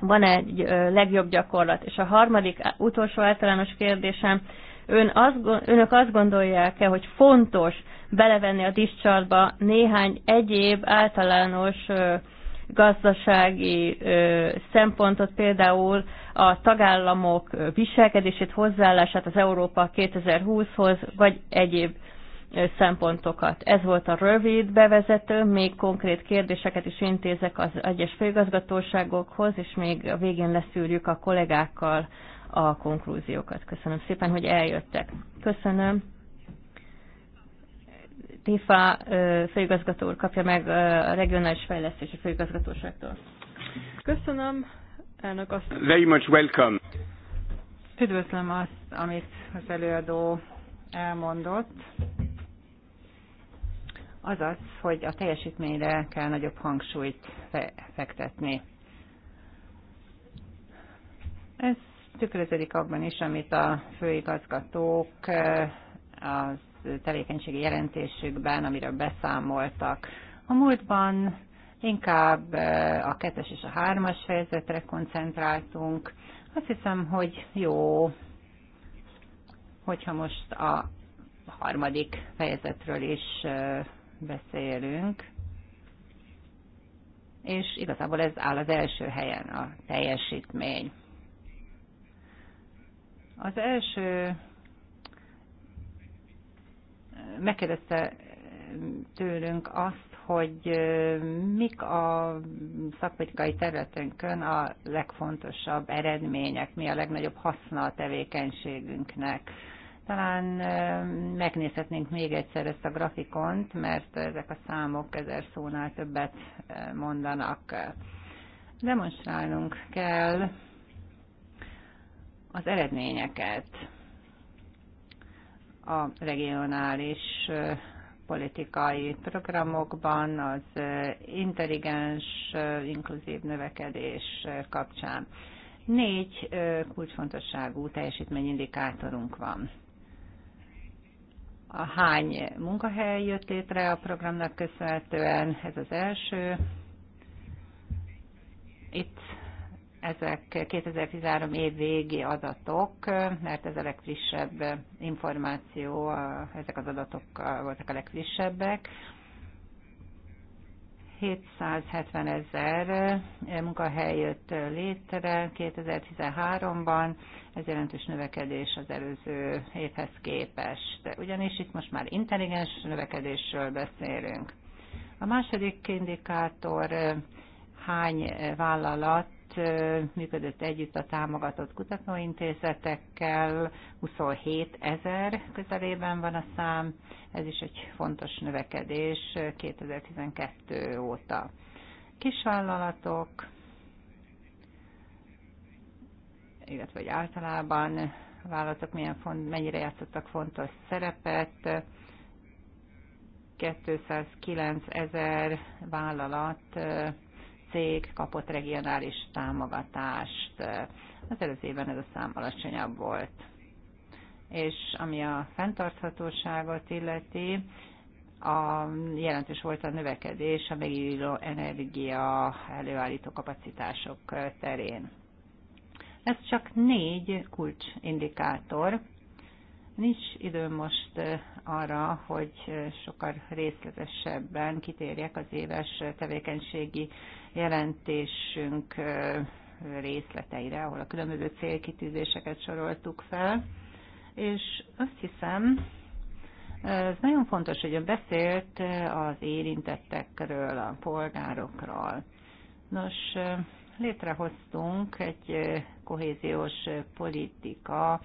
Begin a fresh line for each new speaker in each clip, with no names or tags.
van egy legjobb gyakorlat. És a harmadik, utolsó általános kérdésem, ön azt, önök azt gondolják-e, hogy fontos belevenni a dischartba néhány egyéb általános gazdasági szempontot, például a tagállamok viselkedését, hozzáállását az Európa 2020-hoz, vagy egyéb szempontokat. Ez volt a rövid bevezető, még konkrét kérdéseket is intézek az egyes főigazgatóságokhoz, és még a végén leszűrjük a kollégákkal a konklúziókat. Köszönöm szépen, hogy eljöttek. Köszönöm. Tifa főigazgató úr kapja meg a regionális
fejlesztési főigazgatóságtól. Köszönöm, elnök azt.
Very much welcome.
Üdvözlöm azt, amit az előadó elmondott az az, hogy a teljesítményre kell nagyobb hangsúlyt fektetni. Ez tükröződik abban is, amit a főigazgatók eh, az tevékenységi jelentésükben, amiről beszámoltak. A múltban inkább eh, a kettes és a hármas fejezetre koncentráltunk. Azt hiszem, hogy jó, hogyha most a harmadik fejezetről is eh, beszélünk, és igazából ez áll az első helyen a teljesítmény. Az első megkérdezte tőlünk azt, hogy mik a szakpolitikai területünkön a legfontosabb eredmények, mi a legnagyobb haszna a tevékenységünknek talán megnézhetnénk még egyszer ezt a grafikont, mert ezek a számok ezer szónál többet mondanak. Demonstrálnunk kell az eredményeket a regionális politikai programokban, az intelligens, inkluzív növekedés kapcsán. Négy kulcsfontosságú teljesítményindikátorunk van a hány munkahely jött létre a programnak köszönhetően, ez az első. Itt ezek 2013 év végi adatok, mert ez a legfrissebb információ, ezek az adatok voltak a legfrissebbek. 770 ezer eh, munkahely jött eh, létre 2013-ban, ez jelentős növekedés az előző évhez képest. Ugyanis itt most már intelligens növekedésről beszélünk. A második indikátor eh, hány vállalat együtt működött együtt a támogatott kutatóintézetekkel, 27 ezer közelében van a szám, ez is egy fontos növekedés 2012 óta. Kisvállalatok, illetve hogy általában vállalatok milyen font, mennyire játszottak fontos szerepet. 209 ezer vállalat cég kapott regionális támogatást. Az előző évben ez a szám alacsonyabb volt. És ami a fenntarthatóságot illeti, a, jelentős volt a növekedés a megújuló energia előállító kapacitások terén. Ez csak négy kulcsindikátor, Nincs időm most eh, arra, hogy eh, sokkal részletesebben kitérjek az éves tevékenységi jelentésünk eh, részleteire, ahol a különböző célkitűzéseket soroltuk fel. És azt hiszem, ez nagyon fontos, hogy ön beszélt az érintettekről, a polgárokról. Nos, létrehoztunk egy kohéziós politika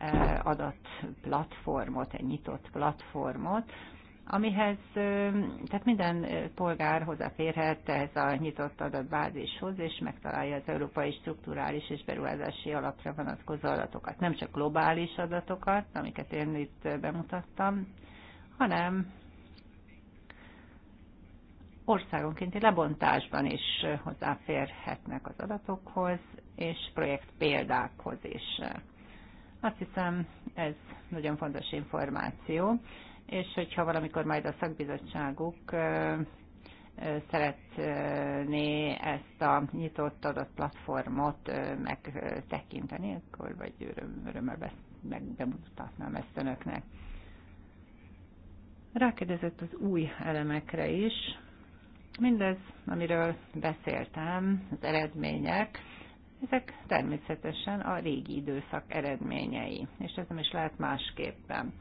Eh, adatplatformot, egy nyitott platformot, amihez, tehát minden polgár hozzáférhet ehhez a nyitott adatbázishoz, és megtalálja az európai strukturális és beruházási alapra vonatkozó adatokat. Nem csak globális adatokat, amiket én itt bemutattam, hanem országonkénti lebontásban is hozzáférhetnek az adatokhoz, és projekt példákhoz is. Azt hiszem, ez nagyon fontos információ, és hogyha valamikor majd a szakbizottságuk szeretné ezt a nyitott adott platformot megtekinteni, akkor vagy öröm, örömmel megbemutatnám ezt önöknek. Rákérdezett az új elemekre is. Mindez, amiről beszéltem, az eredmények, ezek természetesen a régi időszak eredményei, és ez nem is lehet másképpen.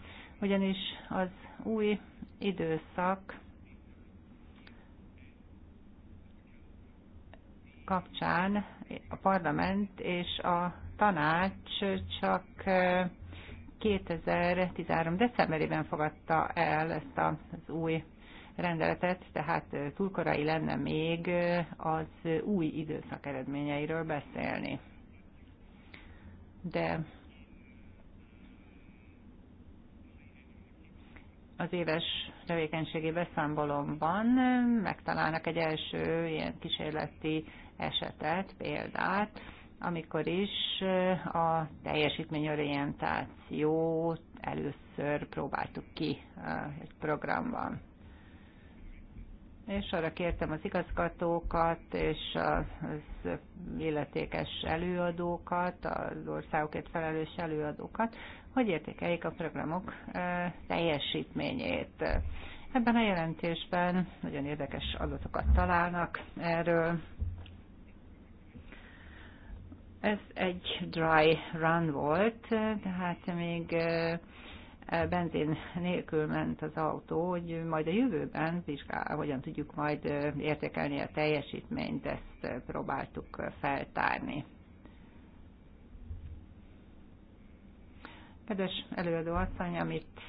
Ugyanis az új időszak kapcsán a parlament és a tanács csak 2013. Eh, decemberében fogadta el ezt az új rendeletet, tehát túl korai lenne még az új időszak eredményeiről beszélni. De az éves tevékenységi beszámolomban megtalálnak egy első ilyen kísérleti esetet, példát, amikor is a teljesítményorientációt először próbáltuk ki egy programban és arra kértem az igazgatókat és az illetékes előadókat, az országokért felelős előadókat, hogy értékeljék a programok teljesítményét. Ebben a jelentésben nagyon érdekes adatokat találnak erről. Ez egy dry run volt, tehát még Eh, benzin nélkül ment az autó, hogy majd a jövőben vizsgál, hogyan tudjuk majd eh, értékelni a teljesítményt, ezt eh, próbáltuk feltárni. Kedves előadó asszony, amit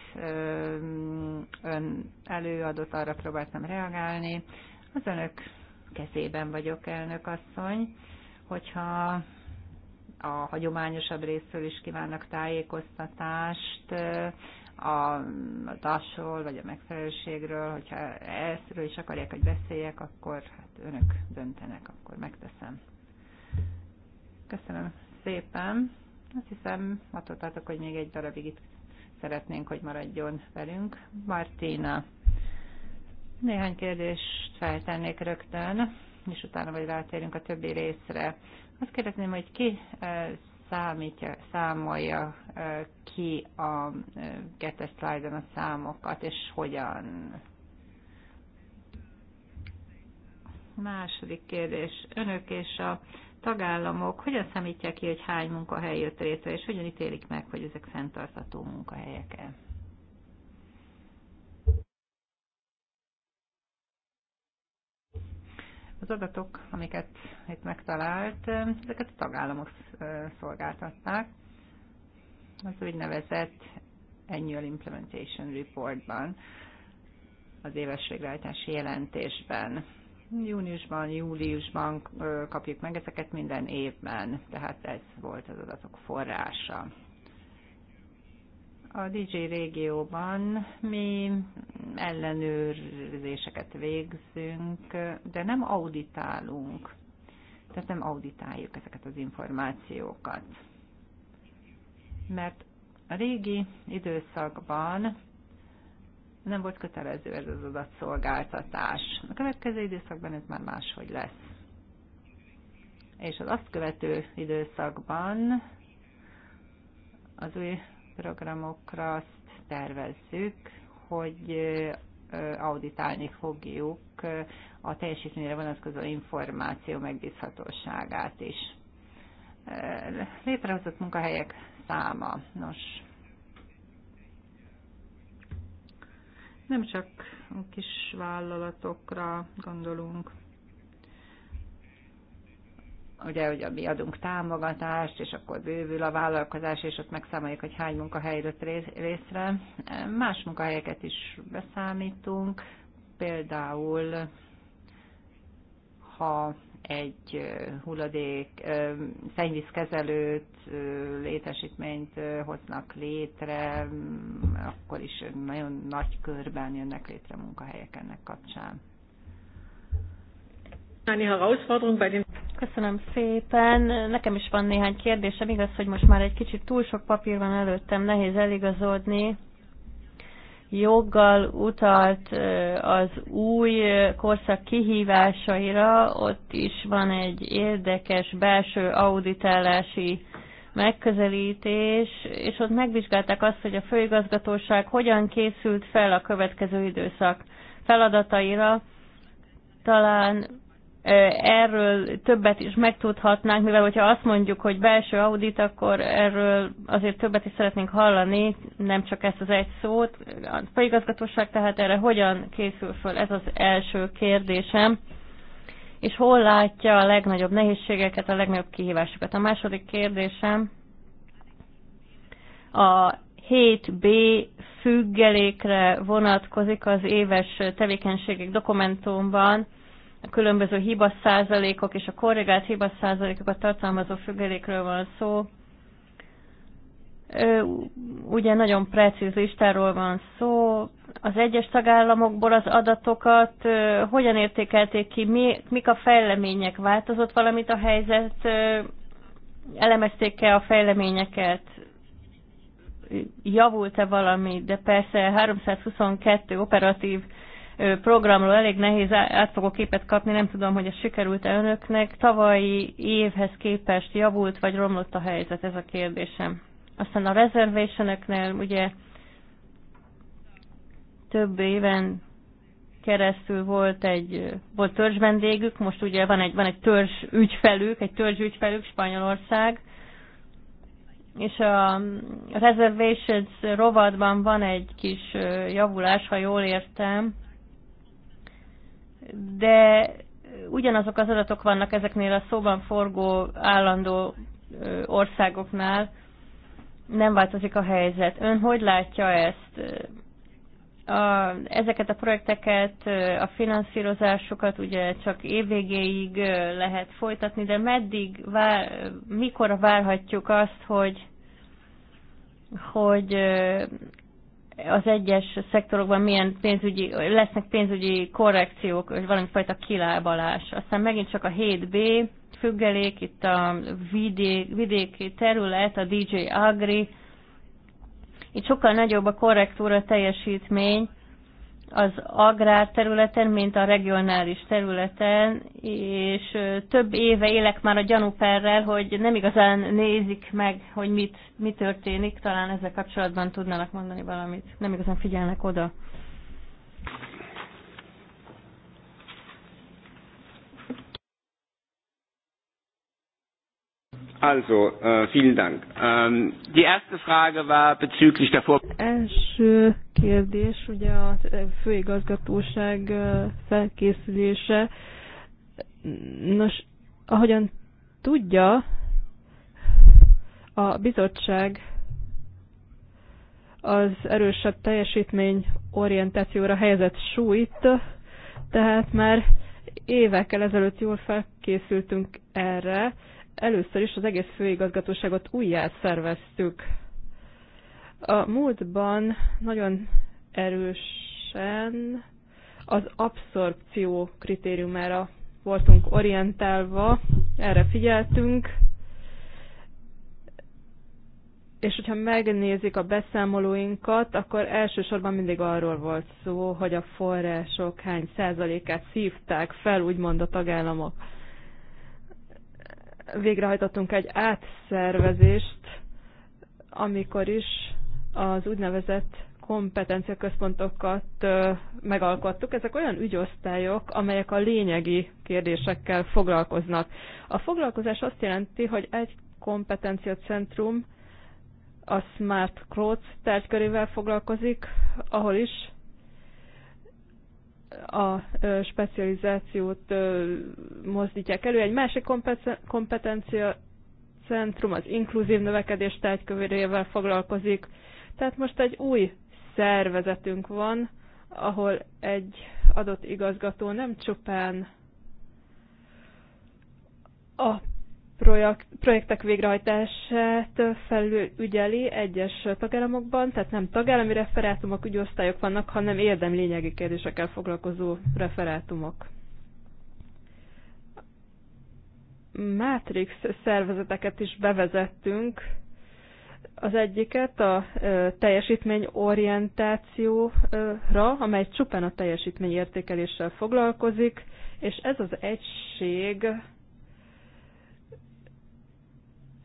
ön előadott, arra próbáltam reagálni. Az önök kezében vagyok, elnök asszony, hogyha a hagyományosabb részről is kívánnak tájékoztatást, a tasról, vagy a megfelelőségről, hogyha ezről is akarják, hogy beszéljek, akkor hát önök döntenek, akkor megteszem. Köszönöm szépen. Azt hiszem, hatottátok, hogy még egy darabig itt szeretnénk, hogy maradjon velünk. Martina, néhány kérdést feltennék rögtön, és utána vagy rátérünk a többi részre. Azt kérdezném, hogy ki számítja, számolja ki a kettes szlájdon a számokat, és hogyan? Második kérdés. Önök és a tagállamok hogyan számítják ki, hogy hány munkahely jött létre, és hogyan ítélik meg, hogy ezek fenntartható munkahelyek-e? Az adatok, amiket itt megtalált, ezeket a tagállamok szolgáltatták az úgynevezett Annual Implementation Reportban, az éves végrehajtási jelentésben. Júniusban, júliusban kapjuk meg ezeket minden évben, tehát ez volt az adatok forrása. A DJ régióban mi ellenőrzéseket végzünk, de nem auditálunk. Tehát nem auditáljuk ezeket az információkat. Mert a régi időszakban nem volt kötelező ez az adatszolgáltatás. A következő időszakban ez már máshogy lesz. És az azt követő időszakban az új programokra azt tervezzük, hogy auditálni fogjuk a teljesítményre vonatkozó információ megbízhatóságát is. Létrehozott munkahelyek száma. Nos, nem csak kis vállalatokra gondolunk, ugye, hogy mi adunk támogatást, és akkor bővül a vállalkozás, és ott megszámoljuk, hogy hány munkahely jött részre. Más munkahelyeket is beszámítunk, például ha egy hulladék, szennyvízkezelőt, létesítményt hoznak létre, akkor is nagyon nagy körben jönnek létre munkahelyek ennek kapcsán.
Köszönöm szépen. Nekem is van néhány kérdésem. Igaz, hogy most már egy kicsit túl sok papír van előttem, nehéz eligazodni. Joggal utalt az új korszak kihívásaira, ott is van egy érdekes belső auditálási megközelítés, és ott megvizsgálták azt, hogy a főigazgatóság hogyan készült fel a következő időszak feladataira. Talán erről többet is megtudhatnánk, mivel hogyha azt mondjuk, hogy belső audit, akkor erről azért többet is szeretnénk hallani, nem csak ezt az egy szót. A főigazgatóság tehát erre hogyan készül föl, ez az első kérdésem, és hol látja a legnagyobb nehézségeket, a legnagyobb kihívásokat. A második kérdésem a 7B függelékre vonatkozik az éves tevékenységek dokumentumban, különböző hibaszázalékok és a korrigált hibaszázalékokat tartalmazó függelékről van szó. Ugye nagyon precíz listáról van szó, az egyes tagállamokból az adatokat hogyan értékelték ki, mi, mik a fejlemények, változott valamit a helyzet, elemezték-e a fejleményeket, javult-e valami, de persze 322 operatív programról elég nehéz átfogó képet kapni, nem tudom, hogy ez sikerült-e önöknek. Tavalyi évhez képest javult vagy romlott a helyzet, ez a kérdésem. Aztán a reservationöknél ugye több éven keresztül volt egy volt törzs vendégük, most ugye van egy, van egy törzs ügyfelük, egy törzs ügyfelük Spanyolország, és a Reservations rovatban van egy kis javulás, ha jól értem, de ugyanazok az adatok vannak ezeknél a szóban forgó állandó országoknál, nem változik a helyzet. Ön hogy látja ezt? A, ezeket a projekteket, a finanszírozásokat ugye csak évvégéig lehet folytatni, de meddig, vár, mikor várhatjuk azt, hogy hogy az egyes szektorokban milyen pénzügyi, lesznek pénzügyi korrekciók, vagy valamifajta kilábalás. Aztán megint csak a 7B függelék, itt a vidék, vidéki terület, a DJ Agri, itt sokkal nagyobb a korrektúra teljesítmény, az agrárterületen, mint a regionális területen, és több éve élek már a gyanúperrel, hogy nem igazán nézik meg, hogy mit, mi történik, talán ezzel kapcsolatban tudnának mondani valamit, nem igazán figyelnek oda. Also, äh, vielen Dank.
Ähm, die erste Frage war bezüglich der Vor
Első kérdés, ugye a főigazgatóság felkészülése. Nos, ahogyan tudja, a bizottság az erősebb teljesítmény orientációra helyezett súlyt, tehát már évekkel ezelőtt jól felkészültünk erre, Először is az egész főigazgatóságot újját szerveztük. A múltban nagyon erősen az abszorpció kritériumára voltunk orientálva, erre figyeltünk, és hogyha megnézik a beszámolóinkat, akkor elsősorban mindig arról volt szó, hogy a források hány százalékát szívták fel, úgymond a tagállamok végrehajtottunk egy átszervezést, amikor is az úgynevezett kompetenciaközpontokat megalkottuk. Ezek olyan ügyosztályok, amelyek a lényegi kérdésekkel foglalkoznak. A foglalkozás azt jelenti, hogy egy kompetenciacentrum a Smart Clothes tárgykörével foglalkozik, ahol is a specializációt mozdítják elő. Egy másik kompetencia centrum az inkluzív növekedés tájkövérével foglalkozik. Tehát most egy új szervezetünk van, ahol egy adott igazgató nem csupán a projekt, projektek végrehajtását felügyeli egyes tagállamokban, tehát nem tagállami referátumok, ügyosztályok vannak, hanem érdem lényegi kérdésekkel foglalkozó referátumok. Matrix szervezeteket is bevezettünk. Az egyiket a teljesítményorientációra, amely csupán a teljesítményértékeléssel foglalkozik, és ez az egység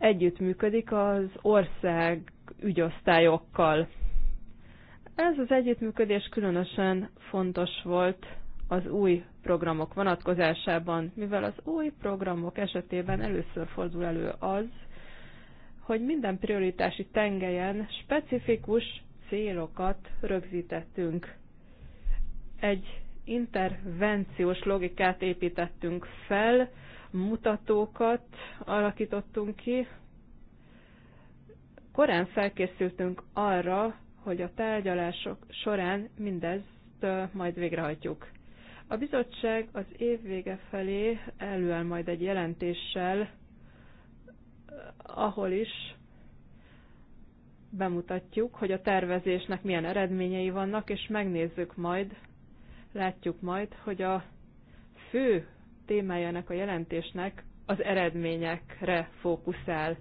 együttműködik az ország ügyosztályokkal. Ez az együttműködés különösen fontos volt az új programok vonatkozásában, mivel az új programok esetében először fordul elő az, hogy minden prioritási tengelyen specifikus célokat rögzítettünk. Egy intervenciós logikát építettünk fel, mutatókat alakítottunk ki. Korán felkészültünk arra, hogy a tárgyalások során mindezt majd végrehajtjuk. A bizottság az év vége felé előáll majd egy jelentéssel, ahol is bemutatjuk, hogy a tervezésnek milyen eredményei vannak, és megnézzük majd, látjuk majd, hogy a fő ennek a jelentésnek az eredményekre fókuszál.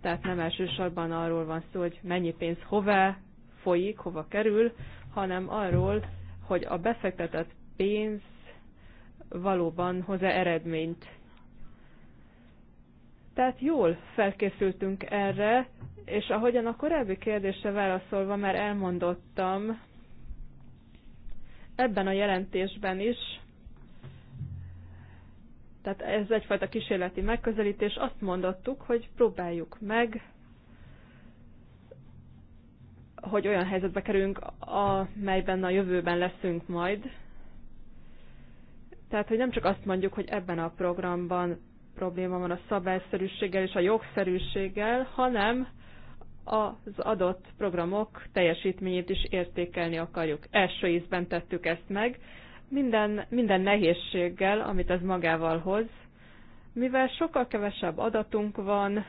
Tehát nem elsősorban arról van szó, hogy mennyi pénz hová folyik, hova kerül, hanem arról, hogy a befektetett pénz valóban hoz-e eredményt. Tehát jól felkészültünk erre, és ahogyan a korábbi kérdésre válaszolva már elmondottam, ebben a jelentésben is tehát ez egyfajta kísérleti megközelítés. Azt mondottuk, hogy próbáljuk meg, hogy olyan helyzetbe kerülünk, amelyben a jövőben leszünk majd. Tehát, hogy nem csak azt mondjuk, hogy ebben a programban probléma van a szabályszerűséggel és a jogszerűséggel, hanem az adott programok teljesítményét is értékelni akarjuk. Első ízben tettük ezt meg, minden, minden nehézséggel, amit ez magával hoz, mivel sokkal kevesebb adatunk van,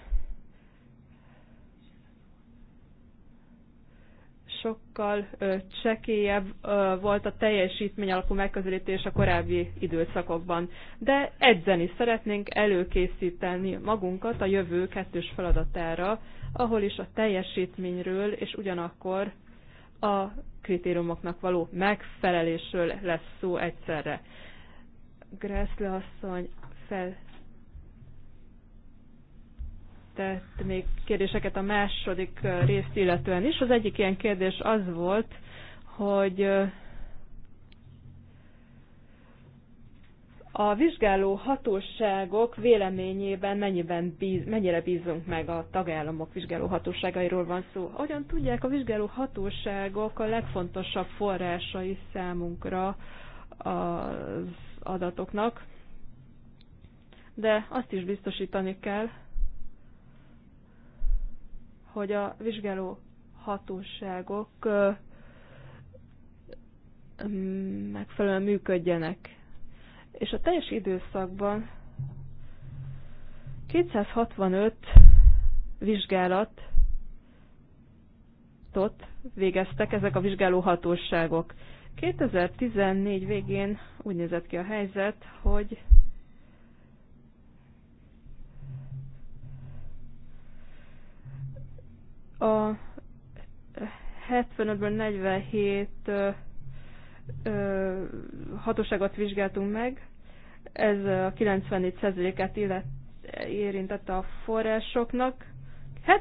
sokkal ö, csekélyebb ö, volt a teljesítmény alapú megközelítés a korábbi időszakokban. De edzeni szeretnénk előkészíteni magunkat a jövő kettős feladatára, ahol is a teljesítményről és ugyanakkor a kritériumoknak való megfelelésről lesz szó egyszerre. Gressle asszony fel tett még kérdéseket a második részt illetően is. Az egyik ilyen kérdés az volt, hogy a vizsgáló hatóságok véleményében mennyiben bíz, mennyire bízunk meg a tagállamok vizsgáló hatóságairól van szó. Hogyan tudják, a vizsgáló hatóságok a legfontosabb forrásai számunkra az adatoknak, de azt is biztosítani kell, hogy a vizsgáló hatóságok megfelelően működjenek és a teljes időszakban 265 vizsgálatot végeztek ezek a vizsgálóhatóságok. 2014 végén úgy nézett ki a helyzet, hogy a 75-ből 47 hatóságot vizsgáltunk meg, ez a 94%-át érintette a forrásoknak.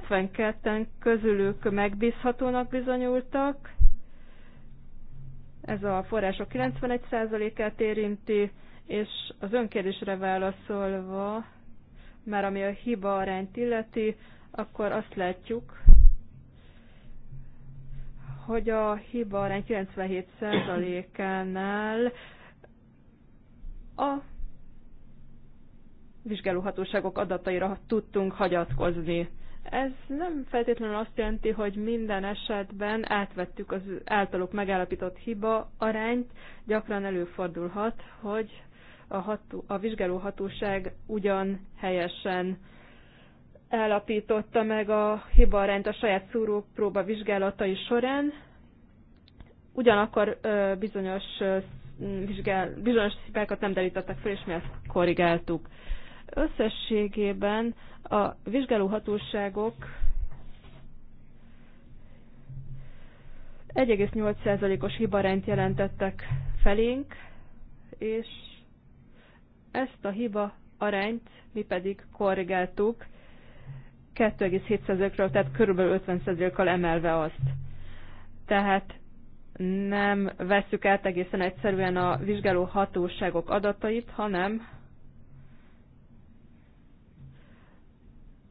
72-en közülük megbízhatónak bizonyultak, ez a források 91%-át érinti, és az önkérdésre válaszolva, már ami a hiba arányt illeti, akkor azt látjuk, hogy a hiba arány 97%-ánál a vizsgálóhatóságok adataira tudtunk hagyatkozni. Ez nem feltétlenül azt jelenti, hogy minden esetben átvettük az általuk megállapított hiba arányt. Gyakran előfordulhat, hogy a, ható, a vizsgálóhatóság ugyan helyesen állapította meg a hibarányt a saját szúrópróba vizsgálatai során, ugyanakkor bizonyos, vizsgál, bizonyos hibákat nem derítettek fel, és mi ezt korrigáltuk. Összességében a vizsgálóhatóságok 1,8%-os hibarányt jelentettek felénk, és ezt a hiba arányt mi pedig korrigáltuk 2,7%-ról, tehát körülbelül 50%-kal emelve azt. Tehát nem vesszük át egészen egyszerűen a vizsgáló hatóságok adatait, hanem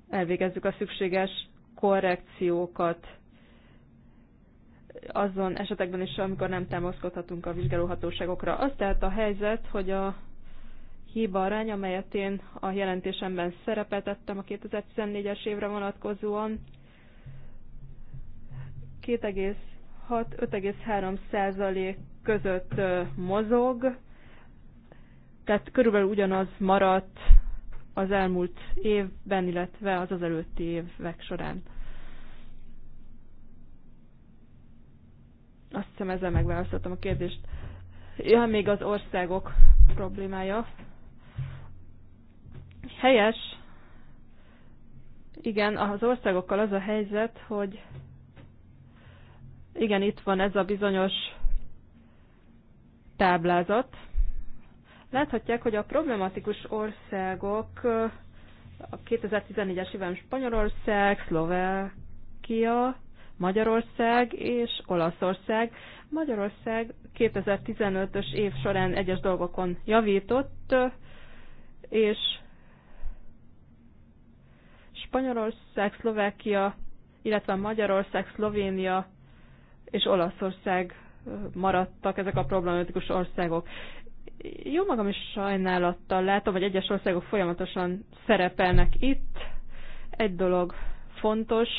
elvégezzük a szükséges korrekciókat azon esetekben is, amikor nem támaszkodhatunk a vizsgálóhatóságokra. Az tehát a helyzet, hogy a hiba arány, amelyet én a jelentésemben szerepetettem a 2014-es évre vonatkozóan. 2,6-5,3 százalék között mozog, tehát körülbelül ugyanaz maradt az elmúlt évben, illetve az az előtti évek során. Azt hiszem ezzel megválasztottam a kérdést. Ja, még az országok problémája. Helyes, igen, az országokkal az a helyzet, hogy igen, itt van ez a bizonyos táblázat. Láthatják, hogy a problematikus országok a 2014-es évben Spanyolország, Szlovákia, Magyarország és Olaszország. Magyarország 2015-ös év során egyes dolgokon javított, és Spanyolország, Szlovákia, illetve Magyarország, Szlovénia és Olaszország maradtak ezek a problematikus országok. Jó magam is sajnálattal látom, hogy egyes országok folyamatosan szerepelnek itt. Egy dolog fontos,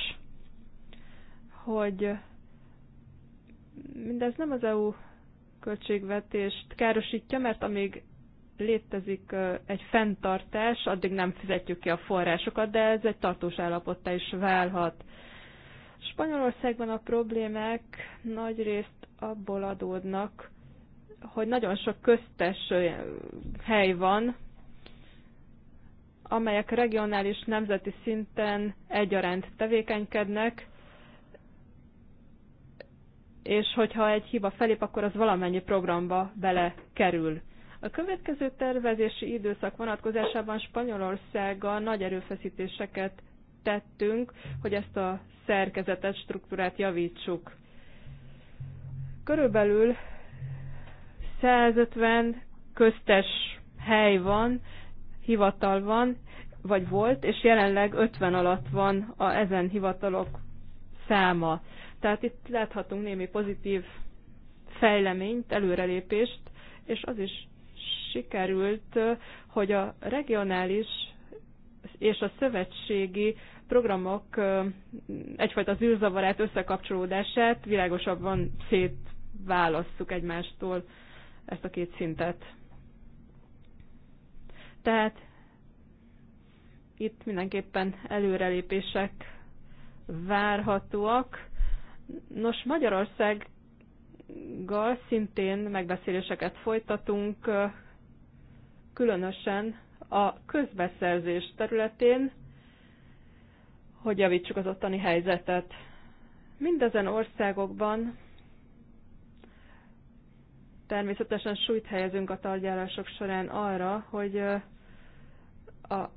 hogy mindez nem az EU költségvetést károsítja, mert amíg létezik egy fenntartás, addig nem fizetjük ki a forrásokat, de ez egy tartós állapotta is válhat. Spanyolországban a problémák nagy részt abból adódnak, hogy nagyon sok köztes hely van, amelyek regionális, nemzeti szinten egyaránt tevékenykednek, és hogyha egy hiba felép, akkor az valamennyi programba belekerül. A következő tervezési időszak vonatkozásában Spanyolországgal nagy erőfeszítéseket tettünk, hogy ezt a szerkezetet, struktúrát javítsuk. Körülbelül 150 köztes hely van, hivatal van, vagy volt, és jelenleg 50 alatt van a ezen hivatalok száma. Tehát itt láthatunk némi pozitív fejleményt, előrelépést, és az is sikerült, hogy a regionális és a szövetségi programok egyfajta zűrzavarát, összekapcsolódását világosabban szétválasszuk egymástól ezt a két szintet. Tehát itt mindenképpen előrelépések várhatóak. Nos, Magyarországgal szintén megbeszéléseket folytatunk, különösen a közbeszerzés területén, hogy javítsuk az ottani helyzetet. Mindezen országokban természetesen súlyt helyezünk a tárgyalások során arra, hogy a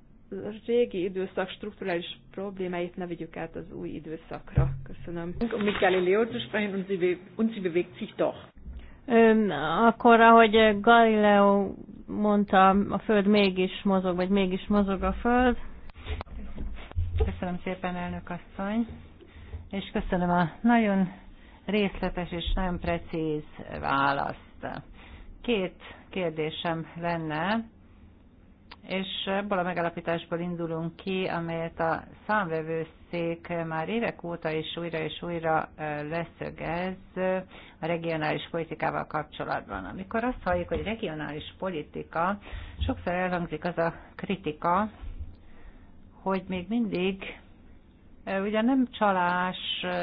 régi időszak strukturális problémáit ne vigyük át az új időszakra. Köszönöm. mit Galileo zu sprechen, und sie bewegt sich doch.
Akkor, ahogy Galileo mondtam, a Föld mégis
mozog, vagy mégis mozog a Föld. Köszönöm szépen, elnök asszony, és köszönöm a nagyon részletes és nagyon precíz választ. Két kérdésem lenne és ebből a megállapításból indulunk ki, amelyet a számvevőszék már évek óta is újra és újra leszögez a regionális politikával kapcsolatban. Amikor azt halljuk, hogy regionális politika, sokszor elhangzik az a kritika, hogy még mindig ugye nem csalás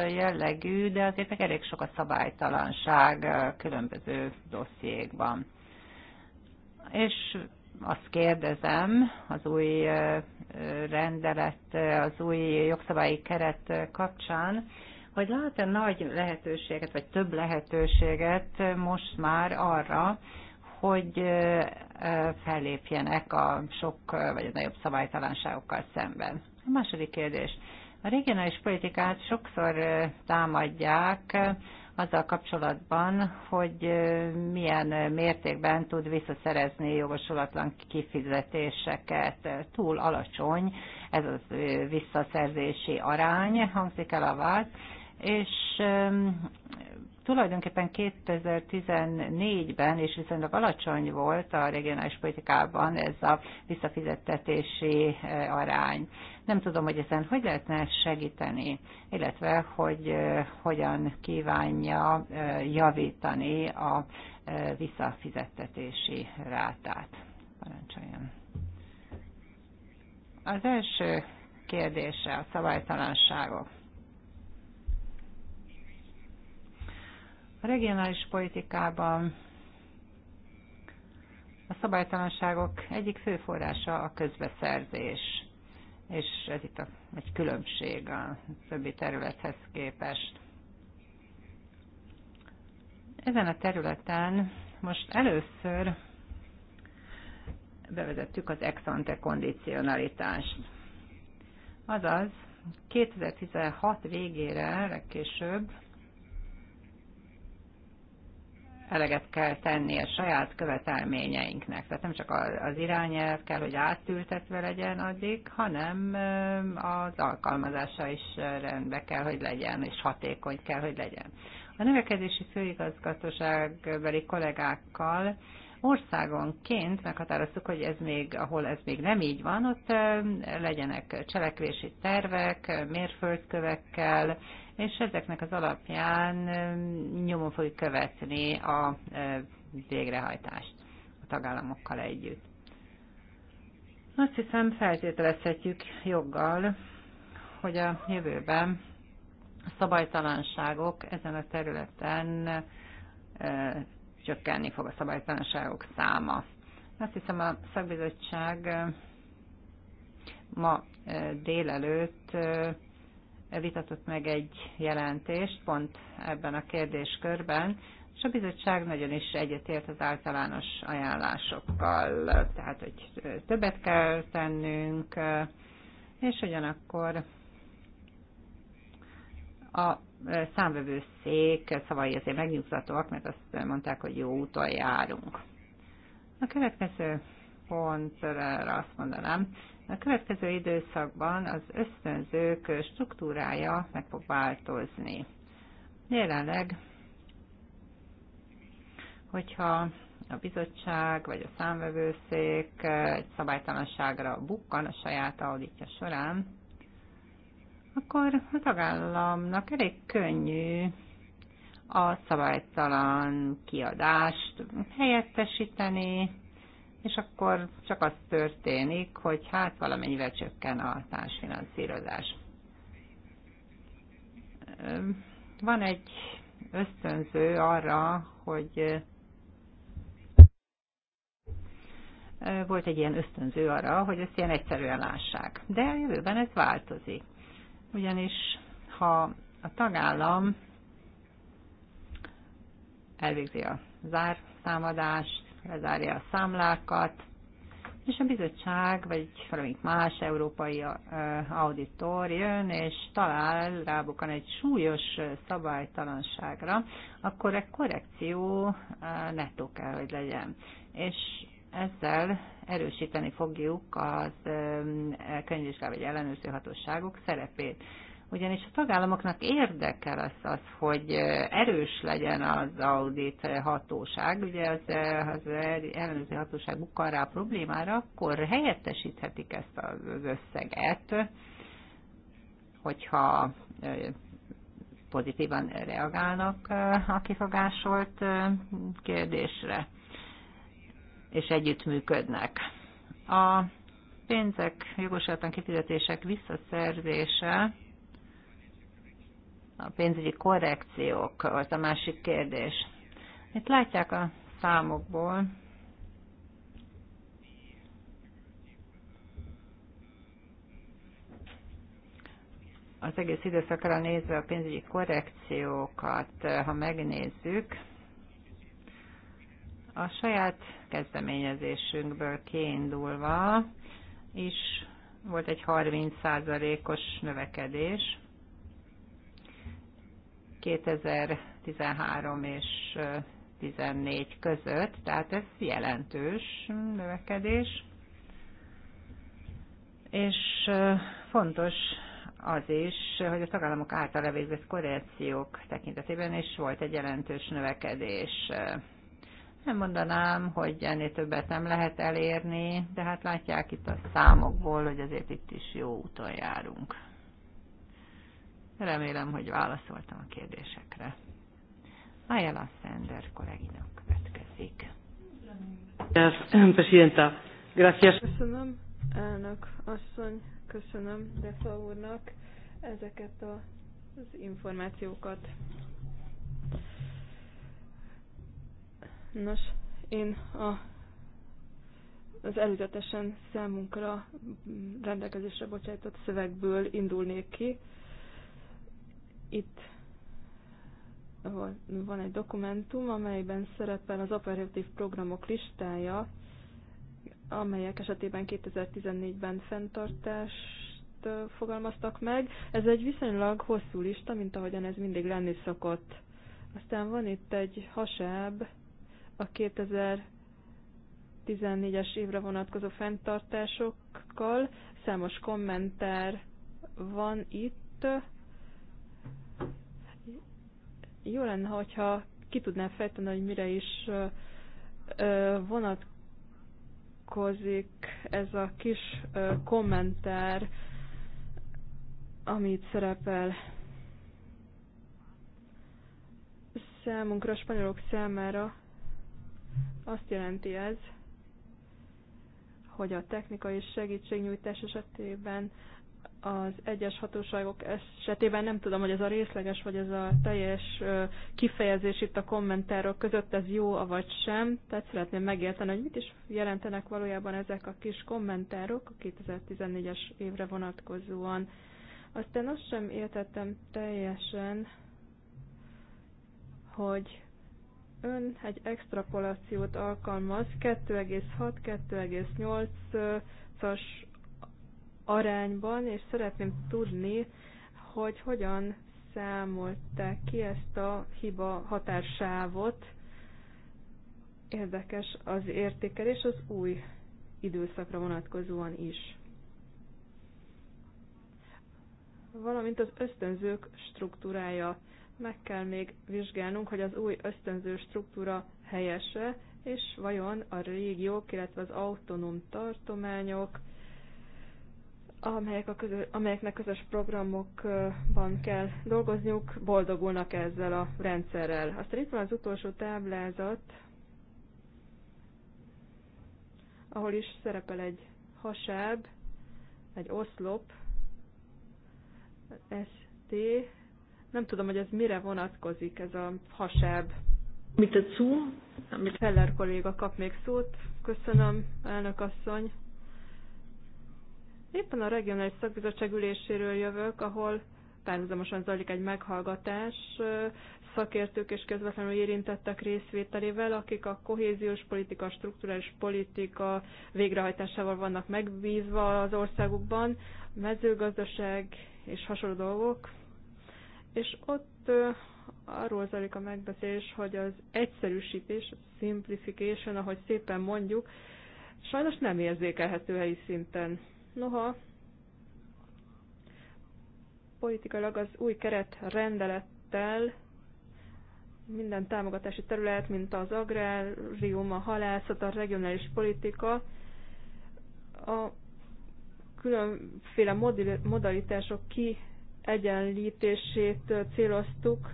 jellegű, de azért meg elég sok a szabálytalanság különböző dossziékban. És azt kérdezem, az új rendelet, az új jogszabályi keret kapcsán, hogy lát-e nagy lehetőséget, vagy több lehetőséget most már arra, hogy fellépjenek a sok vagy a nagyobb szabálytalanságokkal szemben. A második kérdés. A regionális politikát sokszor támadják, azzal kapcsolatban, hogy milyen mértékben tud visszaszerezni jogosulatlan kifizetéseket. Túl alacsony ez a visszaszerzési arány, hangzik el a vált, és tulajdonképpen 2014-ben, és viszonylag alacsony volt a regionális politikában ez a visszafizettetési e, arány. Nem tudom, hogy ezen hogy lehetne segíteni, illetve hogy e, hogyan kívánja e, javítani a visszafizettetési rátát. Parancsoljon. Az első kérdése a szabálytalanságok. A regionális politikában a szabálytalanságok egyik fő forrása a közbeszerzés, és ez itt a, egy különbség a többi területhez képest. Ezen a területen most először bevezettük az ex ante kondicionalitást. Azaz, 2016 végére legkésőbb eleget kell tenni a saját követelményeinknek. Tehát nem csak az irányelv kell, hogy átültetve legyen addig, hanem az alkalmazása is rendbe kell, hogy legyen, és hatékony kell, hogy legyen. A növekedési főigazgatóságbeli kollégákkal országonként meghatároztuk, hogy ez még, ahol ez még nem így van, ott legyenek cselekvési tervek, mérföldkövekkel, és ezeknek az alapján um, nyomon fogjuk követni a uh, végrehajtást a tagállamokkal együtt. Azt hiszem feltételezhetjük joggal, hogy a jövőben a szabálytalanságok ezen a területen uh, csökkenni fog a szabálytalanságok száma. Azt hiszem a szakbizottság uh, ma délelőtt vitatott meg egy jelentést pont ebben a kérdéskörben, és a bizottság nagyon is egyetért az általános ajánlásokkal, tehát hogy többet kell tennünk, és ugyanakkor a számvevőszék szavai azért megnyugtatóak, mert azt mondták, hogy jó úton járunk. A következő pontra azt mondanám, a következő időszakban az ösztönzők struktúrája meg fog változni. Jelenleg, hogyha a bizottság vagy a számvevőszék egy szabálytalanságra bukkan a saját auditja során, akkor a tagállamnak elég könnyű a szabálytalan kiadást helyettesíteni, és akkor csak az történik, hogy hát valamennyivel csökken a társfinanszírozás. Van egy ösztönző arra, hogy volt egy ilyen ösztönző arra, hogy ezt ilyen egyszerűen lássák. De a jövőben ez változik. Ugyanis ha a tagállam elvégzi a zárszámadást, lezárja a számlákat, és a bizottság, vagy valamik más európai auditor jön, és talál rábukan egy súlyos szabálytalanságra, akkor egy korrekció nettó kell, hogy legyen. És ezzel erősíteni fogjuk az könyvvizsgáló vagy ellenőrző hatóságok szerepét ugyanis a tagállamoknak érdeke lesz az, hogy erős legyen az audit hatóság, ugye az, az ellenőrző hatóság bukkan rá problémára, akkor helyettesíthetik ezt az összeget, hogyha pozitívan reagálnak a kifogásolt kérdésre, és együttműködnek. A pénzek jogosultan kifizetések visszaszerzése a pénzügyi korrekciók volt a másik kérdés. Itt látják a számokból, az egész időszakra nézve a pénzügyi korrekciókat, ha megnézzük, a saját kezdeményezésünkből kiindulva is volt egy 30%-os növekedés. 2013 és 2014 között, tehát ez jelentős növekedés, és fontos az is, hogy a tagállamok által elvégzett korrekciók tekintetében is volt egy jelentős növekedés. Nem mondanám, hogy ennél többet nem lehet elérni, de hát látják itt a számokból, hogy azért itt is jó úton járunk. Remélem, hogy válaszoltam a kérdésekre. Ayala Sender kolléginak
következik. Köszönöm, elnök asszony, köszönöm de úrnak ezeket a, az információkat. Nos, én a, az előzetesen számunkra rendelkezésre bocsájtott szövegből indulnék ki itt van egy dokumentum, amelyben szerepel az operatív programok listája, amelyek esetében 2014-ben fenntartást fogalmaztak meg. Ez egy viszonylag hosszú lista, mint ahogyan ez mindig lenni szokott. Aztán van itt egy hasáb, a 2014-es évre vonatkozó fenntartásokkal. Számos kommentár van itt, jó lenne, hogyha ki tudnám fejteni, hogy mire is vonatkozik ez a kis kommentár, amit szerepel számunkra, a spanyolok számára azt jelenti ez, hogy a technikai segítségnyújtás esetében az egyes hatóságok esetében nem tudom, hogy ez a részleges vagy ez a teljes kifejezés itt a kommentárok között, ez jó vagy sem. Tehát szeretném megérteni, hogy mit is jelentenek valójában ezek a kis kommentárok a 2014-es évre vonatkozóan. Aztán azt sem értettem teljesen, hogy ön egy extrapolációt alkalmaz 2,6-2,8-as arányban, és szeretném tudni, hogy hogyan számolták ki ezt a hiba határsávot. Érdekes az értékelés az új időszakra vonatkozóan is. Valamint az ösztönzők struktúrája. Meg kell még vizsgálnunk, hogy az új ösztönző struktúra helyese, és vajon a régiók, illetve az autonóm tartományok, amelyek a közö, amelyeknek közös programokban kell dolgozniuk, boldogulnak ezzel a rendszerrel. Aztán itt van az utolsó táblázat, ahol is szerepel egy hasáb, egy oszlop, ST, nem tudom, hogy ez mire vonatkozik ez a hasáb. Mit a szó? Amit Feller kolléga kap még szót. Köszönöm, elnök asszony. Éppen a regionális szakbizottság üléséről jövök, ahol párhuzamosan zajlik egy meghallgatás szakértők és közvetlenül érintettek részvételével, akik a kohéziós politika, strukturális politika végrehajtásával vannak megbízva az országukban, mezőgazdaság és hasonló dolgok. És ott arról zajlik a megbeszélés, hogy az egyszerűsítés, a simplification, ahogy szépen mondjuk, sajnos nem érzékelhető helyi szinten Noha politikailag az új keret rendelettel minden támogatási terület, mint az agrárium, a halászat, a regionális politika, a különféle modalitások kiegyenlítését céloztuk,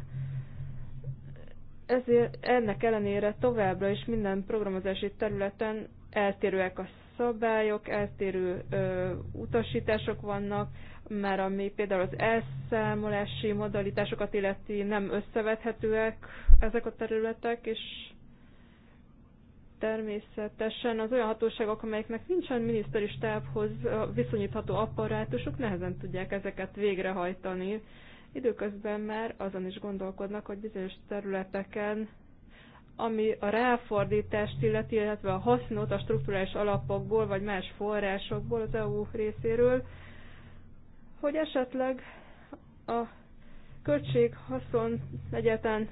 ezért ennek ellenére továbbra is minden programozási területen eltérőek a szabályok, eltérő ö, utasítások vannak, mert ami például az elszámolási modalitásokat illeti nem összevethetőek ezek a területek, és természetesen az olyan hatóságok, amelyeknek nincsen miniszteri stábhoz viszonyítható apparátusuk, nehezen tudják ezeket végrehajtani. Időközben már azon is gondolkodnak, hogy bizonyos területeken ami a ráfordítást illeti, illetve a hasznot a strukturális alapokból vagy más forrásokból az EU részéről, hogy esetleg a költség haszon egyáltalán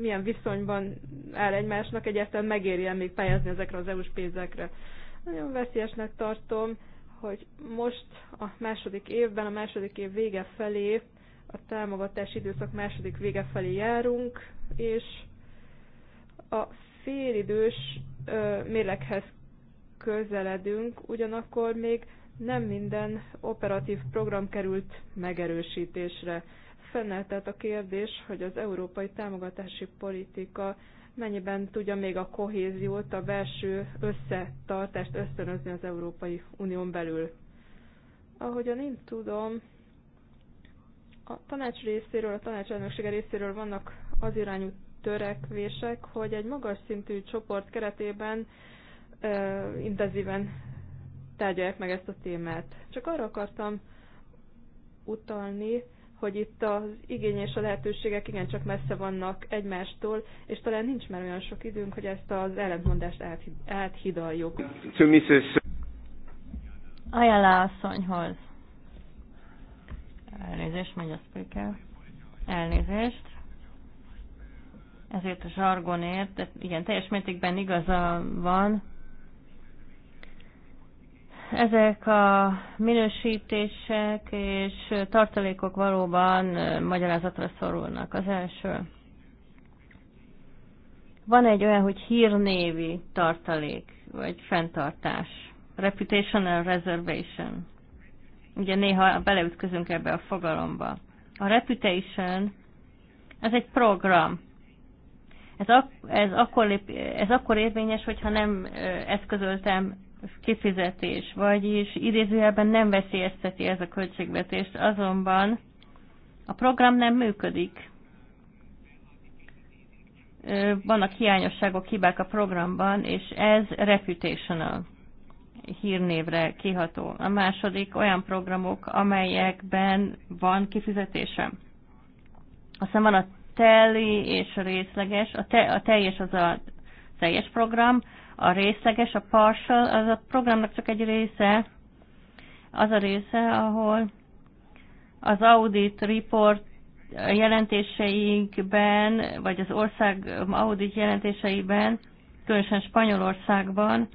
milyen viszonyban áll egymásnak, egyáltalán megéri még pályázni ezekre az EU-s pénzekre. Nagyon veszélyesnek tartom, hogy most a második évben, a második év vége felé, a támogatási időszak második vége felé járunk, és a félidős mérleghez közeledünk, ugyanakkor még nem minden operatív program került megerősítésre. Fennel a kérdés, hogy az európai támogatási politika mennyiben tudja még a kohéziót, a belső összetartást ösztönözni az Európai Unión belül. Ahogyan én tudom, a tanács részéről, a tanács elnöksége részéről vannak az irányú törekvések, hogy egy magas szintű csoport keretében ö, intenzíven tárgyalják meg ezt a témát. Csak arra akartam utalni, hogy itt az igény és a lehetőségek igencsak messze vannak egymástól, és talán nincs már olyan sok időnk, hogy ezt az ellentmondást áthidaljuk.
Ajánlá Mrs. Ajala asszonyhoz.
Elnézést, megy a
speaker. Elnézést ezért a zsargonért, de igen, teljes mértékben igaza van. Ezek a minősítések és tartalékok valóban magyarázatra szorulnak. Az első. Van egy olyan, hogy hírnévi tartalék, vagy fenntartás. Reputational reservation. Ugye néha beleütközünk ebbe a fogalomba. A reputation, ez egy program, ez, ak- ez, akkor, lép- ez akkor érvényes, hogyha nem eszközöltem kifizetés, vagyis idézőjelben nem veszélyezteti ez a költségvetést, azonban a program nem működik. Vannak hiányosságok, hibák a programban, és ez reputational hírnévre kiható. A második olyan programok, amelyekben van kifizetésem. Aztán van a teli és a részleges, a, te, a teljes az a teljes program, a részleges, a partial, az a programnak csak egy része, az a része, ahol az audit report jelentéseikben, vagy az ország audit jelentéseiben, különösen Spanyolországban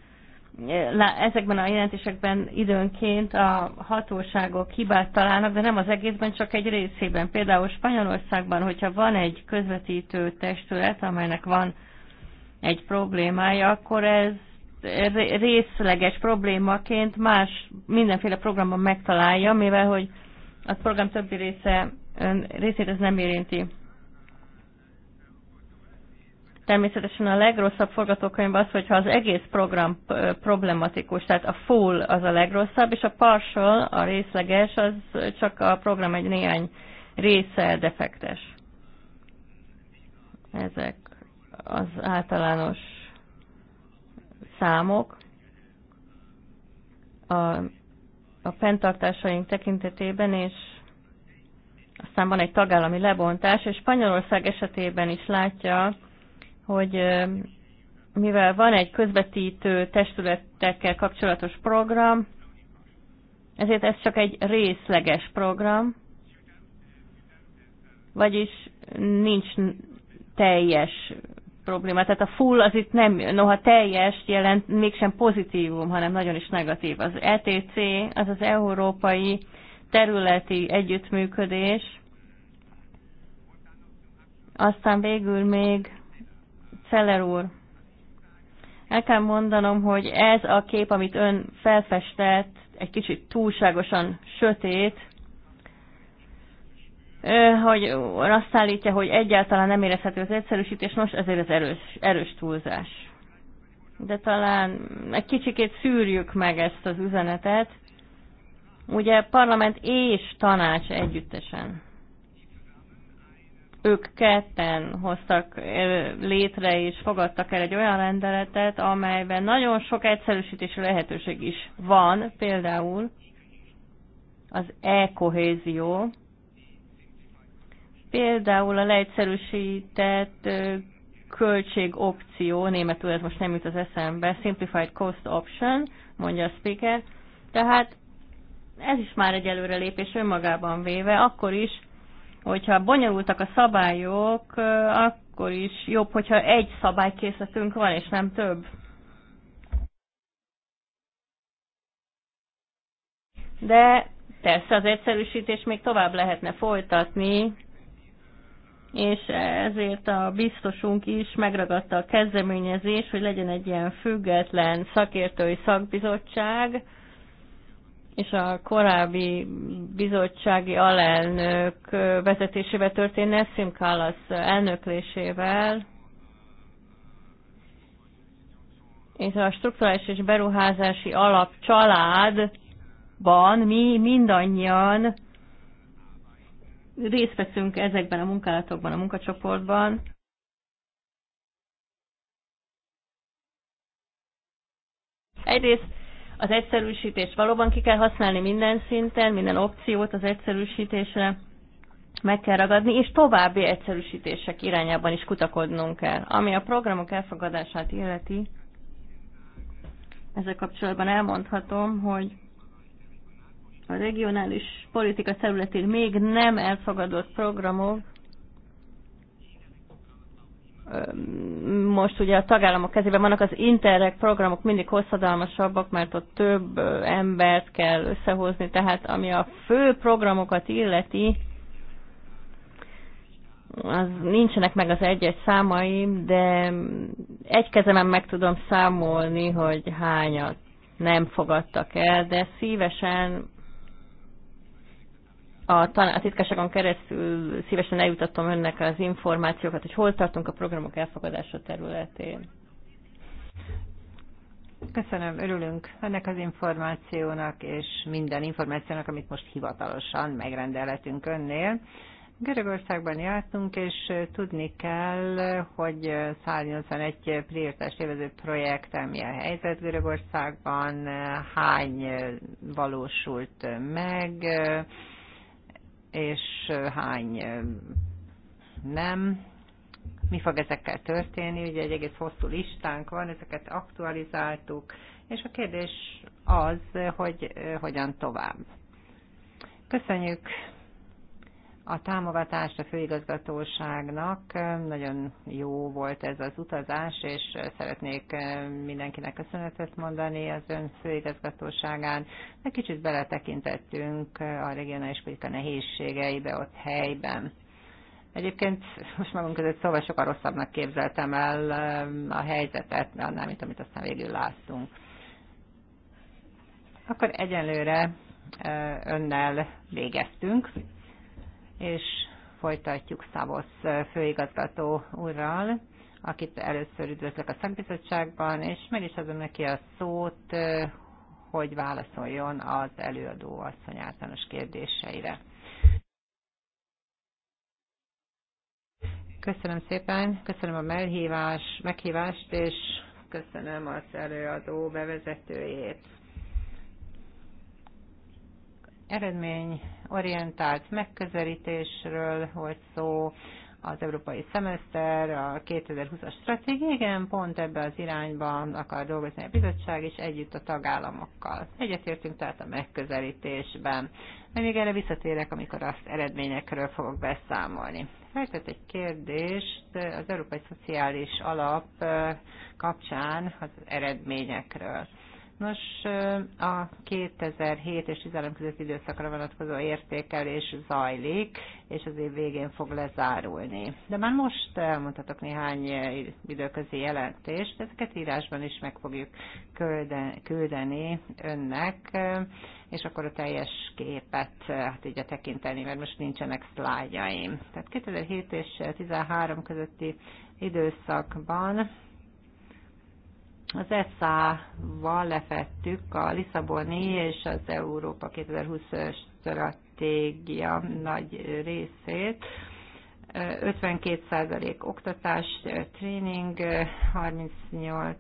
ezekben a jelentésekben időnként a hatóságok hibát találnak, de nem az egészben, csak egy részében. Például Spanyolországban, hogyha van egy közvetítő testület, amelynek van egy problémája, akkor ez részleges problémaként más mindenféle programban megtalálja, mivel hogy a program többi része, részét ez nem érinti. Természetesen a legrosszabb forgatókönyv az, hogyha az egész program problematikus, tehát a full az a legrosszabb, és a partial, a részleges, az csak a program egy néhány része defektes. Ezek az általános számok. A, a fenntartásaink tekintetében, és aztán van egy tagállami lebontás, és Spanyolország esetében is látja, hogy mivel van egy közvetítő testületekkel kapcsolatos program, ezért ez csak egy részleges program, vagyis nincs teljes probléma. Tehát a full az itt nem, noha teljes jelent, mégsem pozitívum, hanem nagyon is negatív. Az ETC, az az Európai Területi Együttműködés, aztán végül még Feller úr, el kell mondanom, hogy ez a kép, amit ön felfestett, egy kicsit túlságosan sötét, hogy azt állítja, hogy egyáltalán nem érezhető az egyszerűsítés, most ezért az erős, erős túlzás. De talán egy kicsikét szűrjük meg ezt az üzenetet, ugye parlament és tanács együttesen ők ketten hoztak létre és fogadtak el egy olyan rendeletet, amelyben nagyon sok egyszerűsítési lehetőség is van, például az e-kohézió, például a leegyszerűsített költségopció, németül ez most nem jut az eszembe, Simplified Cost Option, mondja a speaker, tehát ez is már egy előrelépés önmagában véve, akkor is, hogyha bonyolultak a szabályok, akkor is jobb, hogyha egy szabálykészletünk van, és nem több. De persze az egyszerűsítés még tovább lehetne folytatni, és ezért a biztosunk is megragadta a kezdeményezés, hogy legyen egy ilyen független szakértői szakbizottság, és a korábbi bizottsági alelnök vezetésével történt Nessim Kallas elnöklésével, és a strukturális és beruházási alap családban mi mindannyian részt veszünk ezekben a munkálatokban, a munkacsoportban. Egyrészt az egyszerűsítés valóban ki kell használni minden szinten, minden opciót az egyszerűsítésre meg kell ragadni, és további egyszerűsítések irányában is kutakodnunk kell. Ami a programok elfogadását illeti, ezzel kapcsolatban elmondhatom, hogy a regionális politika területén még nem elfogadott programok most ugye a tagállamok kezében vannak az interreg programok mindig hosszadalmasabbak, mert ott több embert kell összehozni, tehát ami a fő programokat illeti, az nincsenek meg az egy-egy számaim, de egy kezemen meg tudom számolni, hogy hányat nem fogadtak el, de szívesen a, tan- a titkárságon keresztül szívesen eljutatom önnek az információkat, hogy hol tartunk a programok elfogadása területén.
Köszönöm, örülünk ennek az információnak, és minden információnak, amit most hivatalosan megrendelhetünk önnél. Görögországban jártunk, és tudni kell, hogy 181 prioritás évező projekt, ami a helyzet Görögországban, hány valósult meg, és hány nem. Mi fog ezekkel történni? Ugye egy egész hosszú listánk van, ezeket aktualizáltuk, és a kérdés az, hogy hogyan tovább. Köszönjük a támogatást a főigazgatóságnak. Nagyon jó volt ez az utazás, és szeretnék mindenkinek köszönetet mondani az ön főigazgatóságán. Egy kicsit beletekintettünk a regionális politika nehézségeibe ott helyben. Egyébként most magunk között szóval sokkal rosszabbnak képzeltem el a helyzetet, annál, mint amit aztán végül láttunk. Akkor egyenlőre önnel végeztünk és folytatjuk Szavosz főigazgató úrral, akit először üdvözlök a szakbizottságban, és meg is adom neki a szót, hogy válaszoljon az előadó asszony általános kérdéseire. Köszönöm szépen, köszönöm a meghívást, és köszönöm az előadó bevezetőjét eredményorientált megközelítésről volt szó, az európai szemeszter, a 2020-as stratégia, igen, pont ebbe az irányba akar dolgozni a bizottság, is együtt a tagállamokkal. Egyetértünk tehát a megközelítésben. De még erre visszatérek, amikor azt eredményekről fogok beszámolni. Feltett egy kérdést az Európai Szociális Alap eh, kapcsán az eredményekről. Nos, a 2007 és 13 közötti időszakra vonatkozó értékelés zajlik, és az év végén fog lezárulni. De már most elmondhatok néhány időközi jelentést, ezeket írásban is meg fogjuk küldeni önnek, és akkor a teljes képet hát a tekinteni, mert most nincsenek szlájjaim. Tehát 2007 és 13 közötti időszakban az ESZÁ-val lefettük a Lisszaboni és az Európa 2020 stratégia nagy részét. 52% oktatás, tréning, 38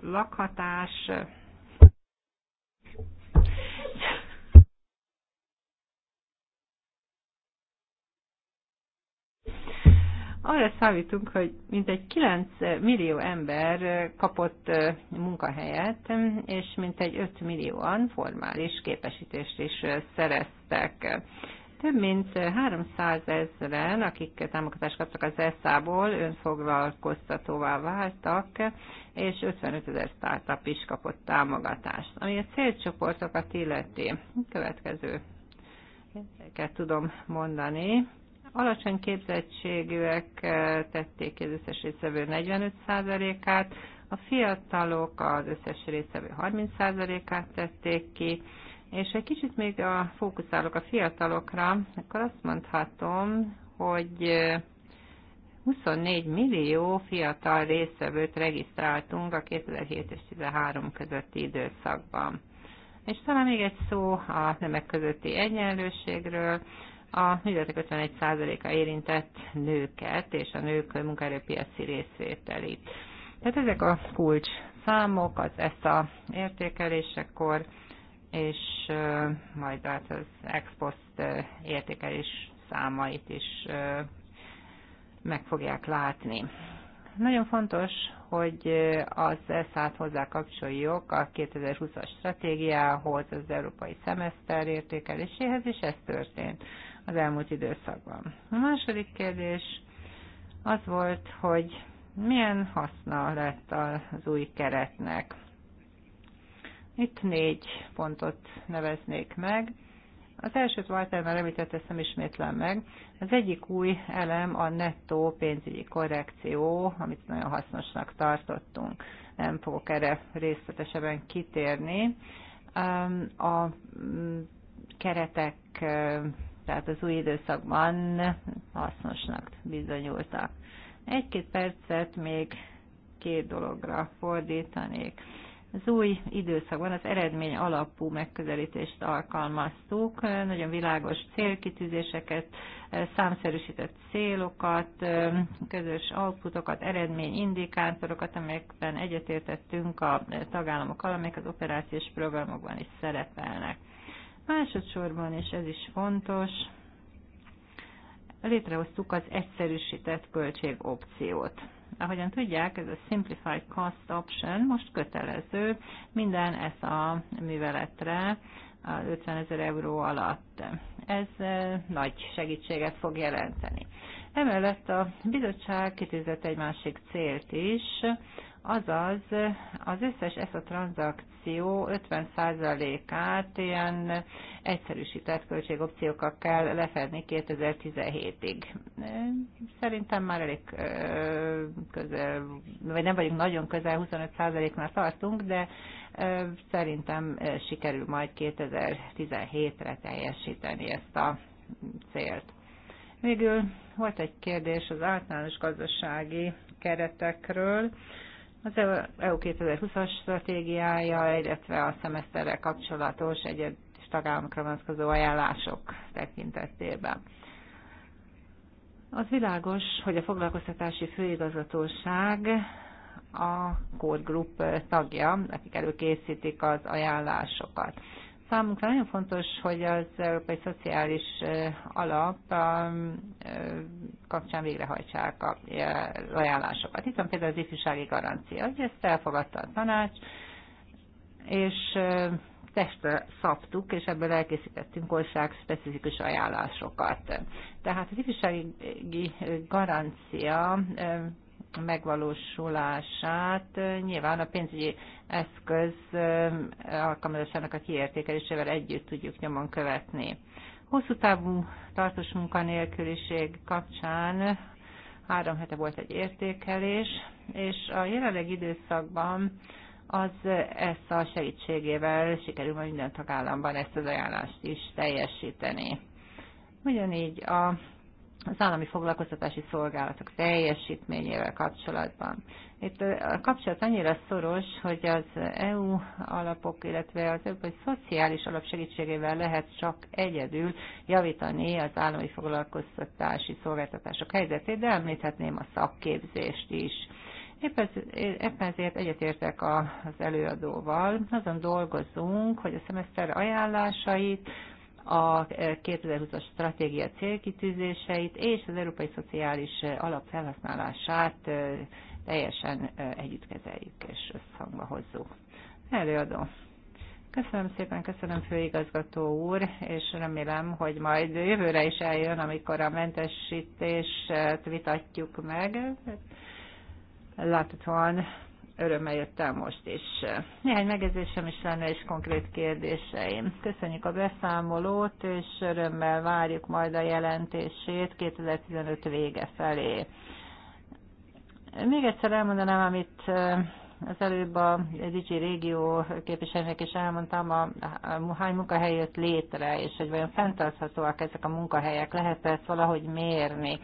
lakhatás, arra számítunk, hogy mintegy 9 millió ember kapott munkahelyet, és mintegy 5 millióan formális képesítést is szereztek. Több mint 300 ezeren, akik támogatást kaptak az ESZA-ból, önfoglalkoztatóvá váltak, és 55 ezer startup is kapott támogatást. Ami a célcsoportokat illeti, következő tudom mondani alacsony képzettségűek eh, tették az összes részvevő 45%-át, a fiatalok az összes részvevő 30%-át tették ki, és egy kicsit még a eh, fókuszálok a fiatalokra, akkor azt mondhatom, hogy 24 eh, millió fiatal részvevőt regisztráltunk a 2007 és 2013 közötti időszakban. És talán még egy szó a nemek közötti egyenlőségről. A műveletek 51%-a érintett nőket és a nők munkaerőpiaci részvételét. Tehát ezek a kulcs számok az ESZA értékelésekor, és majd az ex-post értékelés számait is meg fogják látni. Nagyon fontos, hogy az ESZ-t hozzá kapcsoljuk a 2020-as stratégiához, az európai szemeszter értékeléséhez, és ez történt az elmúlt időszakban. A második kérdés az volt, hogy milyen haszna lett az új keretnek. Itt négy pontot neveznék meg. Az elsőt Walter már említett, ezt nem ismétlem meg. Az egyik új elem a nettó pénzügyi korrekció, amit nagyon hasznosnak tartottunk. Nem fogok erre részletesebben kitérni. A keretek tehát az új időszakban hasznosnak bizonyultak. Egy-két percet még két dologra fordítanék. Az új időszakban az eredmény alapú megközelítést alkalmaztuk, nagyon világos célkitűzéseket, számszerűsített célokat, közös outputokat, eredményindikátorokat, amelyekben egyetértettünk a tagállamokkal, amelyek az operációs programokban is szerepelnek. Másodszorban, és ez is fontos, létrehoztuk az egyszerűsített költség opciót, Ahogyan tudják, ez a Simplified Cost Option most kötelező minden ez a műveletre az 50 ezer euró alatt. Ez nagy segítséget fog jelenteni. Emellett a bizottság kitűzött egy másik célt is, azaz az összes a tranzak opció 50%-át ilyen egyszerűsített költségopciókkal kell lefedni 2017-ig. Szerintem már elég közel, vagy nem vagyunk nagyon közel, 25%-nál tartunk, de szerintem sikerül majd 2017-re teljesíteni ezt a célt. Végül volt egy kérdés az általános gazdasági keretekről. Az EU 2020-as e stratégiája, illetve a szemeszterrel kapcsolatos egyes tagállamokra vonatkozó ajánlások tekintetében. Az világos, hogy a foglalkoztatási főigazgatóság a core group tagja, akik előkészítik az ajánlásokat. Számunkra nagyon fontos, hogy az Európai Szociális Alap kapcsán végrehajtsák a ajánlásokat. Itt van például az ifjúsági garancia, hogy ezt elfogadta a tanács, és testre szabtuk, és ebből elkészítettünk ország specifikus ajánlásokat. Tehát az ifjúsági garancia megvalósulását nyilván a pénzügyi eszköz eh, alkalmazásának a kiértékelésével együtt tudjuk nyomon követni. Hosszú távú tartós munkanélküliség kapcsán három hete volt egy értékelés, és a jelenleg időszakban az a segítségével sikerül majd minden tagállamban ezt az ajánlást is teljesíteni. Ugyanígy a az állami foglalkoztatási szolgálatok teljesítményével kapcsolatban. Itt a kapcsolat annyira szoros, hogy az EU alapok, illetve az európai szociális alap segítségével lehet csak egyedül javítani az állami foglalkoztatási szolgáltatások helyzetét, de említhetném a szakképzést is. Éppen ezért egyetértek az előadóval. Azon dolgozunk, hogy a szemeszter ajánlásait a 2020-as stratégia célkitűzéseit és az európai szociális alap felhasználását teljesen együtt kezeljük és összhangba hozzuk. Előadó. Köszönöm szépen, köszönöm főigazgató úr, és remélem, hogy majd jövőre is eljön, amikor a mentesítést vitatjuk meg. Láthatóan örömmel jöttem most is. Néhány megjegyzésem is lenne, és konkrét kérdéseim. Köszönjük a beszámolót, és örömmel várjuk majd a jelentését 2015 vége felé. Még egyszer elmondanám, amit az előbb a Dicsi Régió képviselőnek is elmondtam, a, a hány munkahely jött létre, és hogy vajon fenntarthatóak ezek a munkahelyek, lehet ezt valahogy mérni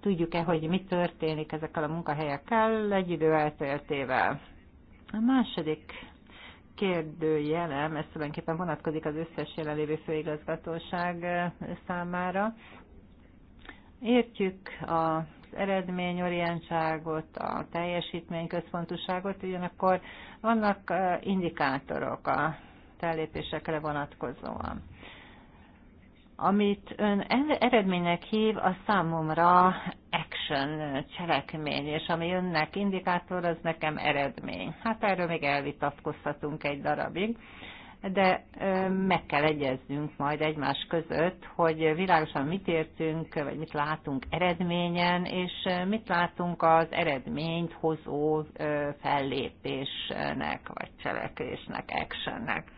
tudjuk-e, hogy mi történik ezekkel a munkahelyekkel egy idő elteltével. A második kérdőjelem, ez tulajdonképpen vonatkozik az összes jelenlévő főigazgatóság számára. Értjük az eredményorientságot, a teljesítményközpontúságot, ugyanakkor vannak indikátorok a fellépésekre vonatkozóan. Amit ön eredménynek hív, a számomra action, cselekmény, és ami önnek indikátor, az nekem eredmény. Hát erről még elvitatkozhatunk egy darabig, de meg kell egyeznünk majd egymás között, hogy világosan mit értünk, vagy mit látunk eredményen, és mit látunk az eredményt hozó fellépésnek, vagy cselekvésnek, actionnek.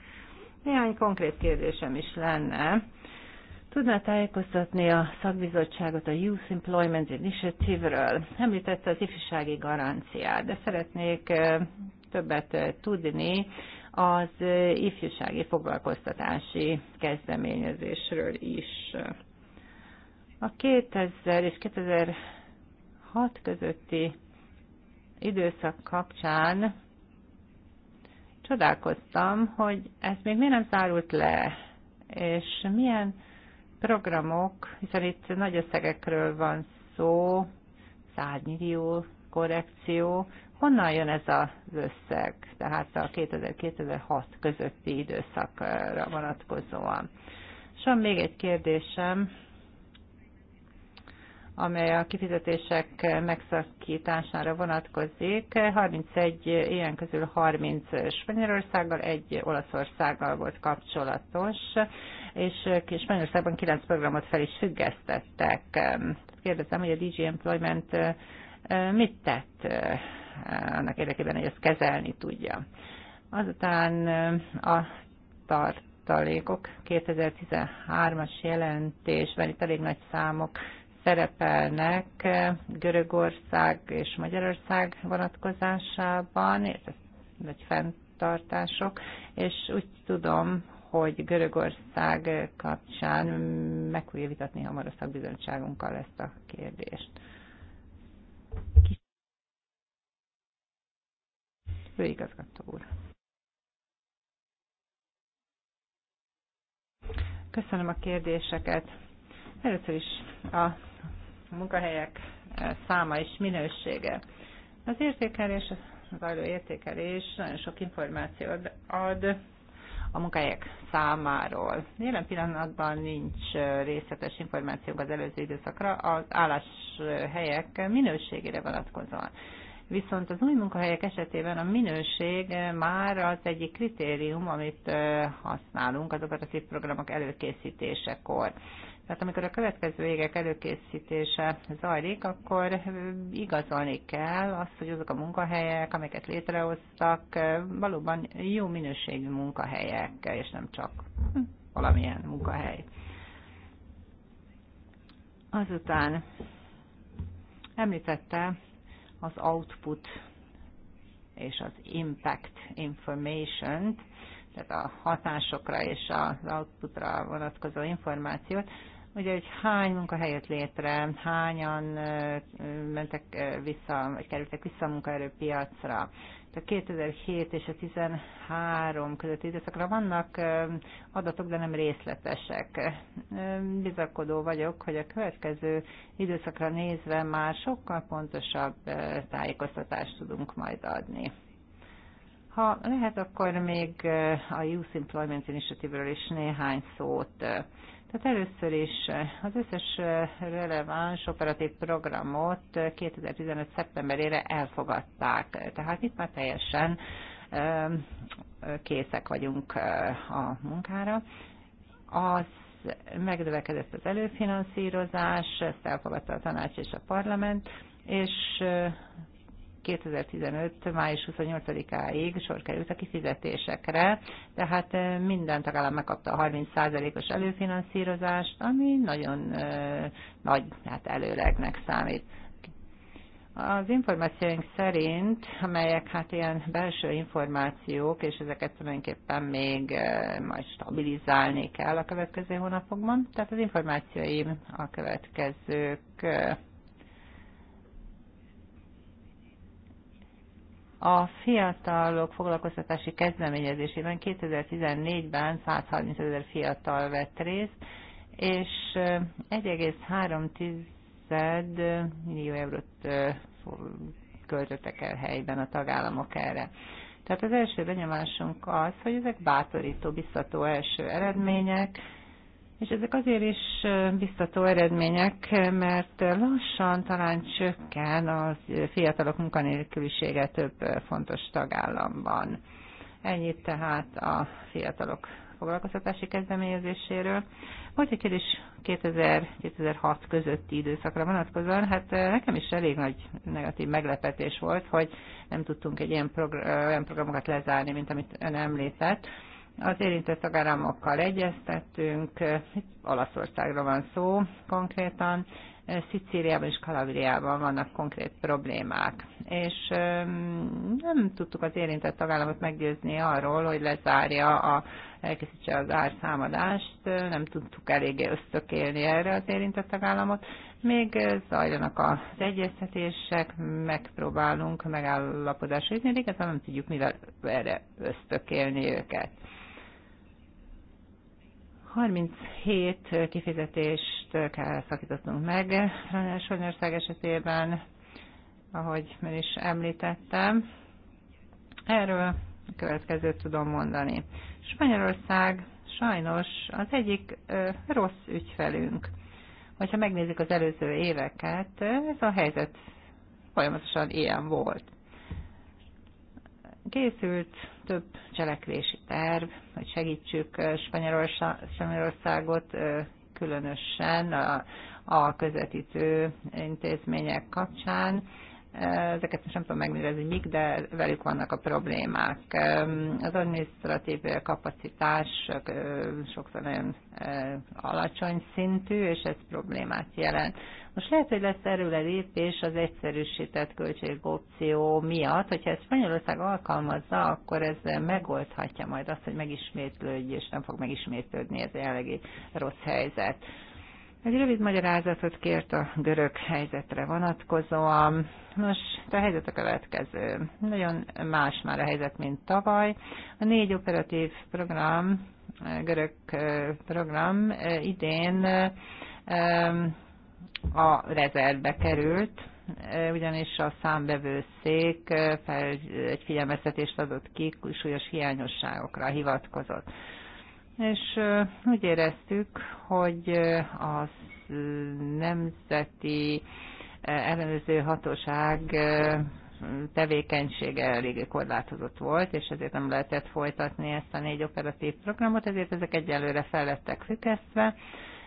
Néhány konkrét kérdésem is lenne Tudná tájékoztatni a szakbizottságot a Youth Employment Initiative-ről? Említette az ifjúsági garanciát, de szeretnék többet tudni az ifjúsági foglalkoztatási kezdeményezésről is. A 2000 és 2006 közötti időszak kapcsán csodálkoztam, hogy ez még miért nem zárult le, és milyen programok, hiszen itt nagy összegekről van szó, 100 millió korrekció, honnan jön ez az összeg, tehát a 2000-2006 közötti időszakra vonatkozóan. És van még egy kérdésem, amely a kifizetések megszakítására vonatkozik. 31 ilyen közül 30 Spanyolországgal, egy Olaszországgal volt kapcsolatos, és Spanyolországban 9 programot fel is függesztettek. Kérdezem, hogy a DG Employment eh, mit tett eh, annak érdekében, hogy ezt kezelni tudja. Azután eh, a tartalékok 2013-as jelentésben, itt elég nagy számok szerepelnek eh, Görögország és Magyarország vonatkozásában, vagy fenntartások, és úgy tudom, hogy Görögország kapcsán meg fogja vitatni hamar a szakbizottságunkkal ezt a kérdést.
Főigazgató úr.
Köszönöm a kérdéseket. Először is a munkahelyek eh, száma és minősége. Az értékelés, az zajló értékelés nagyon sok információt ad a munkahelyek számáról. Jelen pillanatban nincs eh, részletes információk az előző időszakra az álláshelyek minőségére vonatkozóan. Viszont az új munkahelyek esetében a minőség eh, már az egyik kritérium, amit használunk az operatív programok előkészítésekor. Tehát amikor a következő égek előkészítése zajlik, akkor igazolni kell azt, hogy azok a munkahelyek, amiket létrehoztak, valóban jó minőségű munkahelyek, és nem csak hm, valamilyen munkahely. Azután említette az output és az impact information-t, tehát a hatásokra és az outputra vonatkozó információt ugye, hogy hány munkahelyet létre, hányan mentek vissza, vagy kerültek vissza a munkaerőpiacra. A 2007 és a 13 közötti időszakra vannak adatok, de nem részletesek. Bizakodó vagyok, hogy a következő időszakra nézve már sokkal pontosabb tájékoztatást tudunk majd adni. Ha lehet, akkor még a Youth Employment Initiative-ről is néhány szót. Tehát először is eh, az összes eh, releváns operatív programot 2015. Eh, szeptemberére elfogadták. Tehát itt már teljesen készek vagyunk a munkára. Az megdövekedett az előfinanszírozás, ezt elfogadta a tanács és a parlament, és 2015. május 28-áig sor került a kifizetésekre, tehát eh, minden tagállam megkapta a 30%-os előfinanszírozást, ami nagyon eh, nagy hát előlegnek számít. Az információink szerint, amelyek hát ilyen belső információk, és ezeket tulajdonképpen még eh, majd stabilizálni kell a következő hónapokban, tehát az információim a következők A fiatalok foglalkoztatási kezdeményezésében 2014-ben 130 ezer fiatal vett részt, és 1,3 millió eurót költöttek el helyben a tagállamok erre. Tehát az első benyomásunk az, hogy ezek bátorító, biztató első eredmények, és ezek azért is biztató eredmények, mert lassan talán csökken a fiatalok munkanélkülisége több fontos tagállamban. Ennyit tehát a fiatalok foglalkoztatási kezdeményezéséről. Volt egy kérdés 2006 közötti időszakra vonatkozóan, hát nekem is elég nagy negatív meglepetés volt, hogy nem tudtunk egy ilyen, progr- olyan programokat lezárni, mint amit ön említett az érintett tagállamokkal egyeztettünk, Olaszországra van szó konkrétan, Szicíliában és Kalabriában vannak konkrét problémák, és nem tudtuk az érintett tagállamot meggyőzni arról, hogy lezárja, a, elkészítse az árszámadást, nem tudtuk eléggé ösztökélni erre az érintett tagállamot. Még zajlanak az egyeztetések, megpróbálunk megállapodásra jutni, de igazán nem tudjuk mivel erre ösztökélni őket. 37 kifizetést kell szakítottunk meg Sonyország esetében, ahogy már is említettem. Erről a következőt tudom mondani. Spanyolország sajnos az egyik rossz ügyfelünk. Hogyha megnézik az előző éveket, ez a helyzet folyamatosan ilyen volt. Készült több cselekvési terv, hogy segítsük Spanyolországot különösen a, a közvetítő intézmények kapcsán ezeket most nem tudom megnevezni mik, de velük vannak a problémák. Az administratív kapacitás sokszor nagyon alacsony szintű, és ez problémát jelent. Most lehet, hogy lesz lépés az egyszerűsített költségopció miatt, hogyha ezt Spanyolország alkalmazza, akkor ez megoldhatja majd azt, hogy megismétlődj, és nem fog megismétlődni ez a jellegi rossz helyzet. Egy rövid magyarázatot kért a görög helyzetre vonatkozóan. Nos, a helyzet a következő. Nagyon más már a helyzet, mint tavaly. A négy operatív program, eh, görög eh, program eh, idén a rezervbe került, ugyanis a számbevőszék fel egy figyelmeztetést adott ki, súlyos hiányosságokra hivatkozott és úgy éreztük, hogy az nemzeti ellenőrző hatóság tevékenysége eléggé korlátozott volt, és ezért nem lehetett folytatni ezt a négy operatív programot, ezért ezek egyelőre fel lettek függesztve,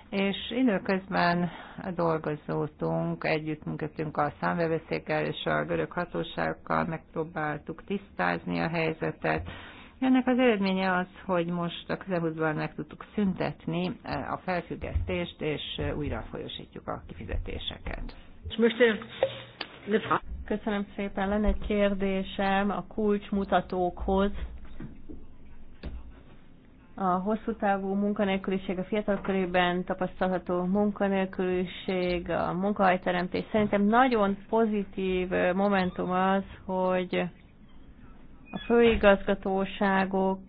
és időközben dolgozótunk, együttműködtünk a számvevőszékkel és a görög hatóságokkal, megpróbáltuk tisztázni a helyzetet, ennek az eredménye az, hogy most a közelhúzban meg tudtuk szüntetni eh, a felfüggesztést, és eh, újra folyosítjuk a kifizetéseket.
Köszönöm szépen. Lenne egy kérdésem a kulcsmutatókhoz. A hosszú távú munkanélküliség a fiatal körében tapasztalható munkanélküliség, a munkahelyteremtés. Szerintem nagyon pozitív eh, momentum az, hogy a főigazgatóságok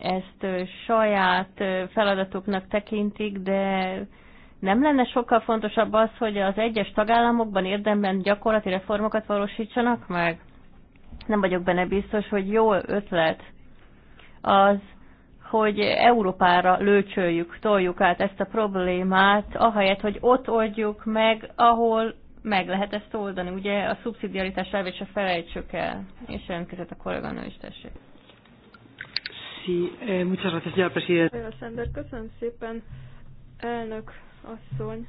ezt saját feladatuknak tekintik, de nem lenne sokkal fontosabb az, hogy az egyes tagállamokban érdemben gyakorlati reformokat valósítsanak meg? Nem vagyok benne biztos, hogy jó ötlet az, hogy Európára lőcsöljük, toljuk át ezt a problémát, ahelyett, hogy ott oldjuk meg, ahol meg lehet ezt oldani. Ugye a szubszidiaritás elvét se felejtsük el, és önkezett a kolléganő is tessék.
Sí, eh, muchas gracias, señora presidenta. Szender, köszönöm szépen, elnök asszony.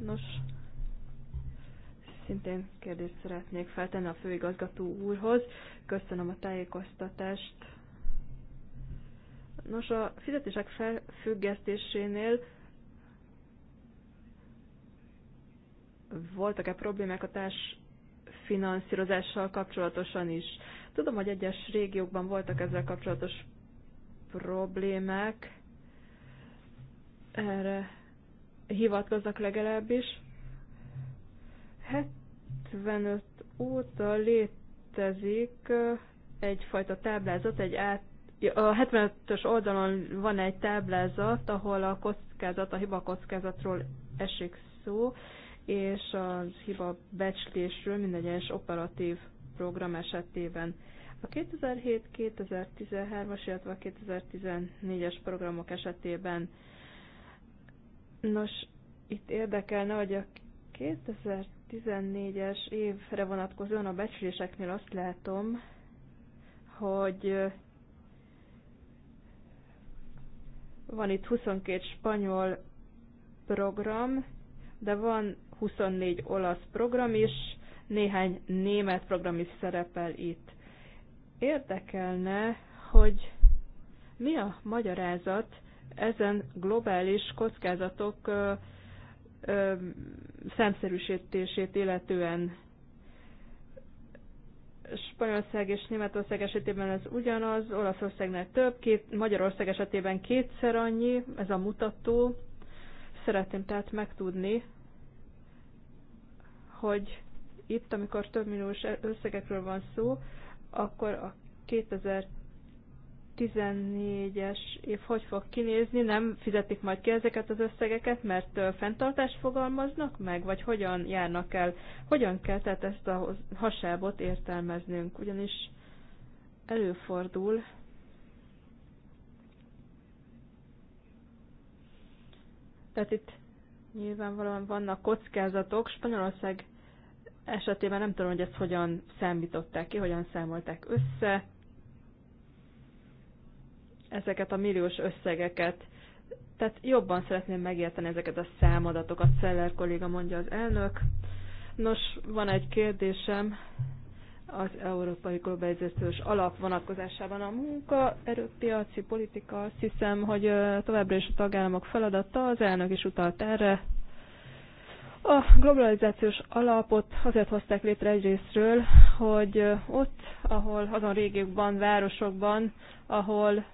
Nos, szintén kérdést szeretnék feltenni a főigazgató úrhoz. Köszönöm a tájékoztatást. Nos, a fizetések felfüggesztésénél voltak-e problémák a társ finanszírozással kapcsolatosan is. Tudom, hogy egyes régiókban voltak ezzel kapcsolatos problémák, erre hivatkoznak legalábbis. 75 óta létezik egyfajta táblázat, egy át, a 75-ös oldalon van egy táblázat, ahol a kockázat, a hiba kockázatról esik szó, és az hiba becslésről minden egyes operatív program esetében. A 2007-2013-as, illetve a 2014-es programok esetében. Nos, itt érdekelne, hogy a 2014-es évre vonatkozóan a becsléseknél azt látom, hogy van itt 22 spanyol program, de van 24 olasz program is, néhány német program is szerepel itt. Érdekelne, hogy mi a magyarázat ezen globális kockázatok ö, ö, szemszerűsítését illetően. Spanyolország és Németország esetében ez ugyanaz, Olaszországnál több, két, Magyarország esetében kétszer annyi, ez a mutató. Szeretném tehát megtudni, hogy itt, amikor több milliós összegekről van szó, akkor a 2014-es év hogy fog kinézni? Nem fizetik majd ki ezeket az összegeket, mert fenntartást fogalmaznak meg, vagy hogyan járnak el? Hogyan kell tehát ezt a hasábot értelmeznünk? Ugyanis előfordul, tehát itt Nyilvánvalóan vannak kockázatok. Spanyolország esetében nem tudom, hogy ezt hogyan számították ki, hogyan számolták össze ezeket a milliós összegeket. Tehát jobban szeretném megérteni ezeket a számadatokat, Szeller kolléga mondja az elnök. Nos, van egy kérdésem, az európai globalizációs alap vonatkozásában a munka, erőpiaci politika, azt hiszem, hogy továbbra is a tagállamok feladata, az elnök is utalt erre. A globalizációs alapot azért hozták létre egyrésztről, hogy ott, ahol azon régiókban, városokban, ahol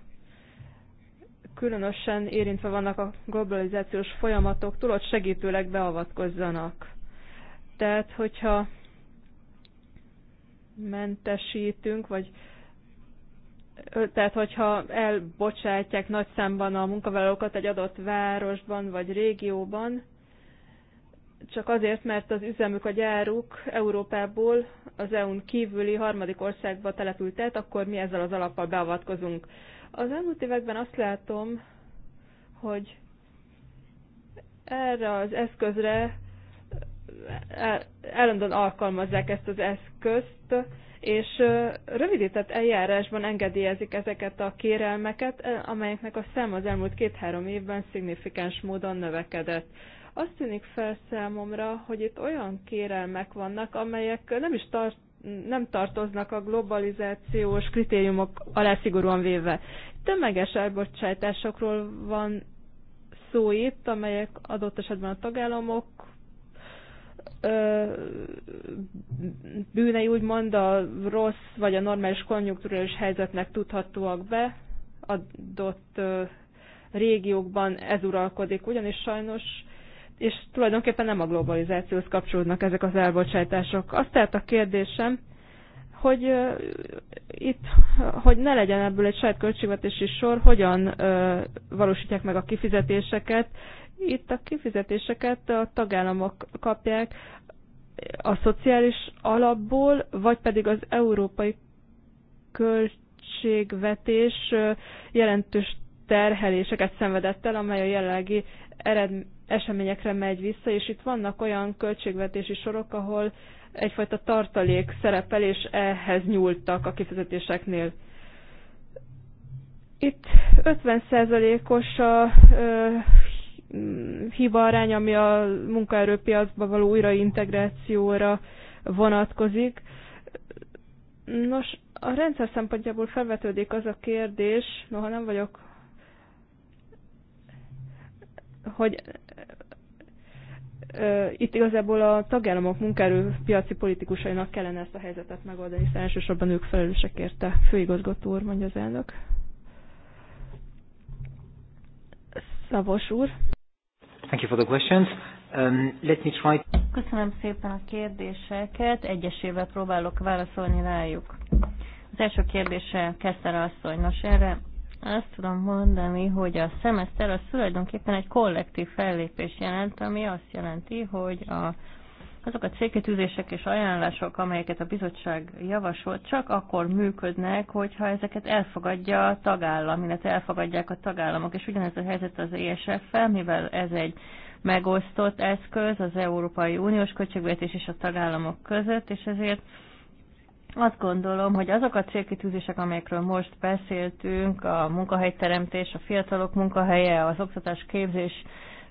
különösen érintve vannak a globalizációs folyamatok ott segítőleg beavatkozzanak. Tehát, hogyha mentesítünk, vagy tehát hogyha elbocsátják nagy számban a munkavállalókat egy adott városban vagy régióban, csak azért, mert az üzemük, a gyáruk Európából az EU-n kívüli harmadik országba települt el, akkor mi ezzel az alappal beavatkozunk. Az elmúlt években azt látom, hogy erre az eszközre állandóan alkalmazzák ezt az eszközt, és rövidített eljárásban engedélyezik ezeket a kérelmeket, amelyeknek a szám az elmúlt két-három évben szignifikáns módon növekedett. Azt tűnik fel számomra, hogy itt olyan kérelmek vannak, amelyek nem is tart, nem tartoznak a globalizációs kritériumok alá szigorúan véve. Tömeges elbocsátásokról van szó itt, amelyek adott esetben a tagállamok bűnei úgymond a rossz vagy a normális konjunktúrális helyzetnek tudhatóak be adott régiókban ez uralkodik, ugyanis sajnos és tulajdonképpen nem a globalizációhoz kapcsolódnak ezek az elbocsátások. Azt tehát a kérdésem, hogy uh, itt, hogy ne legyen ebből egy saját költségvetési sor, hogyan uh, valósítják meg a kifizetéseket, itt a kifizetéseket a tagállamok kapják a szociális alapból, vagy pedig az európai költségvetés jelentős terheléseket szenvedett el, amely a jelenlegi eseményekre megy vissza, és itt vannak olyan költségvetési sorok, ahol egyfajta tartalék szerepel, és ehhez nyúltak a kifizetéseknél. Itt 50%-os a Mm, hiba arány, ami a munkaerőpiacba való újraintegrációra vonatkozik. Nos, a rendszer szempontjából felvetődik az a kérdés, noha nem vagyok, hogy itt igazából a tagállamok munkaerőpiaci politikusainak kellene ezt a helyzetet megoldani, hiszen elsősorban ők felelősek érte, főigazgató úr, mondja az elnök. Szavos úr.
Thank you for the questions. Um, let me try...
Köszönöm szépen a
kérdéseket, egyesével próbálok válaszolni rájuk. Az első kérdése Keszter asszony. Nos, erre azt tudom mondani, hogy a szemeszter az tulajdonképpen egy kollektív fellépés jelent, ami azt jelenti, hogy a azok a célkitűzések és ajánlások, amelyeket a bizottság javasolt, csak akkor működnek, hogyha ezeket elfogadja a tagállam, illetve elfogadják a tagállamok. És ugyanez a helyzet az ESF-fel, mivel ez egy megosztott eszköz az Európai Uniós költségvetés és a tagállamok között, és ezért azt gondolom, hogy azok a célkitűzések, amelyekről most beszéltünk, a munkahelyteremtés, a fiatalok munkahelye, az oktatás képzés,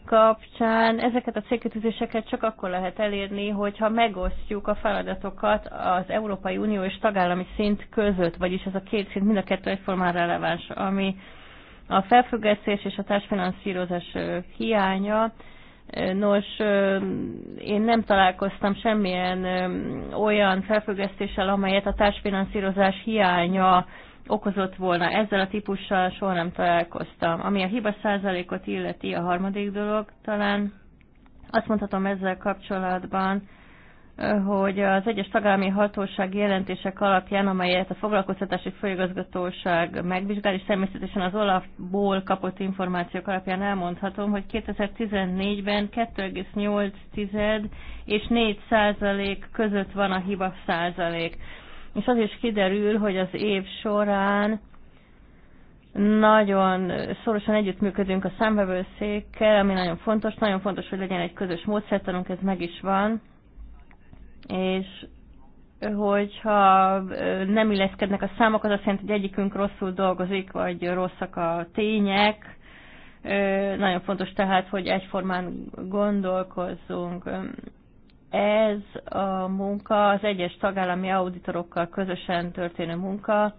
kapcsán ezeket a célkitűzéseket csak akkor lehet elérni, hogyha megosztjuk a feladatokat az Európai Unió és tagállami szint között, vagyis ez a két szint mind a kettő egyformán releváns, ami a felfüggesztés és a társfinanszírozás hiánya. Nos, én nem találkoztam semmilyen olyan felfüggesztéssel, amelyet a társfinanszírozás hiánya okozott volna. Ezzel a típussal soha nem találkoztam. Ami a hiba százalékot illeti, a harmadik dolog talán, azt mondhatom ezzel kapcsolatban, hogy az egyes tagállami hatóság jelentések alapján, amelyet a foglalkoztatási főigazgatóság megvizsgál, és természetesen az Olafból kapott információk alapján elmondhatom, hogy 2014-ben 2,8 és 4 százalék között van a hiba százalék és az is kiderül, hogy az év során nagyon szorosan együttműködünk a számvevőszékkel, ami nagyon fontos. Nagyon fontos, hogy legyen egy közös módszertanunk, ez meg is van. És hogyha nem illeszkednek a számok, az azt jelenti, hogy egyikünk rosszul dolgozik, vagy rosszak a tények. Nagyon fontos tehát, hogy egyformán gondolkozzunk. Ez a munka az egyes tagállami auditorokkal közösen történő munka,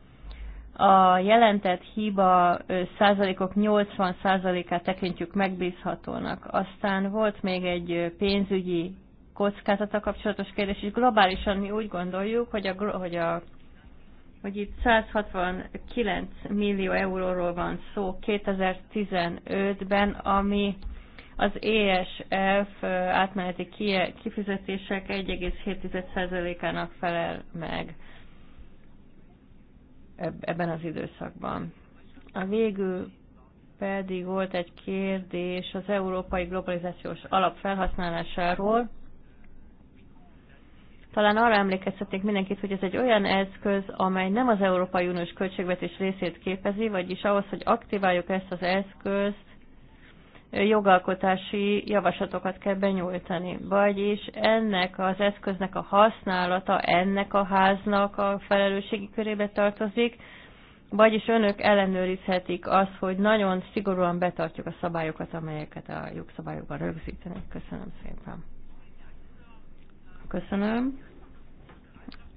a jelentett hiba százalékok 80 százalékát tekintjük megbízhatónak. Aztán volt még egy pénzügyi kockázata kapcsolatos kérdés, és globálisan mi úgy gondoljuk, hogy, a, hogy, a, hogy itt 169 millió euróról van szó 2015-ben, ami az ESF átmeneti kifizetések 1,7%-ának felel meg ebben az időszakban. A végül pedig volt egy kérdés az európai globalizációs alap felhasználásáról. Talán arra emlékeztetnék mindenkit, hogy ez egy olyan eszköz, amely nem az Európai Uniós költségvetés részét képezi, vagyis ahhoz, hogy aktiváljuk ezt az eszközt, jogalkotási javaslatokat kell benyújtani. Vagyis ennek az eszköznek a használata ennek a háznak a felelősségi körébe tartozik, vagyis önök ellenőrizhetik azt, hogy nagyon szigorúan betartjuk a szabályokat, amelyeket a jogszabályokban rögzítenek. Köszönöm szépen. Köszönöm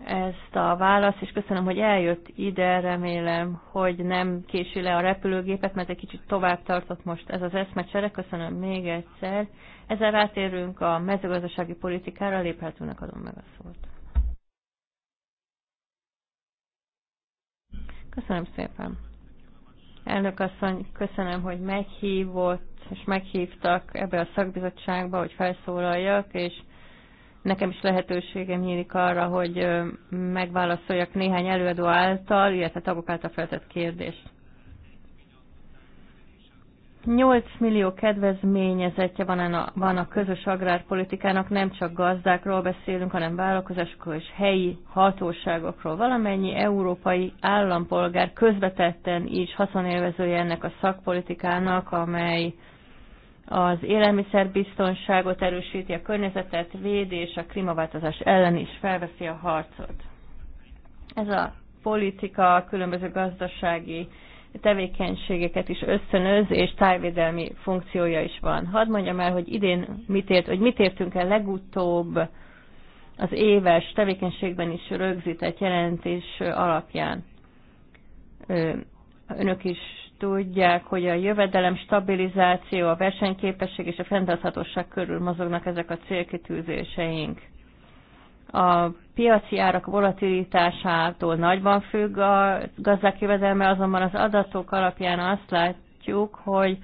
ezt a választ, és köszönöm, hogy eljött ide, remélem, hogy nem késő le a repülőgépet, mert egy kicsit tovább tartott most ez az eszmecsere, köszönöm még egyszer. Ezzel rátérünk a mezőgazdasági politikára, léphetőnek adom meg a szót. Köszönöm szépen. Elnök asszony, köszönöm, hogy meghívott, és meghívtak ebbe a szakbizottságba, hogy felszólaljak, és nekem is lehetőségem nyílik arra, hogy megválaszoljak néhány előadó által, illetve tagok által feltett kérdést. 8 millió kedvezményezetje van a, van a közös agrárpolitikának, nem csak gazdákról beszélünk, hanem vállalkozásokról és helyi hatóságokról. Valamennyi európai állampolgár közvetetten is haszonélvezője ennek a szakpolitikának, amely az élelmiszerbiztonságot erősíti, a környezetet védi és a klímaváltozás ellen is felveszi a harcot. Ez a politika a különböző gazdasági tevékenységeket is összönöz, és tájvédelmi funkciója is van. Hadd mondjam el, hogy idén mit, ért, hogy mit értünk el legutóbb az éves tevékenységben is rögzített jelentés alapján. Önök is tudják, hogy a jövedelem stabilizáció, a versenyképesség és a fenntarthatóság körül mozognak ezek a célkitűzéseink. A piaci árak volatilitásától nagyban függ a gazdák jövedelme, azonban az adatok alapján azt látjuk, hogy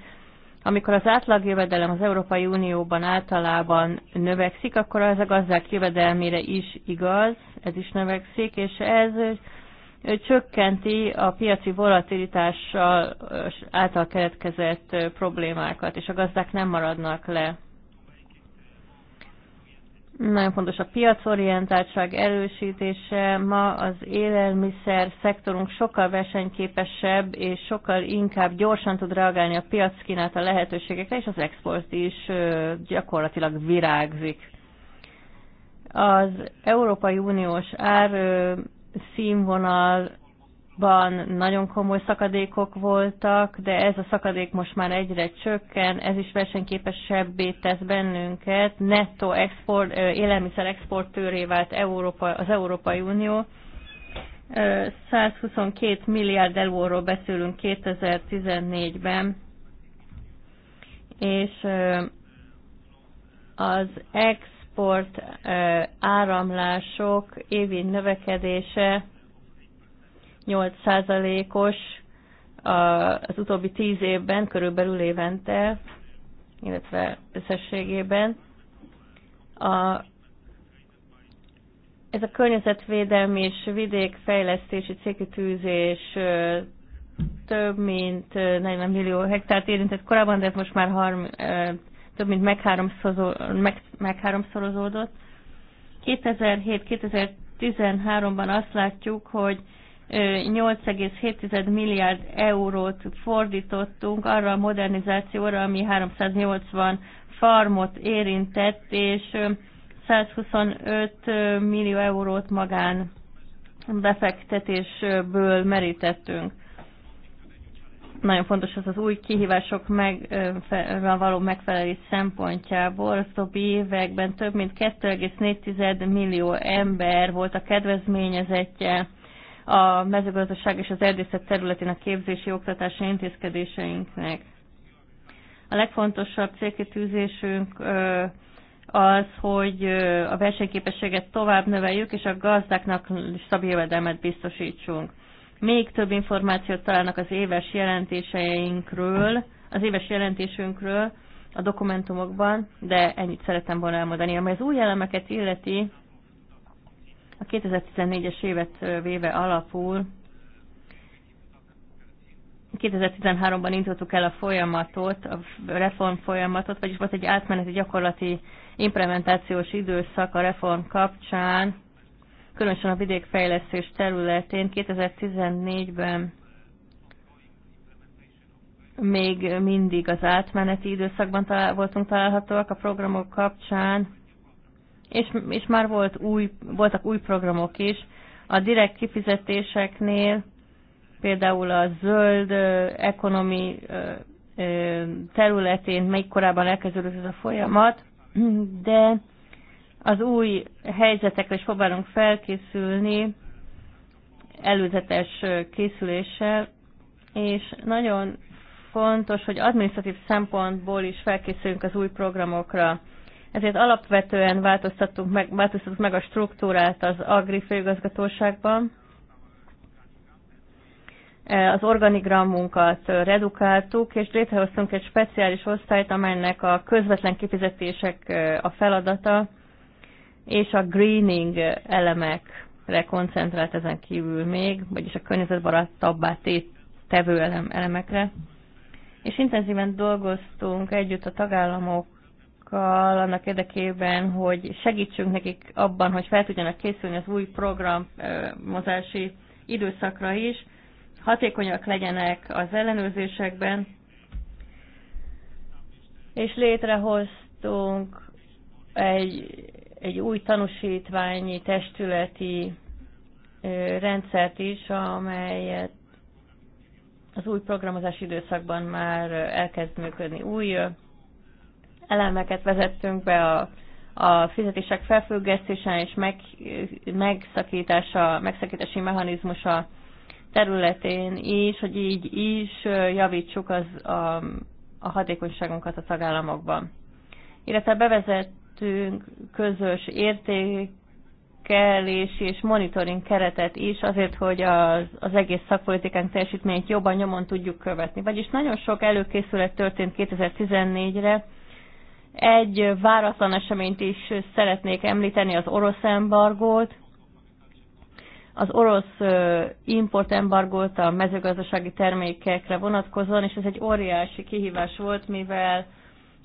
amikor az átlagjövedelem az Európai Unióban általában növekszik, akkor ez a gazdák jövedelmére is igaz, ez is növekszik, és ez csökkenti a piaci volatilitással által keletkezett problémákat, és a gazdák nem maradnak le. Nagyon fontos a piacorientáltság erősítése. Ma az élelmiszer szektorunk sokkal versenyképesebb, és sokkal inkább gyorsan tud reagálni a piac kínálta lehetőségekre, és az export is gyakorlatilag virágzik az Európai Uniós ár színvonalban nagyon komoly szakadékok voltak, de ez a szakadék most már egyre csökken, ez is versenyképesebbé tesz bennünket, netto export, élelmiszer exportőré vált Európa, az Európai Unió, 122 milliárd euróról beszélünk 2014-ben, és az ex export áramlások évi növekedése 8%-os az utóbbi 10 évben, körülbelül évente, illetve összességében. A, ez a környezetvédelmi és vidékfejlesztési célkitűzés több mint 40 millió hektárt érintett korábban, de most már 30, több mint megháromszorozódott. 2007-2013-ban azt látjuk, hogy 8,7 milliárd eurót fordítottunk arra a modernizációra, ami 380 farmot érintett, és 125 millió eurót magán befektetésből merítettünk nagyon fontos az az új kihívások meg, fe, való megfelelés szempontjából. Az utóbbi években több mint 2,4 millió ember volt a kedvezményezetje a mezőgazdaság és az erdészet a képzési oktatási intézkedéseinknek. A legfontosabb célkitűzésünk az, hogy a versenyképességet tovább növeljük, és a gazdáknak stabil jövedelmet biztosítsunk még több információt találnak az éves jelentéseinkről, az éves jelentésünkről a dokumentumokban, de ennyit szerettem volna elmondani. Ami az új elemeket illeti, a 2014-es évet véve alapul, 2013-ban indítottuk el a folyamatot, a reform folyamatot, vagyis volt egy átmeneti gyakorlati implementációs időszak a reform kapcsán, különösen a vidékfejlesztés területén 2014-ben még mindig az átmeneti időszakban talál, voltunk találhatóak a programok kapcsán, és, és már volt új, voltak új programok is. A direkt kifizetéseknél például a zöld ekonomi területén még korábban elkezdődött ez a folyamat, de az új helyzetekre is próbálunk felkészülni előzetes készüléssel, és nagyon fontos, hogy administratív szempontból is felkészüljünk az új programokra. Ezért alapvetően változtattunk meg, változtattuk meg a struktúrát az Agri főigazgatóságban. E, az organigramunkat redukáltuk, és létrehoztunk egy speciális osztályt, amelynek a közvetlen kifizetések e, a feladata, és a greening elemekre koncentrált ezen kívül még, vagyis a környezetbarátabbá tevő elem, elemekre. És intenzíven dolgoztunk együtt a tagállamokkal annak érdekében, hogy segítsünk nekik abban, hogy fel tudjanak készülni az új programozási időszakra is, hatékonyak legyenek az ellenőrzésekben, és létrehoztunk egy egy új tanúsítványi testületi rendszert is, amelyet az új programozási időszakban már elkezd működni. Új elemeket vezettünk be a, a fizetések felfüggesztésen és meg, megszakítása, megszakítási mechanizmusa területén is, hogy így is javítsuk az, a, a hatékonyságunkat a tagállamokban. Illetve bevezett teremtünk közös értékelés és monitoring keretet is, azért, hogy az, az egész szakpolitikánk teljesítményt jobban nyomon tudjuk követni. Vagyis nagyon sok előkészület történt 2014-re. Egy váratlan eseményt is szeretnék említeni, az orosz embargót, az orosz importembargót a mezőgazdasági termékekre vonatkozóan, és ez egy óriási kihívás volt, mivel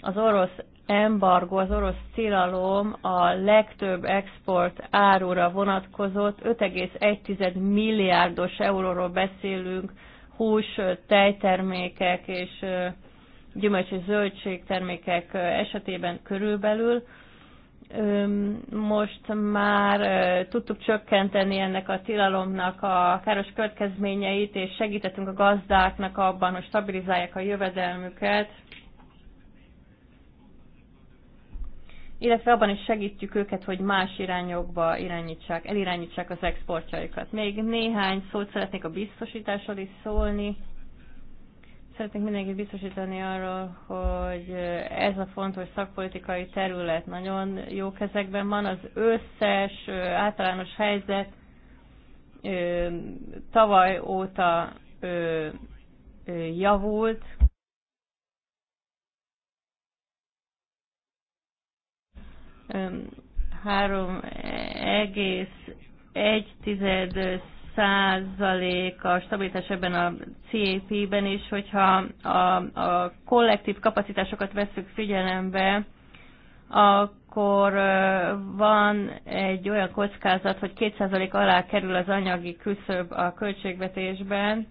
az orosz embargo, az orosz tilalom a legtöbb export árura vonatkozott, 5,1 milliárdos euróról beszélünk, hús, tejtermékek és gyümölcs és zöldségtermékek esetében körülbelül. Most már tudtuk csökkenteni ennek a tilalomnak a káros következményeit, és segítettünk a gazdáknak abban, hogy stabilizálják a jövedelmüket, illetve abban is segítjük őket, hogy más irányokba irányítsák, elirányítsák az exportjaikat. Még néhány szót szeretnék a biztosításról is szólni. Szeretnék mindenkit biztosítani arról, hogy ez a fontos szakpolitikai terület nagyon jó kezekben van. Az összes általános helyzet tavaly óta javult, 3,1 százalék a stabilitás ebben a CAP-ben, is, hogyha a, a kollektív kapacitásokat veszük figyelembe, akkor van egy olyan kockázat, hogy 2% alá kerül az anyagi küszöb a költségvetésben,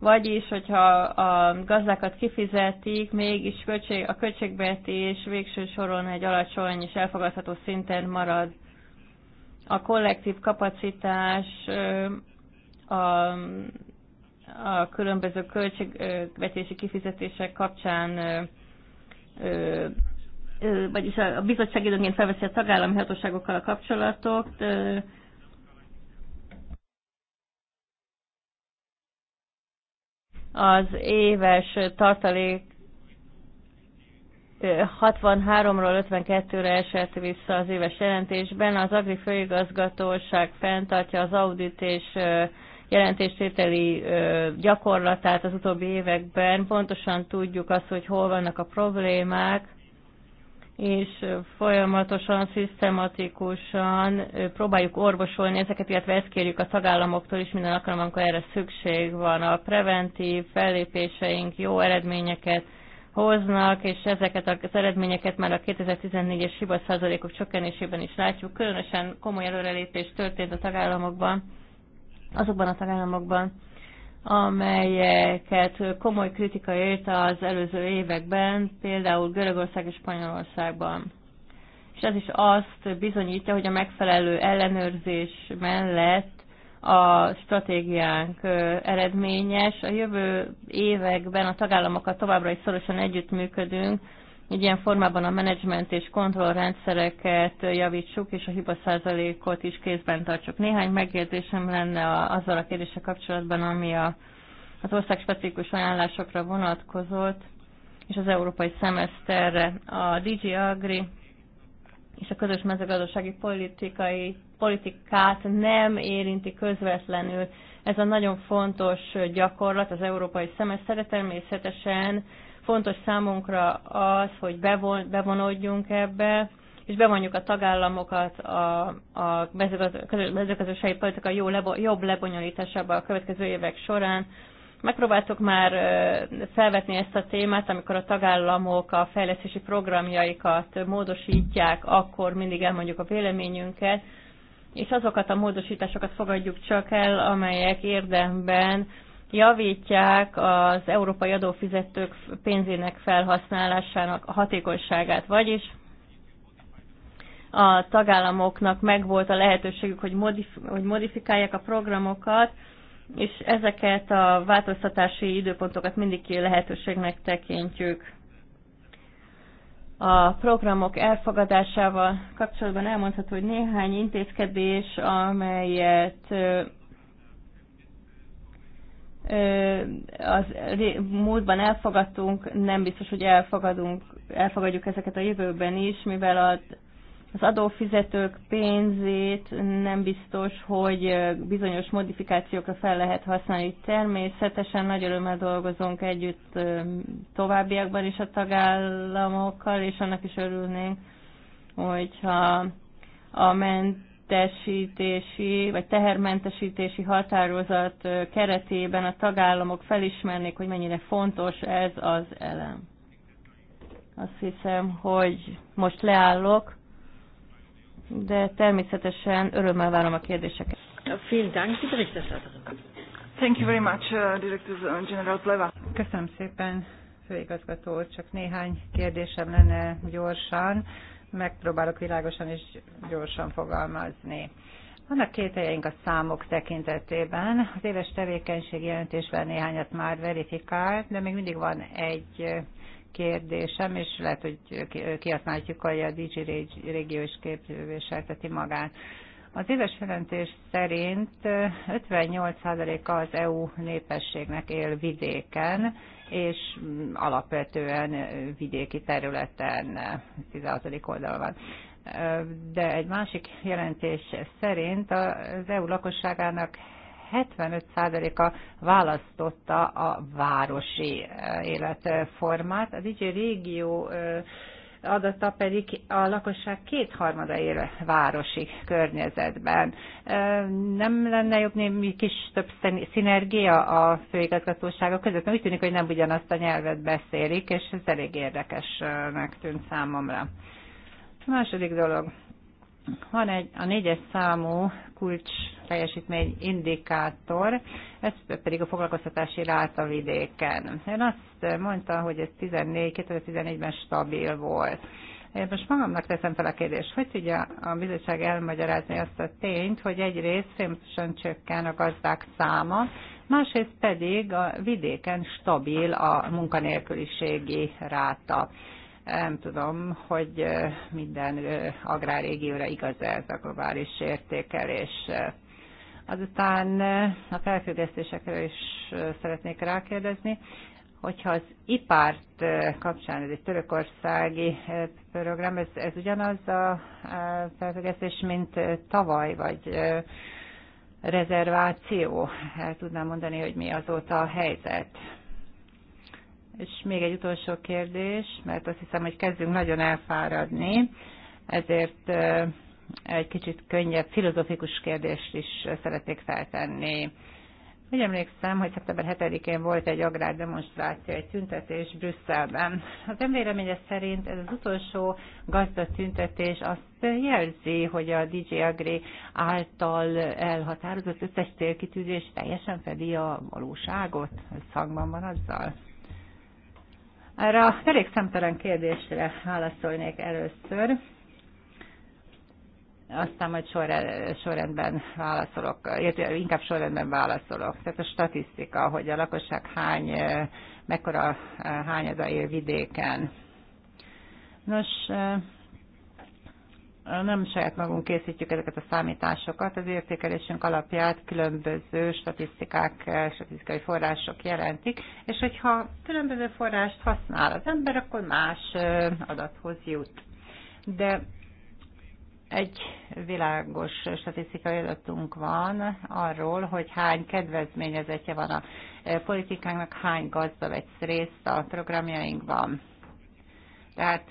vagyis hogyha a gazdákat kifizetik, mégis költség, a költségvetés végső soron egy alacsony és elfogadható szinten marad. A kollektív kapacitás a, a különböző költségvetési kifizetések kapcsán vagyis a bizottság időnként felveszi a tagállami hatóságokkal a kapcsolatot, az éves tartalék 63-ról 52-re esett vissza az éves jelentésben. Az Agri Főigazgatóság fenntartja az audit és jelentéstételi gyakorlatát az utóbbi években. Pontosan tudjuk azt, hogy hol vannak a problémák, és folyamatosan, szisztematikusan próbáljuk orvosolni ezeket, illetve ezt kérjük a tagállamoktól is minden alkalommal, amikor erre szükség van. A preventív fellépéseink jó eredményeket hoznak, és ezeket az eredményeket már a 2014-es hiba százalékok csökkenésében is látjuk. Különösen komoly előrelépés történt a tagállamokban, azokban a tagállamokban, amelyeket komoly kritika érte az előző években, például Görögország és Spanyolországban. És ez is azt bizonyítja, hogy a megfelelő ellenőrzés mellett a stratégiánk eredményes. A jövő években a tagállamokat továbbra is szorosan együttműködünk így ilyen formában a menedzsment és kontrollrendszereket javítsuk, és a hibaszázalékot is kézben tartsuk. Néhány megjegyzésem lenne azzal a kérdéssel kapcsolatban, ami a, az ország specifikus ajánlásokra vonatkozott, és az európai szemeszterre. A DG Agri és a közös mezőgazdasági politikai, politikát nem érinti közvetlenül. Ez a nagyon fontos gyakorlat az európai szemeszterre természetesen Fontos számunkra az, hogy bevon, bevonódjunk ebbe, és bevonjuk a tagállamokat a, a mezőgazdasági politika jó, lebo, jobb lebonyolításába a következő évek során. Megpróbáltuk már felvetni ezt a témát, amikor a tagállamok a fejlesztési programjaikat módosítják, akkor mindig elmondjuk a véleményünket, és azokat a módosításokat fogadjuk csak el, amelyek érdemben javítják az európai adófizetők pénzének felhasználásának a hatékonyságát, vagyis a tagállamoknak megvolt a lehetőségük, hogy, modif- hogy modifikálják a programokat, és ezeket a változtatási időpontokat mindig ki lehetőségnek tekintjük. A programok elfogadásával kapcsolatban elmondható, hogy néhány intézkedés, amelyet az múltban elfogadtunk, nem biztos, hogy elfogadunk, elfogadjuk ezeket a jövőben is, mivel az adófizetők pénzét nem biztos, hogy bizonyos modifikációkra fel lehet használni. Természetesen nagy örömmel dolgozunk együtt továbbiakban is a tagállamokkal, és annak is örülnénk, hogyha a ment mentesítési vagy tehermentesítési határozat keretében a tagállamok felismernék, hogy mennyire fontos ez az elem. Azt hiszem, hogy most leállok, de természetesen örömmel várom a kérdéseket.
Vielen Dank, die Thank you very much, uh, Director
uh, General Pleva.
Köszönöm szépen, főigazgató úr, csak néhány kérdésem lenne gyorsan megpróbálok világosan és gyorsan fogalmazni. Vannak kételjeink a számok tekintetében. Az éves tevékenység jelentésben néhányat már verifikált, de még mindig van egy kérdésem, és lehet, hogy kihasználhatjuk, hogy a DG régió is képviselteti magát. Az éves jelentés szerint 58%-a az EU népességnek él vidéken, és alapvetően vidéki területen, 16. oldalon van de egy másik jelentés szerint az EU lakosságának 75%-a választotta a városi életformát. A DJ régió adata pedig a lakosság kétharmada él városi környezetben. Nem lenne jobb némi kis több szinergia a főigazgatóságok között, mert úgy tűnik, hogy nem ugyanazt a nyelvet beszélik, és ez elég érdekesnek tűnt számomra. A második dolog. Van egy, a négyes számú kulcs teljesítmény indikátor, ez pedig a foglalkoztatási ráta vidéken. Én azt mondta, hogy ez 14, 2014-ben stabil volt. Én most magamnak teszem fel a kérdést, hogy tudja a bizottság elmagyarázni azt a tényt, hogy egyrészt folyamatosan csökken a gazdák száma, másrészt pedig a vidéken stabil a munkanélküliségi ráta. Nem tudom, hogy minden agrárrégióra igaz ez a globális értékelés. Azután a felfüggesztésekről is szeretnék rákérdezni hogyha az ipárt kapcsán, ez egy törökországi program, ez, ez ugyanaz a felfüggesztés, mint tavaly, vagy rezerváció. El tudnám mondani, hogy mi azóta a helyzet. És még egy utolsó kérdés, mert azt hiszem, hogy kezdünk nagyon elfáradni, ezért egy kicsit könnyebb, filozofikus kérdést is szeretnék feltenni. Úgy emlékszem, hogy szeptember 7-én volt egy agrárdemonstráció, egy tüntetés Brüsszelben. Az emléleménye szerint ez az utolsó tüntetés azt jelzi, hogy a DJ Agri által elhatározott összes célkitűzés teljesen fedi a valóságot. Ez szangban van azzal? Erre a elég szemtelen kérdésre válaszolnék először, aztán majd sorrendben válaszolok, inkább sorrendben válaszolok. Tehát a statisztika, hogy a lakosság hány, mekkora hányada él vidéken. Nos, nem saját magunk készítjük ezeket a számításokat, az értékelésünk alapját különböző statisztikák, statisztikai források jelentik, és hogyha különböző forrást használ az ember, akkor más adathoz jut. De egy világos statisztikai adatunk van arról, hogy hány kedvezményezetje van a politikának, hány gazda vesz részt a programjainkban. Tehát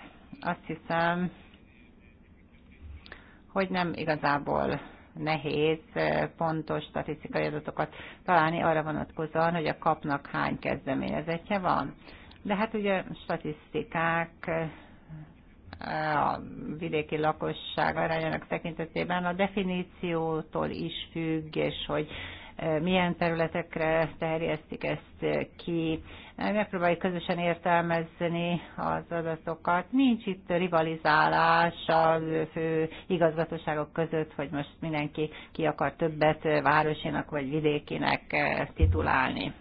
azt hiszem, hogy nem igazából nehéz eh, pontos statisztikai adatokat találni arra vonatkozóan, hogy a kapnak hány kezdeményezetje van. De hát ugye statisztikák eh, a vidéki lakosság arányának tekintetében a definíciótól is függ, és hogy milyen területekre terjesztik ezt ki. Megpróbáljuk közösen értelmezni az adatokat. Nincs itt rivalizálás a fő igazgatóságok között, hogy most mindenki ki akar többet városinak vagy vidékinek titulálni.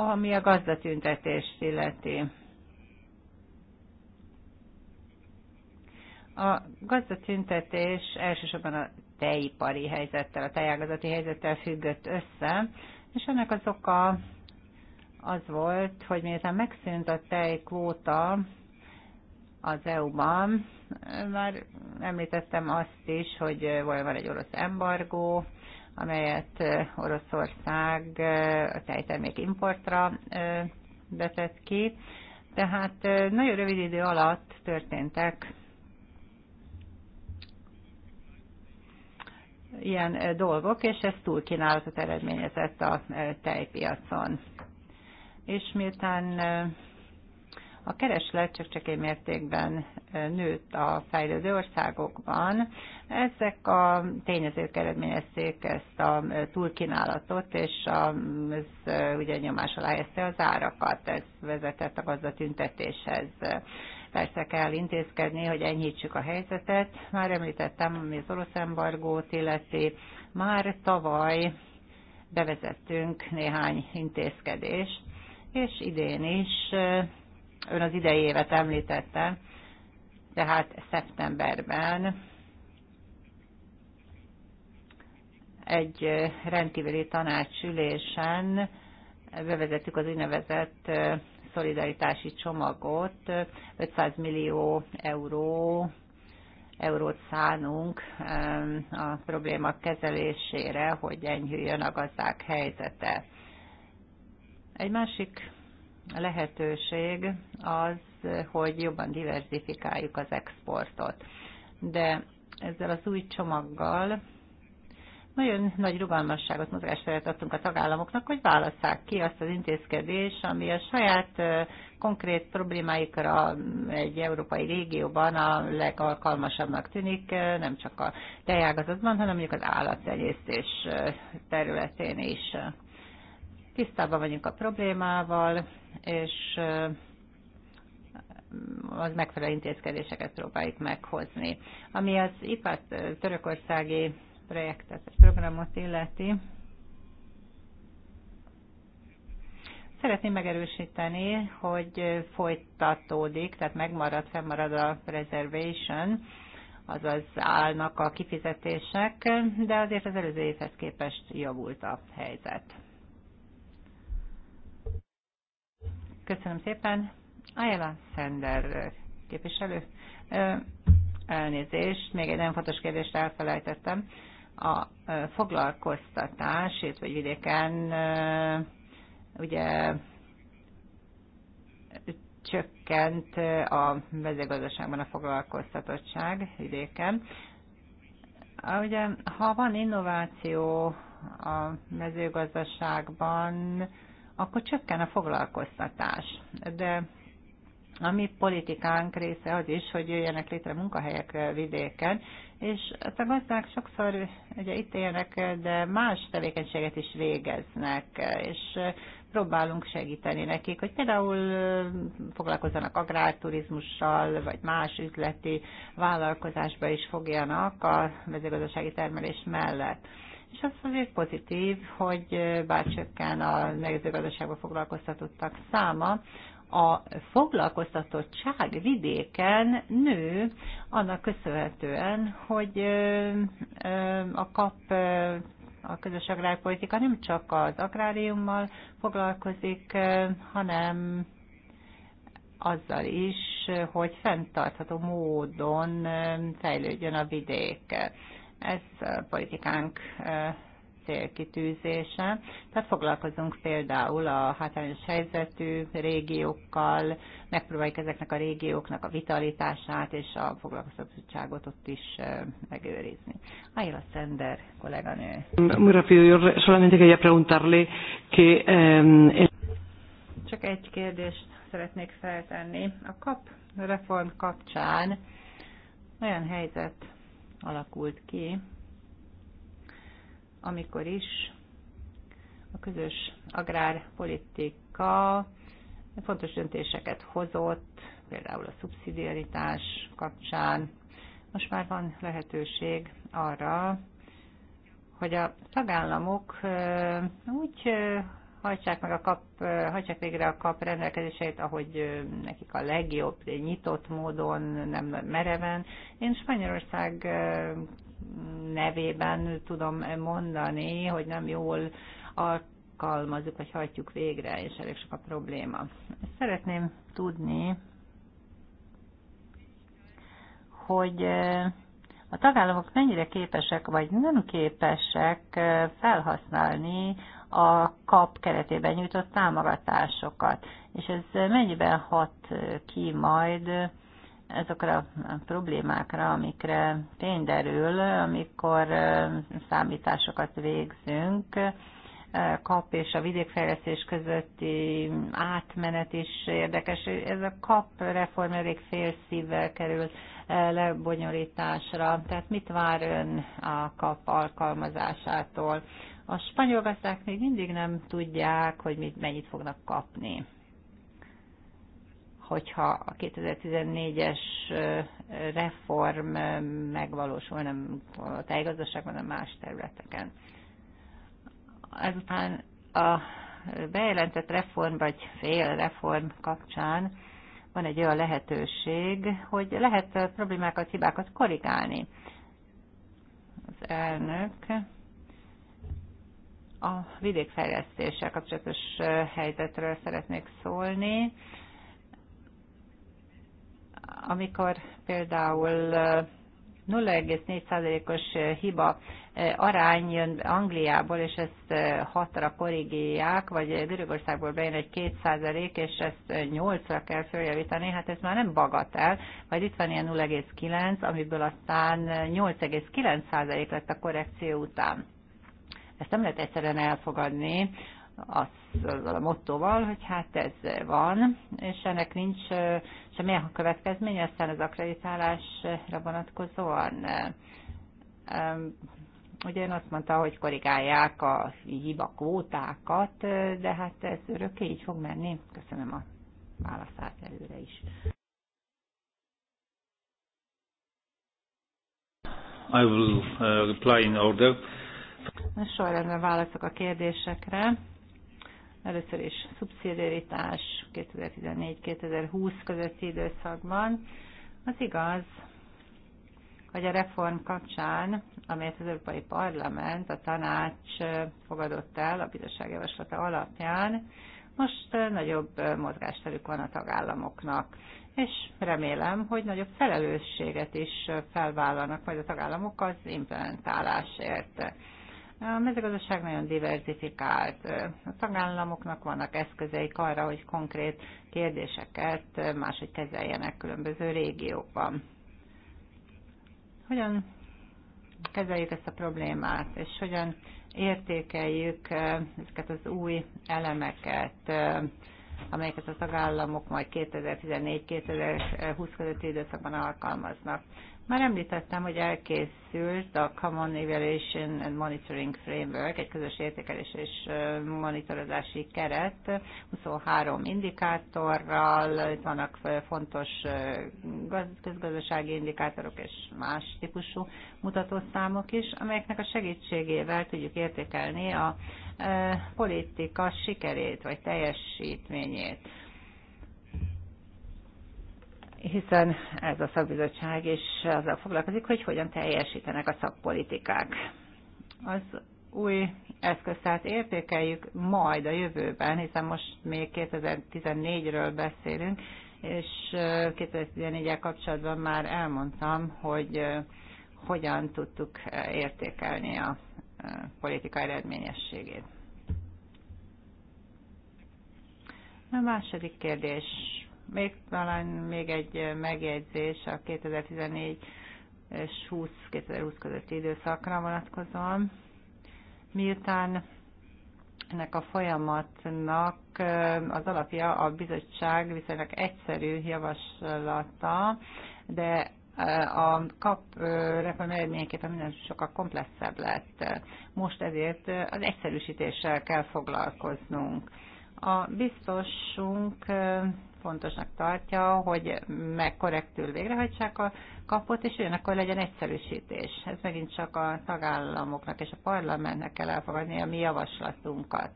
ami a gazdatüntetést illeti. A gazdatüntetés elsősorban a tejipari helyzettel, a tejágazati helyzettel függött össze, és ennek az oka az volt, hogy miután megszűnt a tejkvóta az EU-ban, már említettem azt is, hogy van egy orosz embargó, amelyet Oroszország a tejtermék importra vetett ki. Tehát nagyon rövid idő alatt történtek ilyen dolgok, és ez túlkínálatot eredményezett a tejpiacon. És miután a kereslet csak csak egy mértékben nőtt a fejlődő országokban. Ezek a tényezők eredményezték ezt a túlkínálatot, és a, ez ugye nyomás alá az árakat, ez vezetett a gazdatüntetéshez. Persze kell intézkedni, hogy enyhítsük a helyzetet. Már említettem, ami az orosz embargót illeti. Már tavaly bevezettünk néhány intézkedést, és idén is, ön az idei évet említette, tehát szeptemberben egy rendkívüli tanácsülésen bevezettük az úgynevezett szolidaritási csomagot 500 millió euró eurót szánunk a probléma kezelésére, hogy enyhüljön a gazdák helyzete. Egy másik lehetőség az, hogy jobban diversifikáljuk az exportot. De ezzel az új csomaggal nagyon nagy rugalmasságot, mozgásteret adtunk a tagállamoknak, hogy válasszák ki azt az intézkedés, ami a saját konkrét problémáikra egy európai régióban a legalkalmasabbnak tűnik, nem csak a tejágazatban, hanem mondjuk az állattenyésztés területén is. Tisztában vagyunk a problémával, és az megfelelő intézkedéseket próbáljuk meghozni. Ami az IPAT törökországi projektet, vagy programot illeti. Szeretném megerősíteni, hogy folytatódik, tehát megmarad, fennmarad a reservation, azaz állnak a kifizetések, de azért az előző évhez képest javult a helyzet. Köszönöm szépen. Ayala Sender képviselő. Elnézést, még egy nagyon fontos kérdést elfelejtettem a foglalkoztatás, vagy vidéken ugye csökkent a mezőgazdaságban a foglalkoztatottság vidéken. Ugye, ha van innováció a mezőgazdaságban, akkor csökken a foglalkoztatás. De a mi politikánk része az is, hogy jöjjenek létre munkahelyek vidéken, és a gazdák sokszor ugye itt élnek, de más tevékenységet is végeznek, és próbálunk segíteni nekik, hogy például foglalkozzanak agrárturizmussal, vagy más üzleti vállalkozásba is fogjanak a mezőgazdasági termelés mellett. És az azért pozitív, hogy bár csökken a mezőgazdaságban foglalkoztatottak száma, a foglalkoztatottság vidéken nő, annak köszönhetően, hogy a kap a közös agrárpolitika nem csak az agráriummal foglalkozik, hanem azzal is, hogy fenntartható módon fejlődjön a vidék. Ez a politikánk célkitűzése. Tehát foglalkozunk például a hátrányos helyzetű régiókkal, megpróbáljuk ezeknek a régióknak a vitalitását és a foglalkoztatottságot ott is megőrizni. Ayla Sender, kolléganő.
Muy rápido, yo solamente quería preguntarle que...
Csak egy kérdést szeretnék feltenni. A kap reform kapcsán olyan helyzet alakult ki, amikor is a közös agrárpolitika fontos döntéseket hozott, például a szubszidiaritás kapcsán. Most már van lehetőség arra, hogy a tagállamok úgy hajtsák, meg a kap, hajtsák végre a kap rendelkezéseit, ahogy nekik a legjobb, nyitott módon, nem mereven. Én Spanyolország nevében tudom mondani, hogy nem jól alkalmazzuk, vagy hajtjuk végre, és elég sok a probléma. Szeretném tudni, hogy eh, a tagállamok mennyire képesek, vagy nem képesek eh, felhasználni a kap keretében nyújtott támogatásokat, és ez mennyiben hat ki majd azokra a problémákra, amikre derül, amikor számításokat végzünk, kap és a vidékfejlesztés közötti átmenet is érdekes. Ez a kap reform elég szívvel kerül lebonyolításra. Tehát mit vár ön a kap alkalmazásától? A spanyol gazdák még mindig nem tudják, hogy mit, mennyit fognak kapni hogyha a 2014-es reform megvalósul, nem a tájgazdaságban, hanem más területeken. Ezután a bejelentett reform vagy fél reform kapcsán van egy olyan lehetőség, hogy lehet problémákat, hibákat korrigálni. Az elnök a vidékfejlesztéssel kapcsolatos helyzetről szeretnék szólni amikor például 0,4%-os hiba arány jön Angliából, és ezt hatra korrigálják, vagy Görögországból bejön egy 2% és ezt 8-ra kell följavítani, hát ez már nem el, vagy itt van ilyen 0,9, amiből aztán 8,9% lett a korrekció után. Ezt nem lehet egyszerűen elfogadni, azzal a mottoval, hogy hát ez van, és ennek nincs semmilyen következménye, aztán az akreditálásra vonatkozóan. Ugye én azt mondta, hogy korrigálják a hiba kvótákat, de hát ez örökké így fog menni. Köszönöm a válaszát előre is. I will uh, reply in order. Sorrendben válaszok a kérdésekre. Először is szubszidiaritás 2014-2020 közötti időszakban. Az igaz, hogy a reform kapcsán, amelyet az Európai Parlament, a tanács fogadott el a bizottság javaslata alapján, most nagyobb mozgásterük van a tagállamoknak, és remélem, hogy nagyobb felelősséget is felvállalnak majd a tagállamok az implementálásért. A mezőgazdaság nagyon diversifikált. A tagállamoknak vannak eszközeik arra, hogy konkrét kérdéseket máshogy kezeljenek különböző régiókban. Hogyan kezeljük ezt a problémát, és hogyan értékeljük ezeket az új elemeket, amelyeket a tagállamok majd 2014-2020 közötti időszakban alkalmaznak. Már említettem, hogy elkészült a Common Evaluation and Monitoring Framework, egy közös értékelés és monitorozási keret, 23 indikátorral, itt vannak fontos közgazdasági indikátorok és más típusú mutatószámok is, amelyeknek a segítségével tudjuk értékelni a politika sikerét vagy teljesítményét hiszen ez a szakbizottság is azzal foglalkozik, hogy hogyan teljesítenek a szakpolitikák. Az új eszköztárt értékeljük majd a jövőben, hiszen most még 2014-ről beszélünk, és 2014-el kapcsolatban már elmondtam, hogy hogyan tudtuk értékelni a politika eredményességét. A második kérdés még talán még egy megjegyzés a 2014 20, 2020 közötti időszakra vonatkozóan. Miután ennek a folyamatnak az alapja a bizottság viszonylag egyszerű javaslata, de a kap reform eredményeképpen minden sokkal komplexebb lett. Most ezért az egyszerűsítéssel kell foglalkoznunk. A biztosunk fontosnak tartja, hogy megkorrektül végrehajtsák a kapot, és akkor legyen egyszerűsítés. Ez megint csak a tagállamoknak és a parlamentnek kell elfogadni a mi javaslatunkat.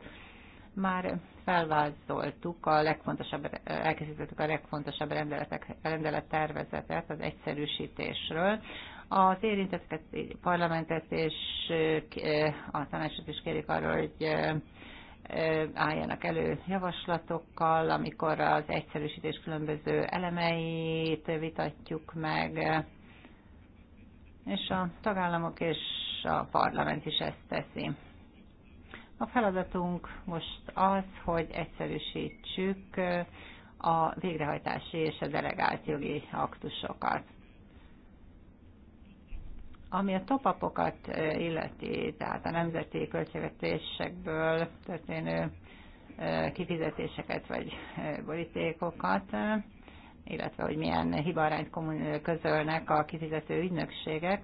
Már felvázoltuk a legfontosabb, elkészítettük a legfontosabb rendeletek, rendelettervezetet az egyszerűsítésről, az érintetteket, parlamentet és eh, a tanácsot is kérjük arról, hogy eh, álljanak elő javaslatokkal, amikor az egyszerűsítés különböző elemeit vitatjuk meg, és a tagállamok és a parlament is ezt teszi. A feladatunk most az, hogy egyszerűsítsük a végrehajtási és a delegált jogi aktusokat. Ami a topapokat eh, illeti, tehát a nemzeti költségvetésekből történő eh, kifizetéseket vagy eh, borítékokat, illetve hogy milyen hibarányt közölnek a kifizető ügynökségek.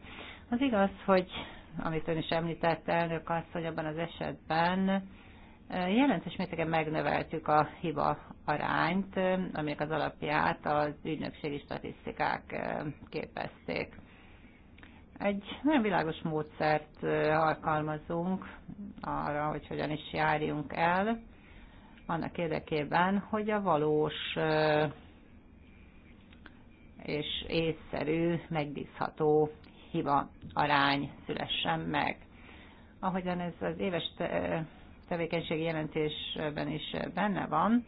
Az igaz, hogy amit ön is említett, elnök az, hogy abban az esetben jelentős mértékben megnöveltük a hiba arányt, aminek az alapját az ügynökségi statisztikák képezték. Egy nagyon világos módszert alkalmazunk arra, hogy hogyan is járjunk el, annak érdekében, hogy a valós és észszerű, megbízható hiba arány szülessen meg. Ahogyan ez az éves tevékenységi jelentésben is benne van,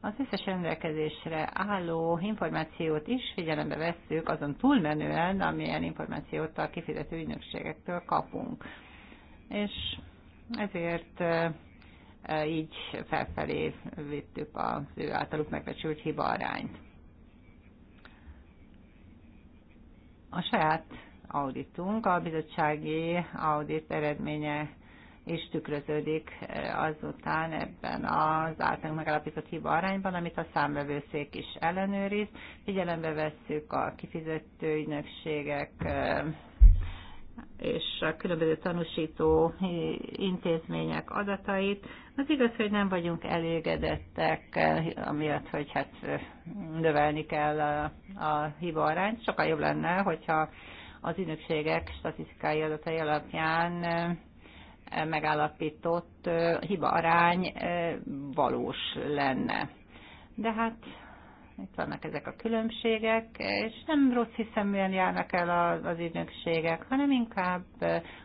az összes rendelkezésre álló információt is figyelembe vesszük, azon túlmenően, amilyen információt a kifizető ügynökségektől kapunk. És ezért e, így felfelé vittük az ő általuk megbecsült hiba arányt. A saját auditunk, a bizottsági audit eredménye és tükröződik eh, azután ebben az általunk megállapított hiba arányban, amit a számvevőszék is ellenőriz. Figyelembe vesszük a kifizető ügynökségek eh, és a különböző tanúsító eh, intézmények adatait. Az igaz, hogy nem vagyunk elégedettek, amiatt, hogy hát növelni kell a, a hiba arányt. Sokkal jobb lenne, hogyha az ügynökségek statisztikai adatai alapján megállapított hibaarány valós lenne. De hát itt vannak ezek a különbségek, és nem rossz hiszeműen járnak el az ügynökségek, hanem inkább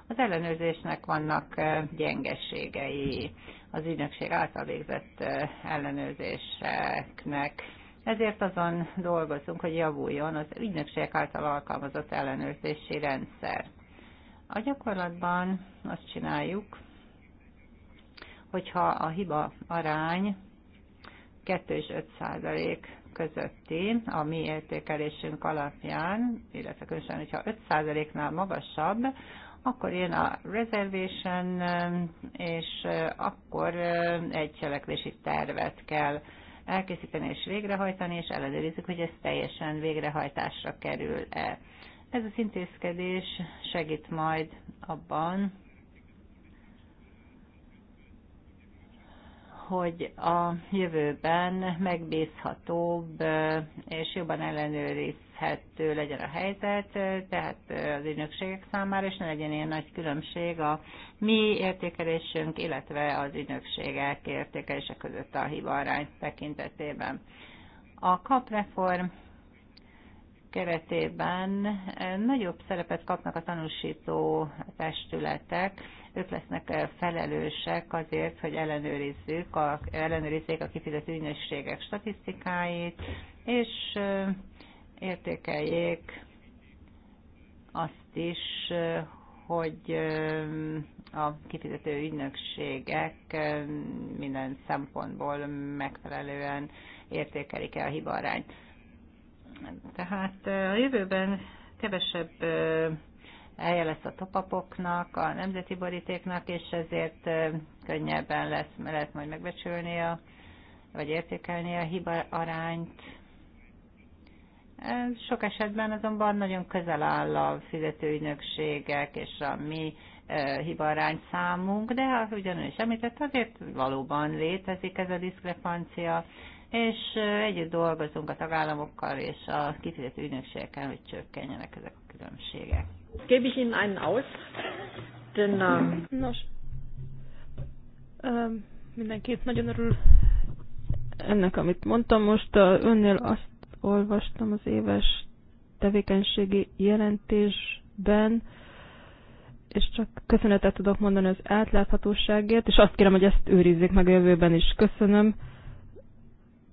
az ellenőrzésnek vannak gyengeségei az ügynökség által végzett ellenőrzéseknek. Ezért azon dolgozunk, hogy javuljon az ügynökségek által alkalmazott ellenőrzési rendszer. A gyakorlatban azt csináljuk, hogyha a hiba arány 2 és 5 százalék közötti a mi értékelésünk alapján, illetve különösen, hogyha 5 százaléknál magasabb, akkor jön a reservation, és akkor egy cselekvési tervet kell elkészíteni és végrehajtani, és ellenőrizzük, hogy ez teljesen végrehajtásra kerül-e. Ez az intézkedés segít majd abban, hogy a jövőben megbízhatóbb és jobban ellenőrizhető legyen a helyzet, tehát az ügynökségek számára is ne legyen ilyen nagy különbség a mi értékelésünk, illetve az ügynökségek értékelése között a hibarány tekintetében. A kapreform keretében eh, nagyobb szerepet kapnak a tanúsító testületek, ők lesznek eh, felelősek azért, hogy ellenőrizzük a, ellenőrizzék a kifizető ügynösségek statisztikáit, és eh, értékeljék azt is, hogy a kifizető ügynökségek minden szempontból megfelelően értékelik-e a hibarányt. Tehát a jövőben kevesebb helye lesz a topapoknak, a nemzeti borítéknak, és ezért könnyebben lesz, lehet majd megbecsülni a, vagy értékelni a hiba arányt. Sok esetben azonban nagyon közel áll a fizetőügynökségek és a mi hibarány számunk, de ugyanúgy is említett, azért valóban létezik ez a diszkrepancia, és együtt dolgozunk a tagállamokkal és a kifizető ügynökségekkel, hogy csökkenjenek ezek a különbségek.
Gebe ich Ihnen einen aus? Denn, um... Ähm, Nos, um, mindenkit nagyon örül ennek, amit mondtam. Most uh, önnél azt olvastam az éves tevékenységi jelentésben, és csak köszönetet tudok mondani az átláthatóságért, és azt kérem, hogy ezt őrizzék meg a jövőben is. Köszönöm.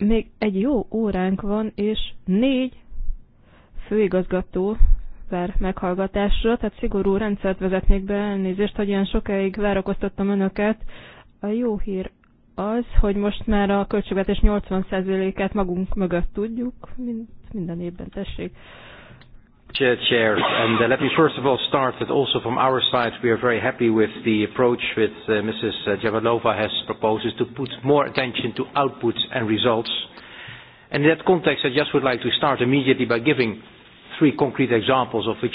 Még egy jó óránk van, és négy főigazgató vár meghallgatásra, tehát szigorú rendszert vezetnék be, elnézést, hogy ilyen sokáig várakoztattam önöket. A jó hír az, hogy most már a költségvetés 80%-át magunk mögött tudjuk, mint minden évben tessék. Chair, Chair, and uh, let me
first of all start that also from our side we are very happy with the approach that uh, Mrs. Uh, Javanova has proposed is to put more attention to outputs and results. And in that context, I just would like to start immediately by giving three concrete examples of which.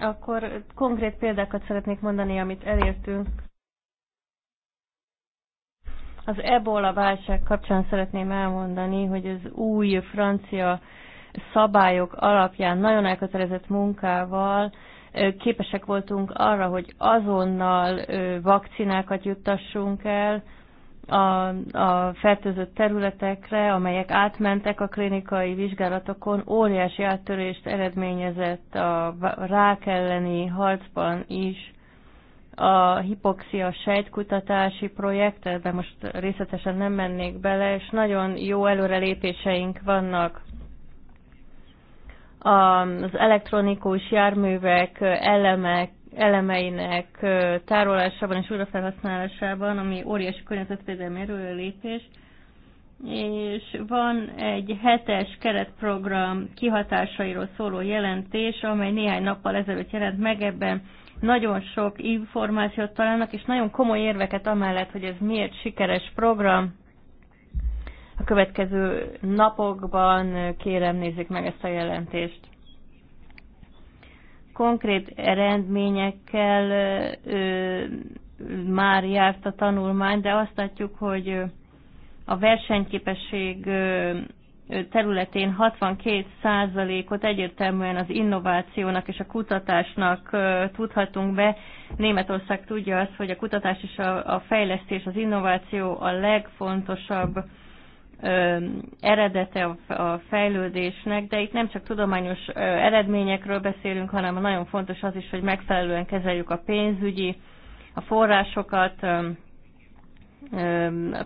Akkor konkrét példákat szeretnék mondani, amit elértünk. Az ebola válság kapcsán szeretném elmondani, hogy az új francia szabályok alapján nagyon elkötelezett munkával képesek voltunk arra, hogy azonnal vakcinákat juttassunk el a, a fertőzött területekre, amelyek átmentek a klinikai vizsgálatokon, óriási áttörést eredményezett a rák elleni harcban is a hipoxia sejtkutatási projekt, ebben most részletesen nem mennék bele, és nagyon jó előrelépéseink vannak az elektronikus járművek elemek, elemeinek tárolásában és újrafelhasználásában, ami óriási környezetvédelmi lépés, és van egy hetes keretprogram kihatásairól szóló jelentés, amely néhány nappal ezelőtt jelent meg, ebben nagyon sok információt találnak, és nagyon komoly érveket amellett, hogy ez miért sikeres program, a következő napokban kérem nézzék meg ezt a jelentést. Konkrét eredményekkel ö, már járt a tanulmány, de azt látjuk, hogy a versenyképesség területén 62%-ot egyértelműen az innovációnak és a kutatásnak tudhatunk be. Németország tudja azt, hogy a kutatás és a fejlesztés, az innováció a legfontosabb eredete a fejlődésnek, de itt nem csak tudományos eredményekről beszélünk, hanem nagyon fontos az is, hogy megfelelően kezeljük a pénzügyi, a forrásokat, a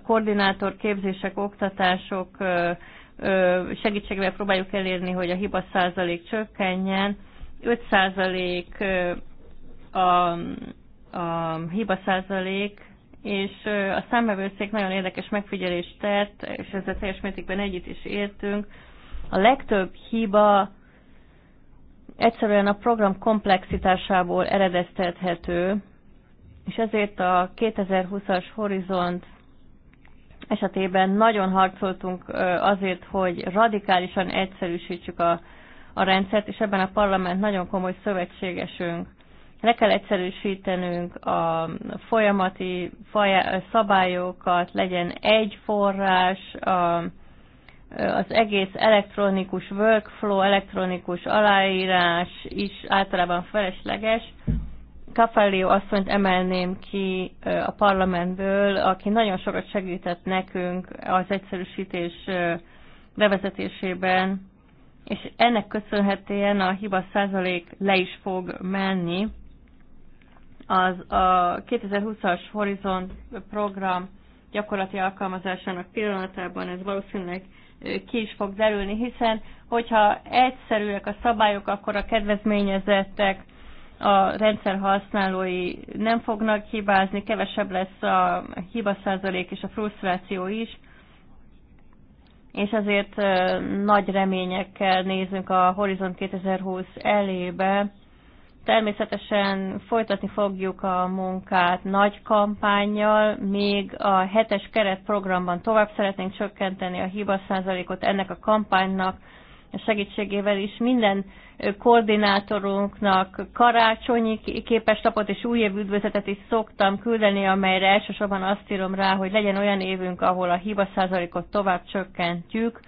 koordinátor képzések, oktatások segítségével próbáljuk elérni, hogy a hiba százalék csökkenjen. 5 százalék a, a hiba százalék és a számbevőszék nagyon érdekes megfigyelést tett, és ezzel teljes mértékben együtt is értünk. A legtöbb hiba egyszerűen a program komplexitásából eredeztethető, és ezért a 2020-as horizont esetében nagyon harcoltunk azért, hogy radikálisan egyszerűsítsük a, a rendszert, és ebben a parlament nagyon komoly szövetségesünk le kell egyszerűsítenünk a folyamati szabályokat, legyen egy forrás, a, az egész elektronikus workflow, elektronikus aláírás is általában felesleges. Capellio asszonyt emelném ki a parlamentből, aki nagyon sokat segített nekünk az egyszerűsítés bevezetésében, és ennek köszönhetően a hiba százalék le is fog menni az a 2020-as Horizont program gyakorlati alkalmazásának pillanatában ez valószínűleg ki is fog derülni, hiszen hogyha egyszerűek a szabályok, akkor a kedvezményezettek, a rendszer használói nem fognak hibázni, kevesebb lesz a hiba százalék és a frusztráció is, és ezért nagy reményekkel nézünk a Horizon 2020 elébe, Természetesen folytatni fogjuk a munkát nagy kampányjal, még a hetes keretprogramban tovább szeretnénk csökkenteni a hiba százalékot ennek a kampánynak a segítségével is. Minden koordinátorunknak karácsonyi képes tapot és újév üdvözletet is szoktam küldeni, amelyre elsősorban azt írom rá, hogy legyen olyan évünk, ahol a hiba százalékot tovább csökkentjük.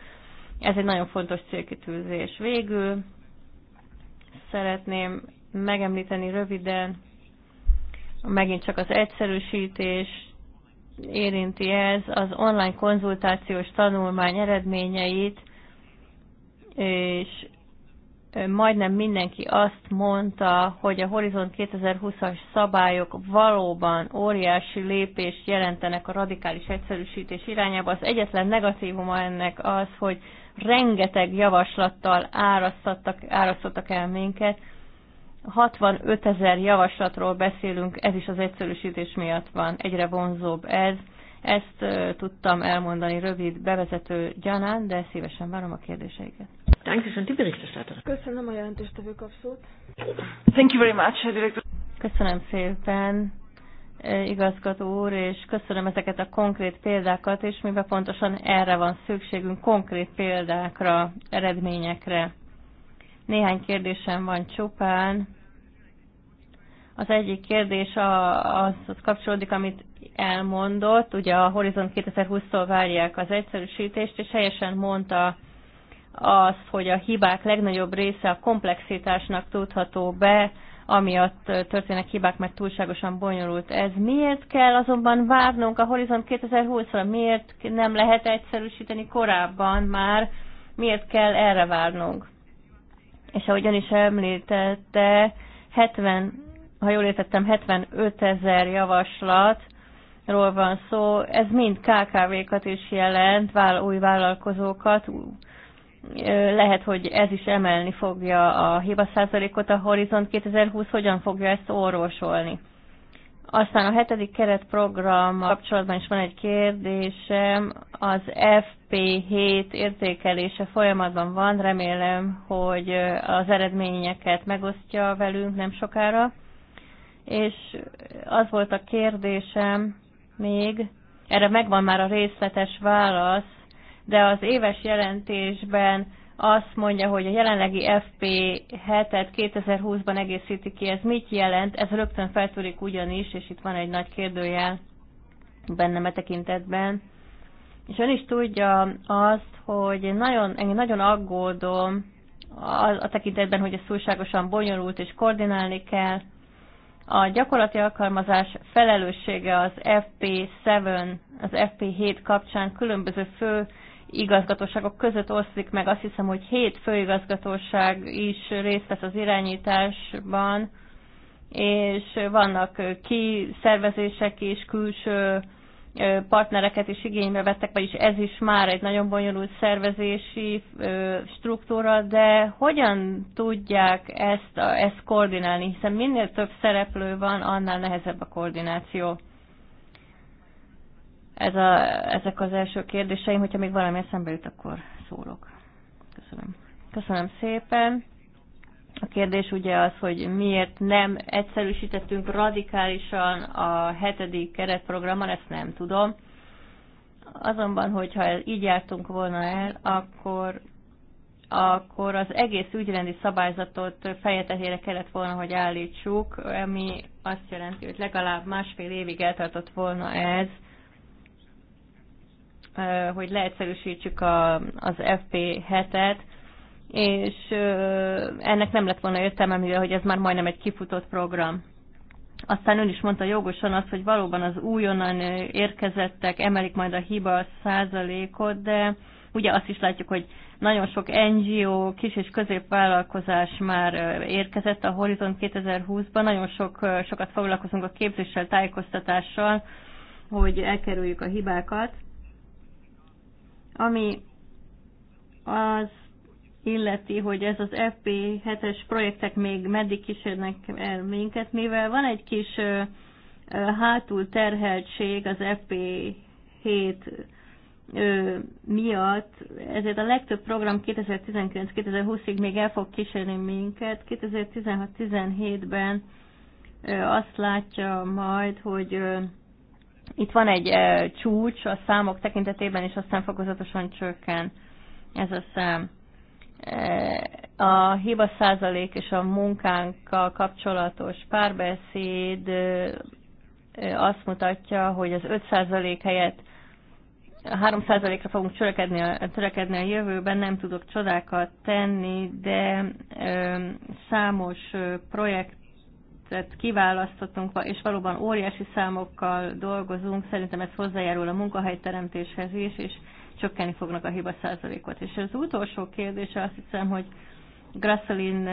Ez egy nagyon fontos célkitűzés. Végül szeretném megemlíteni röviden. Megint csak az egyszerűsítés érinti ez az online konzultációs tanulmány eredményeit, és majdnem mindenki azt mondta, hogy a Horizon 2020-as szabályok valóban óriási lépést jelentenek a radikális egyszerűsítés irányába. Az egyetlen negatívuma ennek az, hogy rengeteg javaslattal árasztottak, árasztottak el minket, 65 ezer javaslatról beszélünk, ez is az egyszerűsítés miatt van, egyre vonzóbb ez. Ezt tudtam elmondani rövid bevezető gyanán, de szívesen várom a kérdéseiket. Köszönöm die Berichterstatter.
Köszönöm a jelentéstevő kapszót.
Thank you very much, Direktor. Köszönöm szépen, igazgató úr, és köszönöm ezeket a konkrét példákat, és mivel pontosan erre van szükségünk, konkrét példákra, eredményekre. Néhány kérdésem van csupán. Az egyik kérdés az kapcsolódik, amit elmondott. Ugye a Horizon 2020-tól várják az egyszerűsítést, és helyesen mondta az, hogy a hibák legnagyobb része a komplexitásnak tudható be, amiatt történnek hibák, mert túlságosan bonyolult ez. Miért kell azonban várnunk a Horizon 2020-ra? Miért nem lehet egyszerűsíteni korábban már? Miért kell erre várnunk? és ön is említette, 70, ha jól értettem, 75 ezer javaslatról van szó. Ez mind KKV-kat is jelent, új vállalkozókat. Lehet, hogy ez is emelni fogja a hiba százalékot a Horizont 2020, hogyan fogja ezt orvosolni. Aztán a hetedik keretprogram kapcsolatban is van egy kérdésem, az F EP7 értékelése folyamatban van, remélem, hogy az eredményeket megosztja velünk nem sokára. És az volt a kérdésem még, erre megvan már a részletes válasz, de az éves jelentésben azt mondja, hogy a jelenlegi FP7-et 2020-ban egészíti ki. Ez mit jelent? Ez rögtön feltörik ugyanis, és itt van egy nagy kérdőjel benne a tekintetben és ön is tudja azt, hogy nagyon, én nagyon aggódom a, a tekintetben, hogy ez túlságosan bonyolult és koordinálni kell. A gyakorlati alkalmazás felelőssége az FP7, az FP7 kapcsán különböző fő igazgatóságok között oszlik meg. Azt hiszem, hogy hét főigazgatóság is részt vesz az irányításban, és vannak kiszervezések is, külső partnereket is igénybe vettek, vagyis ez is már egy nagyon bonyolult szervezési struktúra, de hogyan tudják ezt, ezt koordinálni, hiszen minél több szereplő van, annál nehezebb a koordináció. Ez a, ezek az első kérdéseim, hogyha még valami eszembe jut, akkor szólok. Köszönöm. Köszönöm szépen. A kérdés ugye az, hogy miért nem egyszerűsítettünk radikálisan a hetedik keretprogramon, ezt nem tudom. Azonban, hogyha így jártunk volna el, akkor akkor az egész ügyrendi szabályzatot fejetehére kellett volna, hogy állítsuk, ami azt jelenti, hogy legalább másfél évig eltartott volna ez, hogy leegyszerűsítsük a, az FP7-et, és ennek nem lett volna értelme, mivel hogy ez már majdnem egy kifutott program. Aztán ön is mondta jogosan azt, hogy valóban az újonnan érkezettek emelik majd a hiba százalékot, de ugye azt is látjuk, hogy nagyon sok NGO, kis és középvállalkozás már érkezett a Horizon 2020-ban, nagyon sok, sokat foglalkozunk a képzéssel, tájékoztatással, hogy elkerüljük a hibákat. Ami az illeti, hogy ez az FP7-es projektek még meddig kísérnek el minket, mivel van egy kis hátul terheltség az FP7 miatt, ezért a legtöbb program 2019-2020-ig még el fog kísérni minket. 2016-17-ben azt látja majd, hogy itt van egy csúcs a számok tekintetében, és aztán fokozatosan csökken ez a szám a hiba százalék és a munkánkkal kapcsolatos párbeszéd azt mutatja, hogy az 5 százalék helyett 3 százalékra fogunk törekedni a, törekedni a jövőben, nem tudok csodákat tenni, de számos projektet kiválasztottunk, és valóban óriási számokkal dolgozunk, szerintem ez hozzájárul a munkahelyteremtéshez is, és csökkenni fognak a hiba százalékot. És az utolsó kérdés azt hiszem, hogy Grasselin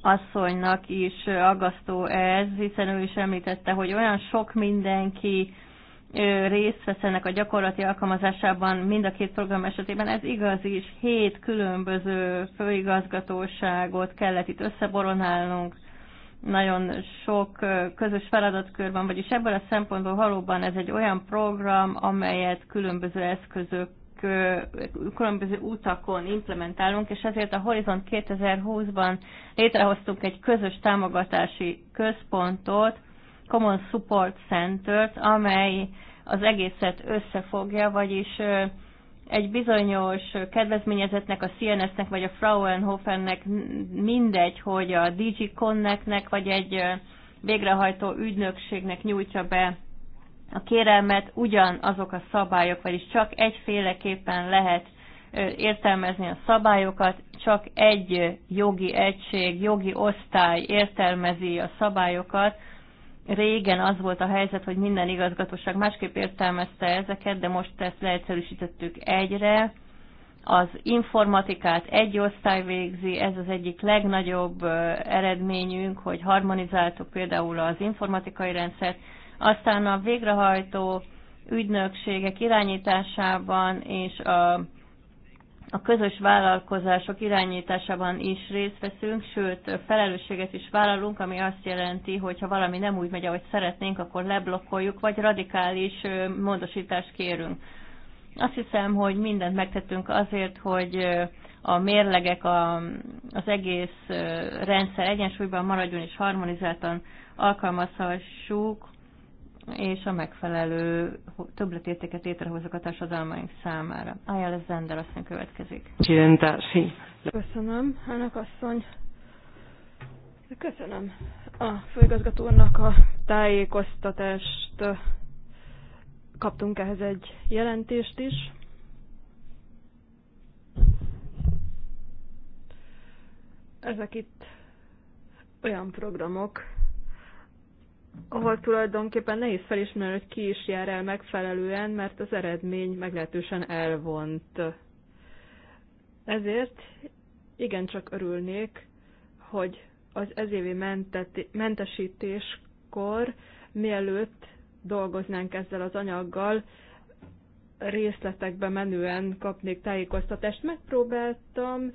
asszonynak is aggasztó ez, hiszen ő is említette, hogy olyan sok mindenki részt vesz ennek a gyakorlati alkalmazásában mind a két program esetében. Ez igaz is, hét különböző főigazgatóságot kellett itt összeboronálnunk, nagyon sok közös feladatkör van, vagyis ebből a szempontból valóban ez egy olyan program, amelyet különböző eszközök különböző utakon implementálunk, és ezért a Horizon 2020-ban létrehoztunk egy közös támogatási központot, Common Support Center-t, amely az egészet összefogja, vagyis egy bizonyos kedvezményezetnek, a CNS-nek vagy a Fraunhofernek mindegy, hogy a DG Connectnek vagy egy végrehajtó ügynökségnek nyújtsa be a kérelmet, ugyanazok a szabályok, vagyis csak egyféleképpen lehet értelmezni a szabályokat, csak egy jogi egység, jogi osztály értelmezi a szabályokat, Régen az volt a helyzet, hogy minden igazgatóság másképp értelmezte ezeket, de most ezt leegyszerűsítettük egyre. Az informatikát egy osztály végzi, ez az egyik legnagyobb eredményünk, hogy harmonizáltuk például az informatikai rendszert. Aztán a végrehajtó ügynökségek irányításában és a a közös vállalkozások irányításában is részt veszünk, sőt, felelősséget is vállalunk, ami azt jelenti, hogy ha valami nem úgy megy, ahogy szeretnénk, akkor leblokkoljuk, vagy radikális módosítást kérünk. Azt hiszem, hogy mindent megtettünk azért, hogy a mérlegek, a, az egész rendszer egyensúlyban maradjon és harmonizáltan alkalmazhassuk, és a megfelelő többletértéket létrehozok a társadalmaink számára. Ajánl Zender aztán következik.
Köszönöm, Önök asszony. Köszönöm a főigazgatónak a tájékoztatást. Kaptunk ehhez egy jelentést is. Ezek itt olyan programok, ahol tulajdonképpen nehéz felismerni, hogy ki is jár el megfelelően, mert az eredmény meglehetősen elvont. Ezért igencsak örülnék, hogy az ezévi menteti, mentesítéskor, mielőtt dolgoznánk ezzel az anyaggal, részletekbe menően kapnék tájékoztatást. Megpróbáltam,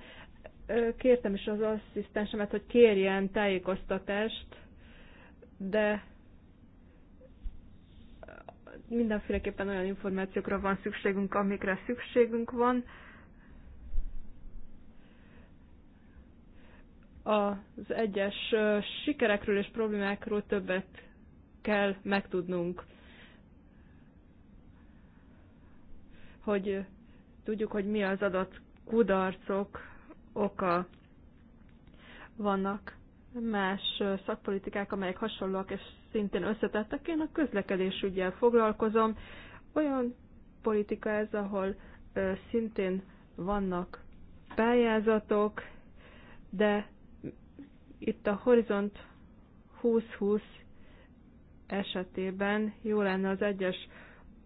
kértem is az asszisztensemet, hogy kérjen tájékoztatást de mindenféleképpen olyan információkra van szükségünk, amikre szükségünk van. Az egyes sikerekről és problémákról többet kell megtudnunk, hogy tudjuk, hogy mi az adott kudarcok oka vannak más szakpolitikák, amelyek hasonlóak és szintén összetettek. Én a közlekedés ügyel foglalkozom. Olyan politika ez, ahol szintén vannak pályázatok, de itt a Horizont 2020 esetében jó lenne az egyes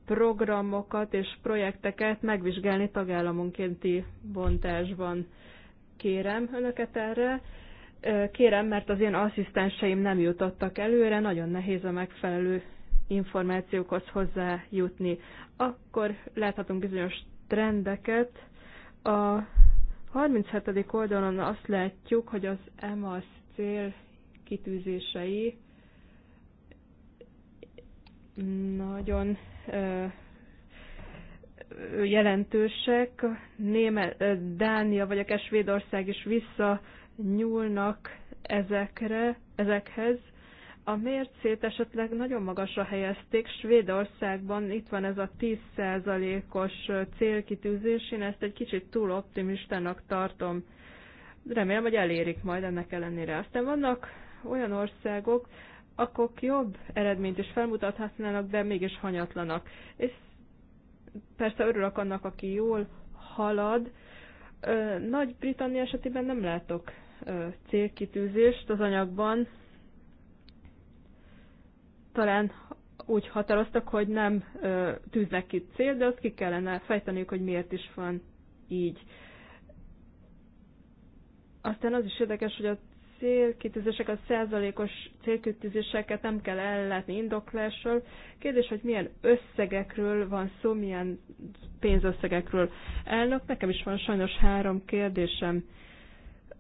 programokat és projekteket megvizsgálni tagállamonkénti bontásban. Kérem önöket erre, kérem, mert az én asszisztenseim nem jutottak előre, nagyon nehéz a megfelelő információkhoz hozzájutni. Akkor láthatunk bizonyos trendeket. A 37. oldalon azt látjuk, hogy az EMAS cél kitűzései nagyon jelentősek. Német, Dánia vagy akár Svédország is vissza nyúlnak ezekre, ezekhez. A mércét esetleg nagyon magasra helyezték. Svédországban itt van ez a 10%-os célkitűzés, én ezt egy kicsit túl optimistának tartom. Remélem, hogy elérik majd ennek ellenére. Aztán vannak olyan országok, akik jobb eredményt is felmutathatnának, de mégis hanyatlanak. És persze örülök annak, aki jól halad. Nagy-Britannia esetében nem látok célkitűzést az anyagban. Talán úgy határoztak, hogy nem tűznek ki cél, de azt ki kellene fejteniük, hogy miért is van így. Aztán az is érdekes, hogy a célkitűzések, a százalékos célkitűzéseket nem kell ellátni indoklással. Kérdés, hogy milyen összegekről van szó, milyen pénzösszegekről. Elnök, nekem is van sajnos három kérdésem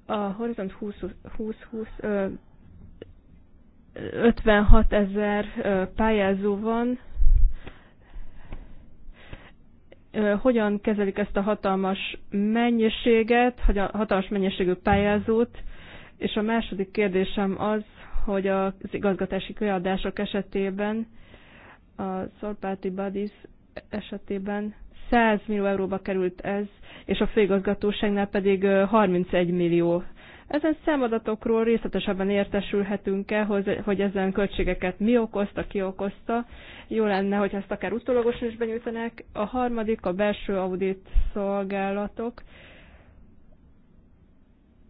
a Horizont 2020 20, 56 ezer pályázó van. Hogyan kezelik ezt a hatalmas mennyiséget, hatalmas mennyiségű pályázót? És a második kérdésem az, hogy az igazgatási kiadások esetében, a Szolpáti Badis esetében 100 millió euróba került ez, és a főigazgatóságnál pedig 31 millió. Ezen számadatokról részletesebben értesülhetünk el, hogy ezen költségeket mi okozta, ki okozta. Jó lenne, hogy ezt akár utólagosan is benyújtanák. A harmadik a belső audit szolgálatok.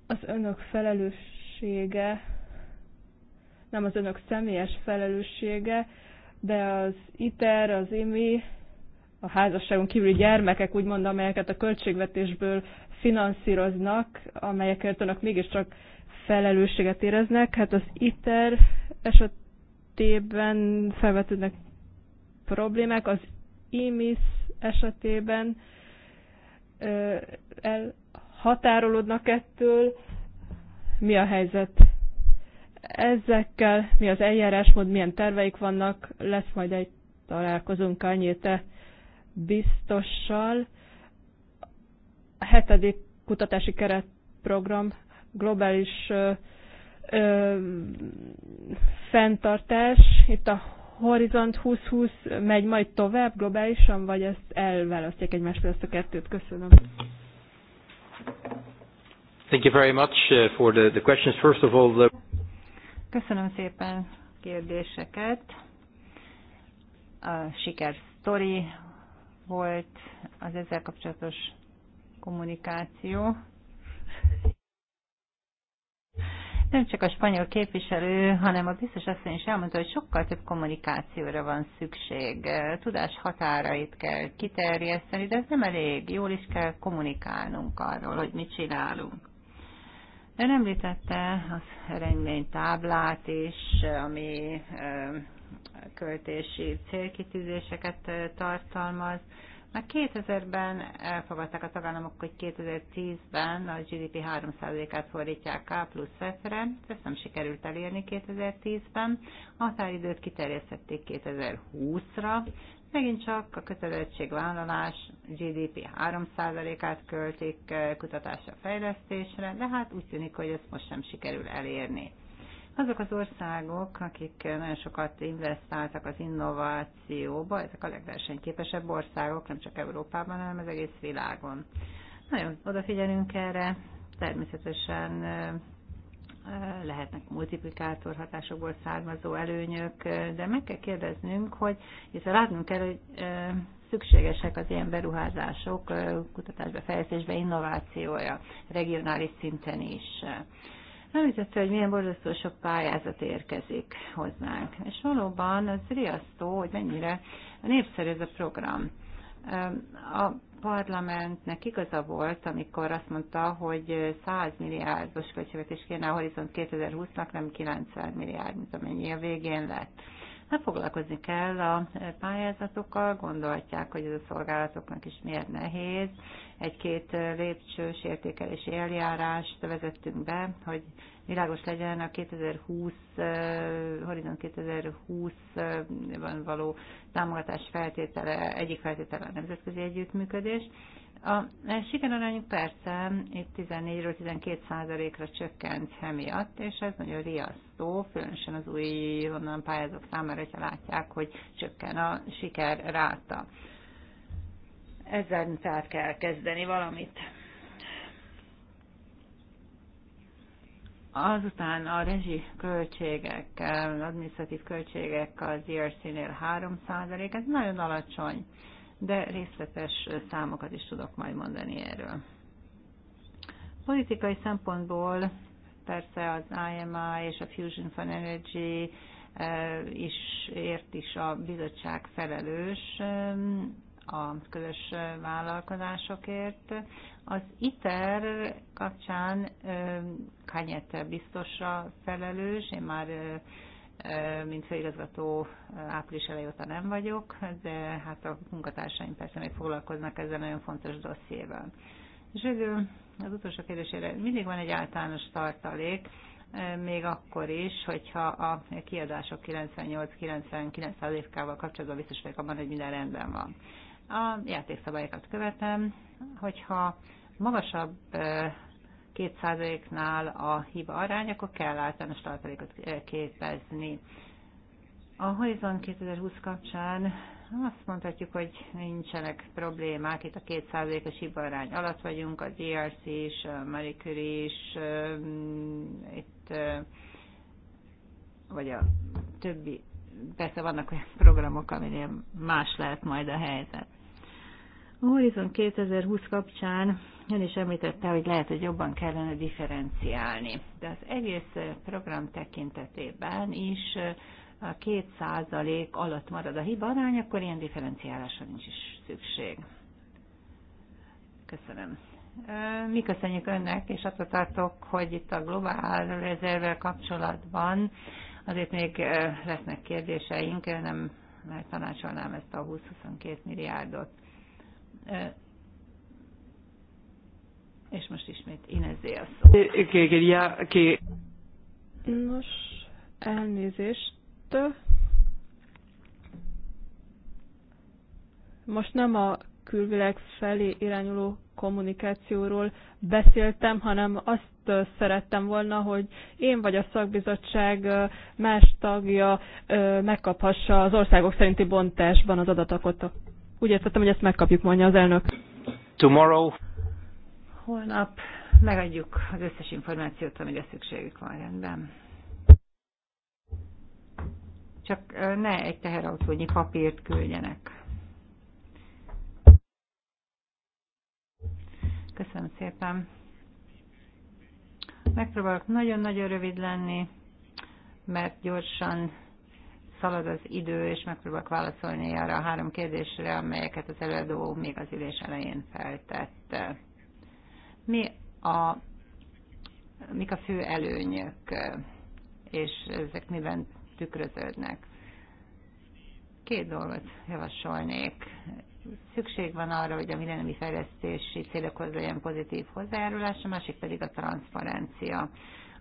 Az önök felelőssége, nem az önök személyes felelőssége, de az ITER, az IMI a házasságon kívüli gyermekek, úgymond, amelyeket a költségvetésből finanszíroznak, amelyekért önök mégiscsak felelősséget éreznek. Hát az ITER esetében felvetődnek problémák, az IMIS esetében elhatárolódnak ettől. Mi a helyzet ezekkel, mi az eljárásmód, milyen terveik vannak, lesz majd egy találkozunk te biztossal a hetedik kutatási keretprogram globális ö, ö, fenntartás. Itt a Horizont 2020 megy majd tovább globálisan, vagy ezt elválasztják egymástól ezt a kettőt? Köszönöm.
Thank you very much uh, for the, the questions. First of all, the...
Köszönöm szépen kérdéseket. A sikersztori volt az ezzel kapcsolatos kommunikáció. Nem csak a spanyol képviselő, hanem a biztos asszony is elmondta, hogy sokkal több kommunikációra van szükség. Tudás határait kell kiterjeszteni, de ez nem elég. Jól is kell kommunikálnunk arról, hogy mit csinálunk. Ön említette az eredménytáblát is, ami költési célkitűzéseket tartalmaz. Már 2000-ben elfogadták a tagállamok, hogy 2010-ben a GDP 3%-át fordítják K plusz F-re, ezt nem sikerült elérni 2010-ben. A határidőt kiterjesztették 2020-ra, megint csak a kötelezettségvállalás GDP 3%-át költik kutatásra, fejlesztésre, de hát úgy tűnik, hogy ezt most sem sikerül elérni. Azok az országok, akik nagyon sokat investáltak az innovációba, ezek a legversenyképesebb országok, nem csak Európában, hanem az egész világon. Nagyon odafigyelünk erre, természetesen lehetnek multiplikátor hatásokból származó előnyök, de meg kell kérdeznünk, hogy hiszen látnunk kell, hogy szükségesek az ilyen beruházások kutatásba, fejlesztésbe, innovációja regionális szinten is. Említette, hogy milyen borzasztó sok pályázat érkezik hozzánk. És valóban az riasztó, hogy mennyire népszerű ez a program. A parlamentnek igaza volt, amikor azt mondta, hogy 100 milliárdos költségvetés kéne a Horizont 2020-nak, nem 90 milliárd, mint amennyi a végén lett. Nem hát foglalkozni kell a pályázatokkal, gondolhatják, hogy ez a szolgálatoknak is miért nehéz. Egy-két lépcsős értékelési eljárást vezettünk be, hogy világos legyen a 2020, eh, Horizon 2020-ban való támogatás feltétele, egyik feltétele a nemzetközi együttműködés, a sikerarányuk persze itt 14-ről 12 százalékra csökkent emiatt, és ez nagyon riasztó, különösen az új onnan pályázók számára, hogyha látják, hogy csökken a siker ráta. Ezzel tehát kell kezdeni valamit. Azután a rezsi költségek, administratív költségek az ERC-nél 3 ez nagyon alacsony de részletes számokat is tudok majd mondani erről. Politikai szempontból persze az IMI és a Fusion for Energy eh, is ért is a bizottság felelős eh, a közös vállalkozásokért. Az ITER kapcsán eh, Kanyete biztosra felelős, én már mint főigazgató április elej óta nem vagyok, de hát a munkatársaim persze még foglalkoznak ezzel nagyon fontos dossziéval. És végül az utolsó kérdésére mindig van egy általános tartalék, még akkor is, hogyha a kiadások 98-99%-ával kapcsolatban biztos vagyok abban, hogy minden rendben van. A játékszabályokat követem, hogyha magasabb 2%-nál a hiba arány, akkor kell általános tartalékot eh, képezni. A Horizon 2020 kapcsán azt mondhatjuk, hogy nincsenek problémák, itt a 2%-os arány alatt vagyunk, a DRC is, a Marie Curie is, eh, itt, eh, vagy a többi, persze vannak olyan programok, aminél más lehet majd a helyzet. A Horizon 2020 kapcsán ön is említette, hogy lehet, hogy jobban kellene differenciálni. De az egész program tekintetében is a két százalék alatt marad a hiba arány, akkor ilyen differenciálásra nincs is szükség. Köszönöm. Mi köszönjük önnek, és attól tartok, hogy itt a globál rezervvel kapcsolatban azért még lesznek kérdéseink, nem tanácsolnám ezt a 20-22 milliárdot
és most ismét Inezé a szó. Eh, eh, Nos, elnézést. Most nem a külvilág felé irányuló kommunikációról beszéltem, hanem azt eh, szerettem volna, hogy én vagy a szakbizottság más tagja megkaphassa az országok szerinti bontásban az adatokat. Úgy értettem, hogy ezt megkapjuk, mondja az elnök.
Tomorrow
Holnap megadjuk az összes információt, amire szükségük van rendben. Csak ne egy teherautónyi papírt küldjenek. Köszönöm szépen. Megpróbálok nagyon-nagyon rövid lenni, mert gyorsan szalad az idő, és megpróbálok válaszolni arra a három kérdésre, amelyeket az előadó még az ülés elején feltette. Mi a, mik a fő előnyök, és ezek miben tükröződnek? Két dolgot javasolnék. Szükség van arra, hogy a millenniumi fejlesztési célokhoz legyen pozitív hozzájárulás, a másik pedig a transzparencia.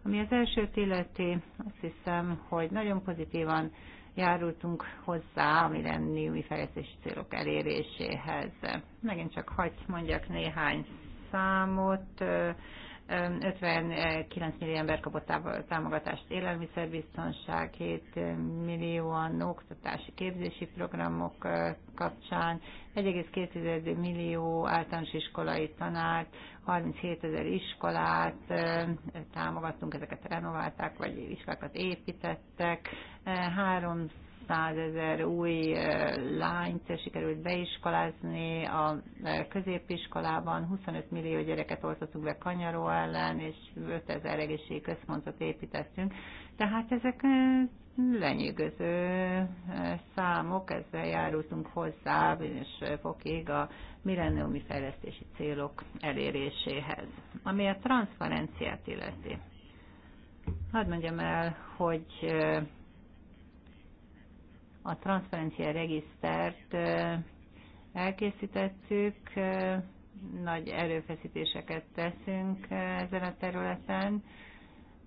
Ami az elsőt illeti, azt hiszem, hogy nagyon pozitívan járultunk hozzá a millenniumi fejlesztési célok eléréséhez. Megint csak hagy mondjak néhány számot, 59 millió ember kapott támogatást élelmiszerbiztonság, 7 millióan oktatási képzési programok kapcsán, 1,2 millió általános iskolai tanárt, 37 ezer iskolát támogattunk, ezeket renoválták, vagy iskolákat építettek, 3 ezer új lányt sikerült beiskolázni a középiskolában, 25 millió gyereket oltottuk be kanyaró ellen, és 5000 egészségi központot építettünk. Tehát ezek lenyűgöző számok, ezzel járultunk hozzá bizonyos fokig a milleniumi fejlesztési célok eléréséhez. Ami a transzparenciát illeti. Hadd mondjam el, hogy a transzferencia regisztert elkészítettük, nagy erőfeszítéseket teszünk ezen a területen,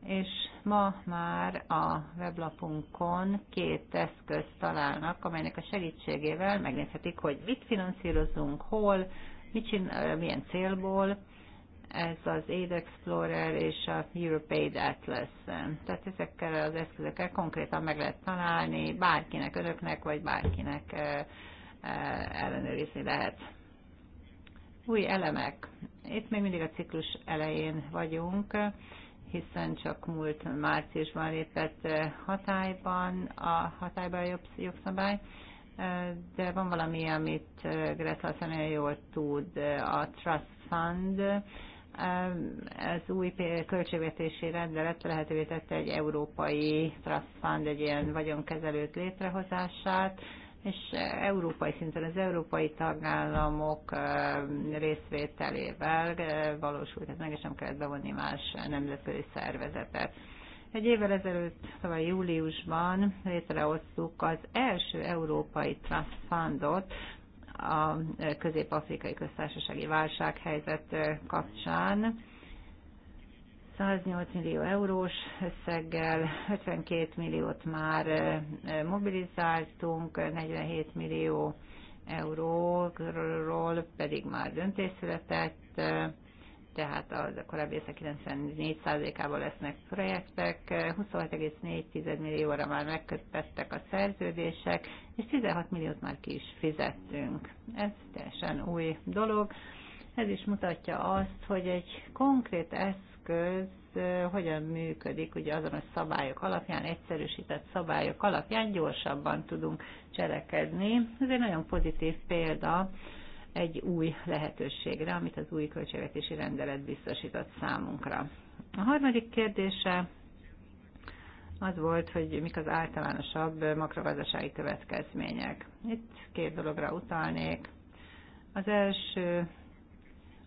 és ma már a weblapunkon két eszközt találnak, amelynek a segítségével megnézhetik, hogy mit finanszírozunk, hol, mit csinál, milyen célból, ez az Aid Explorer és a Europaid Atlas. Tehát ezekkel az eszközökkel konkrétan meg lehet találni, bárkinek, önöknek, vagy bárkinek ellenőrizni lehet. Új elemek. Itt még mindig a ciklus elején vagyunk, hiszen csak múlt márciusban lépett hatályban a hatályban a jogszabály de van valami, amit Greta nagyon jól tud, a Trust Fund, az új költségvetési rendelet lehetővé tette egy európai trust fund, egy ilyen vagyonkezelőt létrehozását, és európai szinten az európai tagállamok részvételével valósult ez meg, és nem kellett bevonni más nemzetközi szervezetet. Egy évvel ezelőtt, tavaly júliusban létrehoztuk az első európai trust fundot, a közép-afrikai köztársasági válsághelyzet kapcsán. 108 millió eurós összeggel, 52 milliót már mobilizáltunk, 47 millió euróról pedig már döntés született, tehát a korábbi össze 94%-ában lesznek projektek, 26,4 millióra már megkötöttek a szerződések, és 16 milliót már ki is fizettünk. Ez teljesen új dolog. Ez is mutatja azt, hogy egy konkrét eszköz hogyan működik, ugye azonos szabályok alapján, egyszerűsített szabályok alapján gyorsabban tudunk cselekedni. Ez egy nagyon pozitív példa egy új lehetőségre, amit az új költségvetési rendelet biztosított számunkra. A harmadik kérdése az volt, hogy mik az általánosabb makrogazdasági következmények. Itt két dologra utalnék. Az első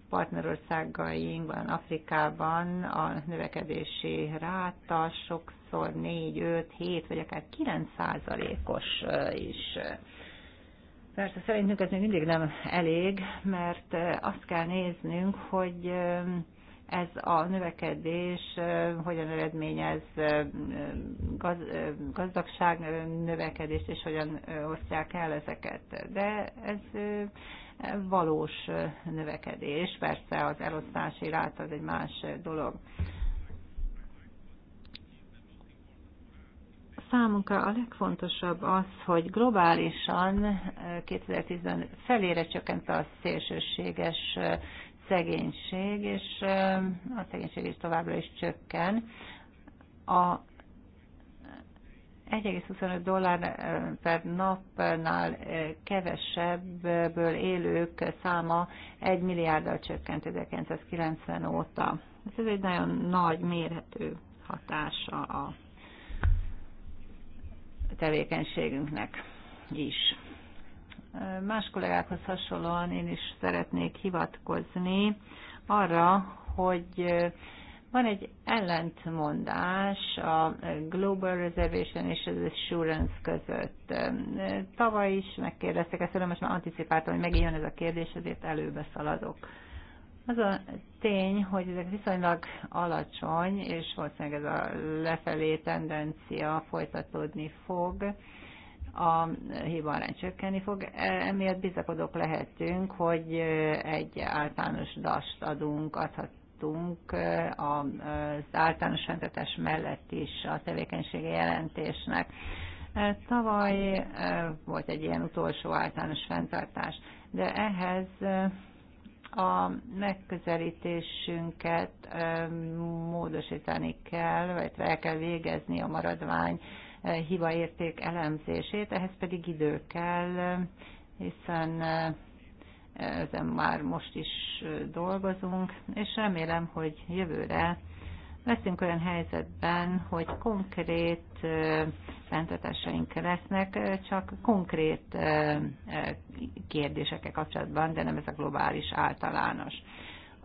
partnerországainkban, Afrikában a növekedési ráta sokszor 4, 5, 7 vagy akár 9 százalékos is. Persze szerintünk ez még mindig nem elég, mert azt kell néznünk, hogy ez a növekedés hogyan eredményez gazdagság növekedést, és hogyan osztják el ezeket. De ez valós növekedés, persze az elosztási ráta az egy más dolog. számunkra a legfontosabb az, hogy globálisan 2010-ben eh, felére csökkent a szélsőséges eh, szegénység, és eh, a szegénység is továbbra is csökken. A 1,25 dollár per napnál kevesebbből élők száma 1 milliárddal csökkent 1990 óta. Ez egy nagyon nagy mérhető hatása a tevékenységünknek is. Más kollégákhoz hasonlóan én is szeretnék hivatkozni arra, hogy van egy ellentmondás a Global Reservation és az Assurance között. Tavaly is megkérdeztek ezt, most már anticipáltam, hogy megint ez a kérdés, ezért előbe szaladok. Az a tény, hogy ezek viszonylag alacsony, és valószínűleg ez a lefelé tendencia folytatódni fog, a arány csökkenni fog. Emiatt bizakodók lehetünk, hogy egy általános dast adunk, adhatunk az általános öntetés mellett is a tevékenysége jelentésnek. Tavaly volt egy ilyen utolsó általános fenntartás, de ehhez a megközelítésünket módosítani kell, vagy el kell végezni a maradvány hibaérték elemzését, ehhez pedig idő kell, hiszen ezen már most is dolgozunk, és remélem, hogy jövőre leszünk olyan helyzetben, hogy konkrét fenntartásaink lesznek, csak konkrét kérdésekkel kapcsolatban, de nem ez a globális általános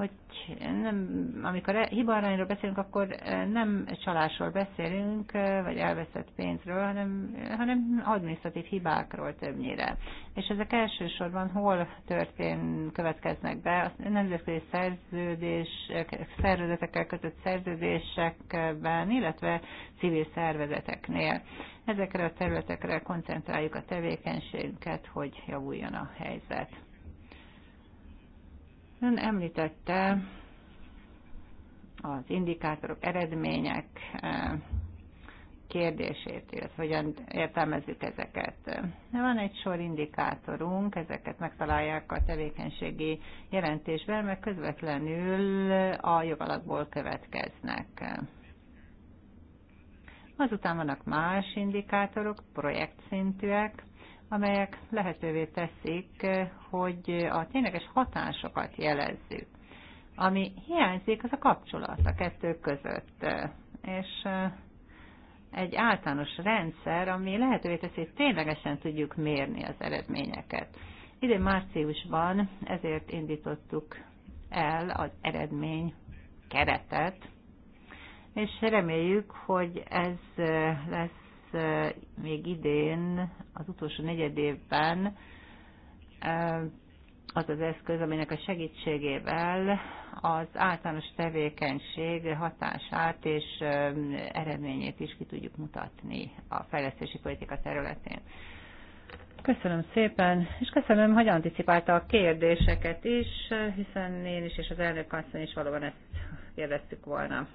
hogy nem, amikor e- hibaarányról beszélünk, akkor e, nem csalásról beszélünk, e, vagy elveszett pénzről, hanem, hanem administratív hibákról többnyire. És ezek elsősorban hol történ, következnek be? A nemzetközi szerződés, szervezetekkel kötött szerződésekben, illetve civil szervezeteknél. Ezekre a területekre koncentráljuk a tevékenységünket, hogy javuljon a helyzet. Ön említette az indikátorok, eredmények eh, kérdését, illetve hogyan értelmezzük ezeket. Van egy sor indikátorunk, ezeket megtalálják a tevékenységi jelentésben, mert közvetlenül a jogalakból következnek. Azután vannak más indikátorok, projektszintűek, amelyek lehetővé teszik, hogy a tényleges hatásokat jelezzük. Ami hiányzik, az a kapcsolat a kettő között. És egy általános rendszer, ami lehetővé teszi, hogy ténylegesen tudjuk mérni az eredményeket. Idén márciusban ezért indítottuk el az eredmény keretet, és reméljük, hogy ez lesz Eh, még idén, az utolsó negyed évben eh, az az eszköz, aminek a segítségével az általános tevékenység hatását és eh, eredményét is ki tudjuk mutatni a fejlesztési politika területén. Köszönöm szépen, és köszönöm, hogy anticipálta a kérdéseket is, hiszen én is és az elnök asszony is valóban ezt kérdeztük volna.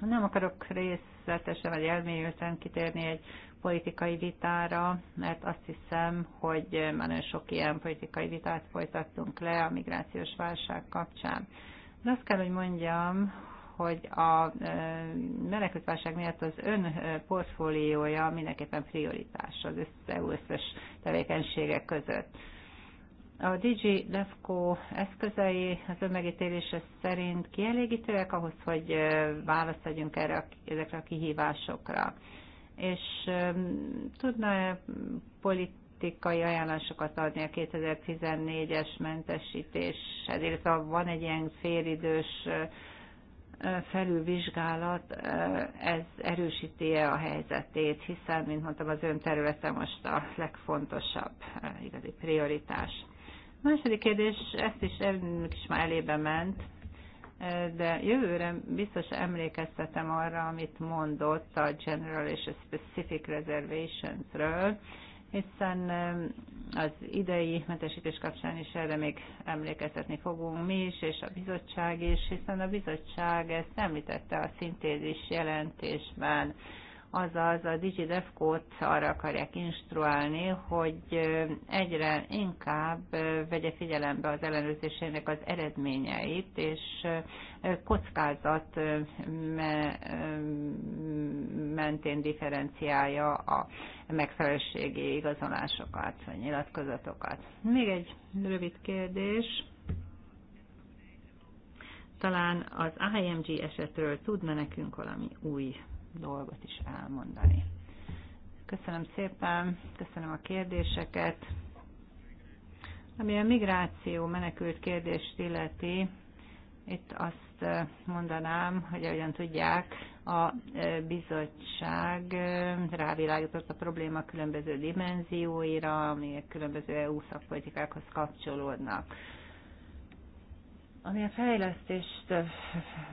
Nem akarok rész részletesen vagy elmélyülten kitérni egy politikai vitára, mert azt hiszem, hogy már nagyon sok ilyen politikai vitát folytattunk le a migrációs válság kapcsán. De azt kell, hogy mondjam, hogy a menekültválság miatt az ön portfóliója mindenképpen prioritás az összes tevékenységek között. A DG DEFCO eszközei az önmegítélése szerint kielégítőek ahhoz, hogy választ adjunk erre, ezekre a kihívásokra. És tudna -e politikai ajánlásokat adni a 2014-es mentesítéshez, illetve van egy ilyen félidős felülvizsgálat, ez erősíti-e a helyzetét, hiszen, mint mondtam, az ön területe most a legfontosabb igazi prioritás második kérdés, ezt is, ennek is már elébe ment, de jövőre biztos emlékeztetem arra, amit mondott a General és a Specific Reservations-ről, hiszen az idei mentesítés kapcsán is erre még emlékeztetni fogunk mi is, és a bizottság is, hiszen a bizottság ezt említette a szintézis jelentésben azaz a digidevcode t arra akarják instruálni, hogy egyre inkább vegye figyelembe az ellenőrzésének az eredményeit, és kockázat mentén differenciálja a megfelelőségi igazolásokat, vagy nyilatkozatokat. Még egy rövid kérdés talán az IMG esetről tudna nekünk valami új dolgot is elmondani. Köszönöm szépen, köszönöm a kérdéseket. Ami a migráció menekült kérdést illeti, itt azt eh, mondanám, hogy ahogyan tudják, a eh, bizottság eh, rávilágított a probléma különböző dimenzióira, amelyek különböző EU szakpolitikákhoz kapcsolódnak. Ami a fejlesztést,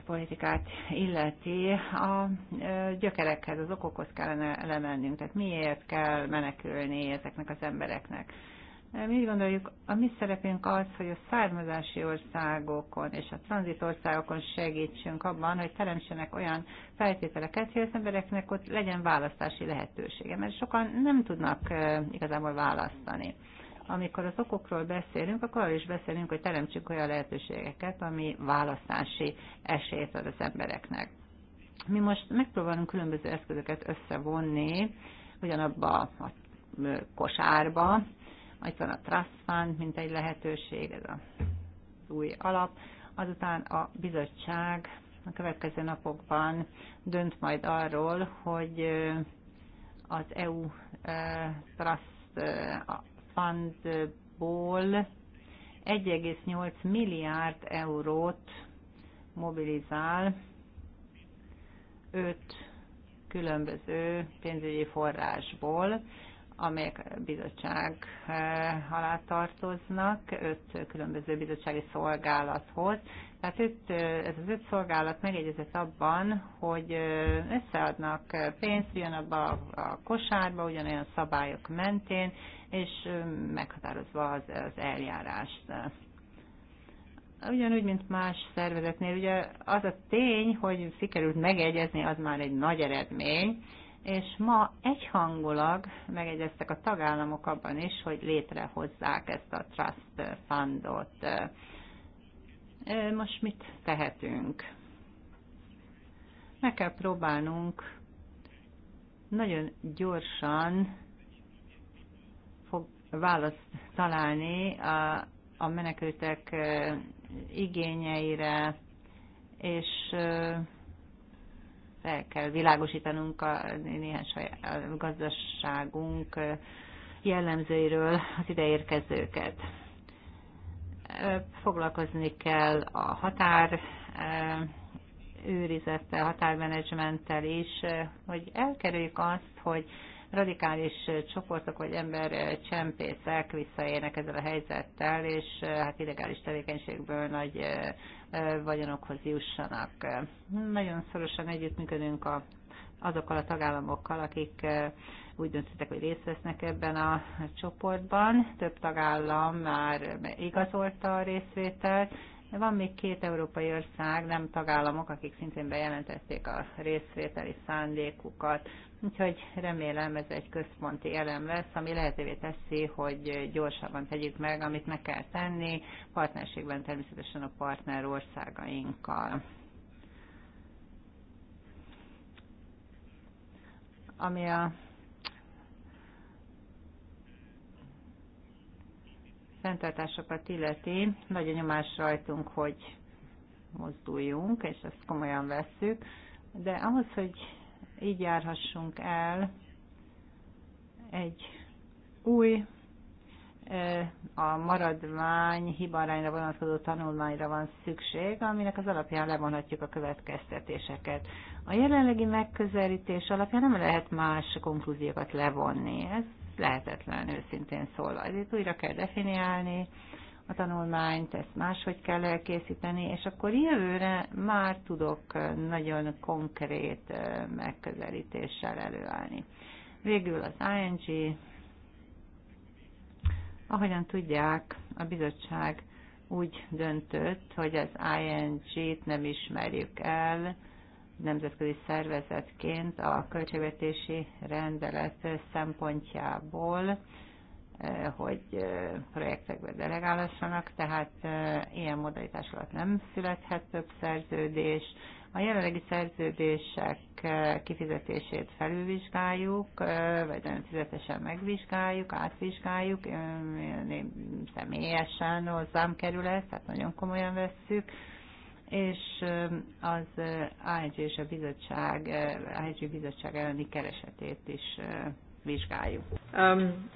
politikát illeti, a gyökerekhez, az okokhoz kellene lemennünk. Tehát miért kell menekülni ezeknek az embereknek? Mi úgy gondoljuk, a mi szerepünk az, hogy a származási országokon és a tranzitországokon segítsünk abban, hogy teremtsenek olyan feltételeket, hogy az embereknek ott legyen választási lehetősége, mert sokan nem tudnak igazából választani amikor az okokról beszélünk, akkor arról is beszélünk, hogy teremtsünk olyan lehetőségeket, ami választási esélyt ad az embereknek. Mi most megpróbálunk különböző eszközöket összevonni, ugyanabba a kosárba, itt van a Trust Fund, mint egy lehetőség, ez az új alap. Azután a bizottság a következő napokban dönt majd arról, hogy az EU Trust Fundból 1,8 milliárd eurót mobilizál öt különböző pénzügyi forrásból, amelyek bizottság eh, alá tartoznak, öt különböző bizottsági szolgálathoz, tehát itt, ez az öt szolgálat megegyezett abban, hogy összeadnak pénzt abba a kosárba, ugyanolyan szabályok mentén, és meghatározva az, az eljárást. Ugyanúgy, mint más szervezetnél, ugye az a tény, hogy sikerült megegyezni, az már egy nagy eredmény, és ma egyhangulag megegyeztek a tagállamok abban is, hogy létrehozzák ezt a Trust Fundot most mit tehetünk? Meg kell próbálnunk nagyon gyorsan fog választ találni a, a menekültek igényeire, és fel kell világosítanunk a néhány saját, a gazdaságunk jellemzőiről az ideérkezőket foglalkozni kell a határ őrizettel, határmenedzsmenttel is, hogy elkerüljük azt, hogy radikális csoportok vagy ember csempészek visszaérnek ezzel a helyzettel, és hát illegális tevékenységből nagy vagyonokhoz jussanak. Nagyon szorosan együttműködünk a azokkal a tagállamokkal, akik úgy döntöttek, hogy részt vesznek ebben a csoportban. Több tagállam már igazolta a részvételt, van még két európai ország, nem tagállamok, akik szintén bejelentették a részvételi szándékukat. Úgyhogy remélem ez egy központi elem lesz, ami lehetővé teszi, hogy gyorsabban tegyük meg, amit meg kell tenni, partnerségben természetesen a partner országainkkal. ami a fenntartásokat illeti, nagy a nyomás rajtunk, hogy mozduljunk, és ezt komolyan vesszük, de ahhoz, hogy így járhassunk el, egy új a maradvány hibarányra vonatkozó tanulmányra van szükség, aminek az alapján levonhatjuk a következtetéseket. A jelenlegi megközelítés alapján nem lehet más konklúziókat levonni. Ez lehetetlen, őszintén szól Ezért újra kell definiálni a tanulmányt, ezt máshogy kell elkészíteni, és akkor jövőre már tudok nagyon konkrét megközelítéssel előállni. Végül az ING, ahogyan tudják, a bizottság úgy döntött, hogy az ING-t nem ismerjük el, nemzetközi szervezetként a költségvetési rendelet szempontjából, eh, hogy eh, projektekbe delegálhassanak, tehát eh, ilyen modalitás alatt nem születhet több szerződés. A jelenlegi szerződések kifizetését felülvizsgáljuk, vagy fizetesen megvizsgáljuk, átvizsgáljuk, személyesen hozzám kerül ez, tehát nagyon komolyan vesszük és az AIG és a bizottság, AIG bizottság elleni keresetét is vizsgáljuk.
Um,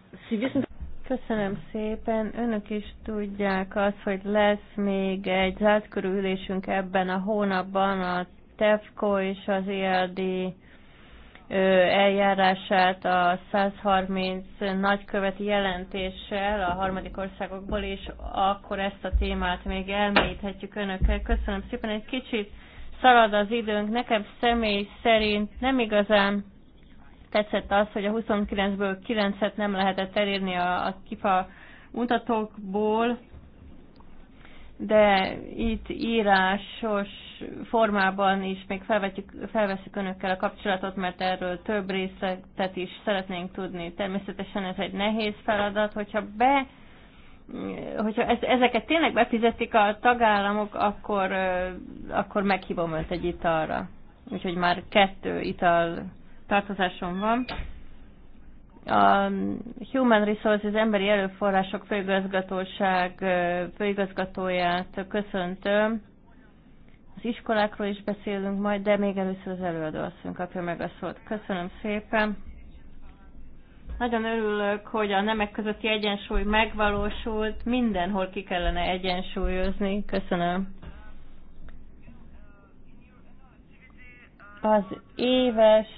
Köszönöm szépen. Önök is tudják azt, hogy lesz még egy zárt ülésünk ebben a hónapban a TEFCO és az ELD eljárását a 130 nagyköveti jelentéssel a harmadik országokból, és akkor ezt a témát még elmélyíthetjük önökkel. Köszönöm szépen, egy kicsit szalad az időnk. Nekem személy szerint nem igazán tetszett az, hogy a 29-ből 9-et nem lehetett elérni a, a kifa mutatókból, de itt írásos formában is még felveszük önökkel a kapcsolatot, mert erről több részletet is szeretnénk tudni. Természetesen ez egy nehéz feladat, hogyha be hogyha ezeket tényleg befizetik a tagállamok, akkor, akkor meghívom őt egy italra. Úgyhogy már kettő ital tartozásom van. A Human Resources emberi erőforrások főigazgatóság főigazgatóját köszöntöm, az iskolákról is beszélünk majd, de még először az előadó asszony kapja meg a szót. Köszönöm szépen. Nagyon örülök, hogy a nemek közötti egyensúly megvalósult, mindenhol ki kellene egyensúlyozni. Köszönöm. Az éves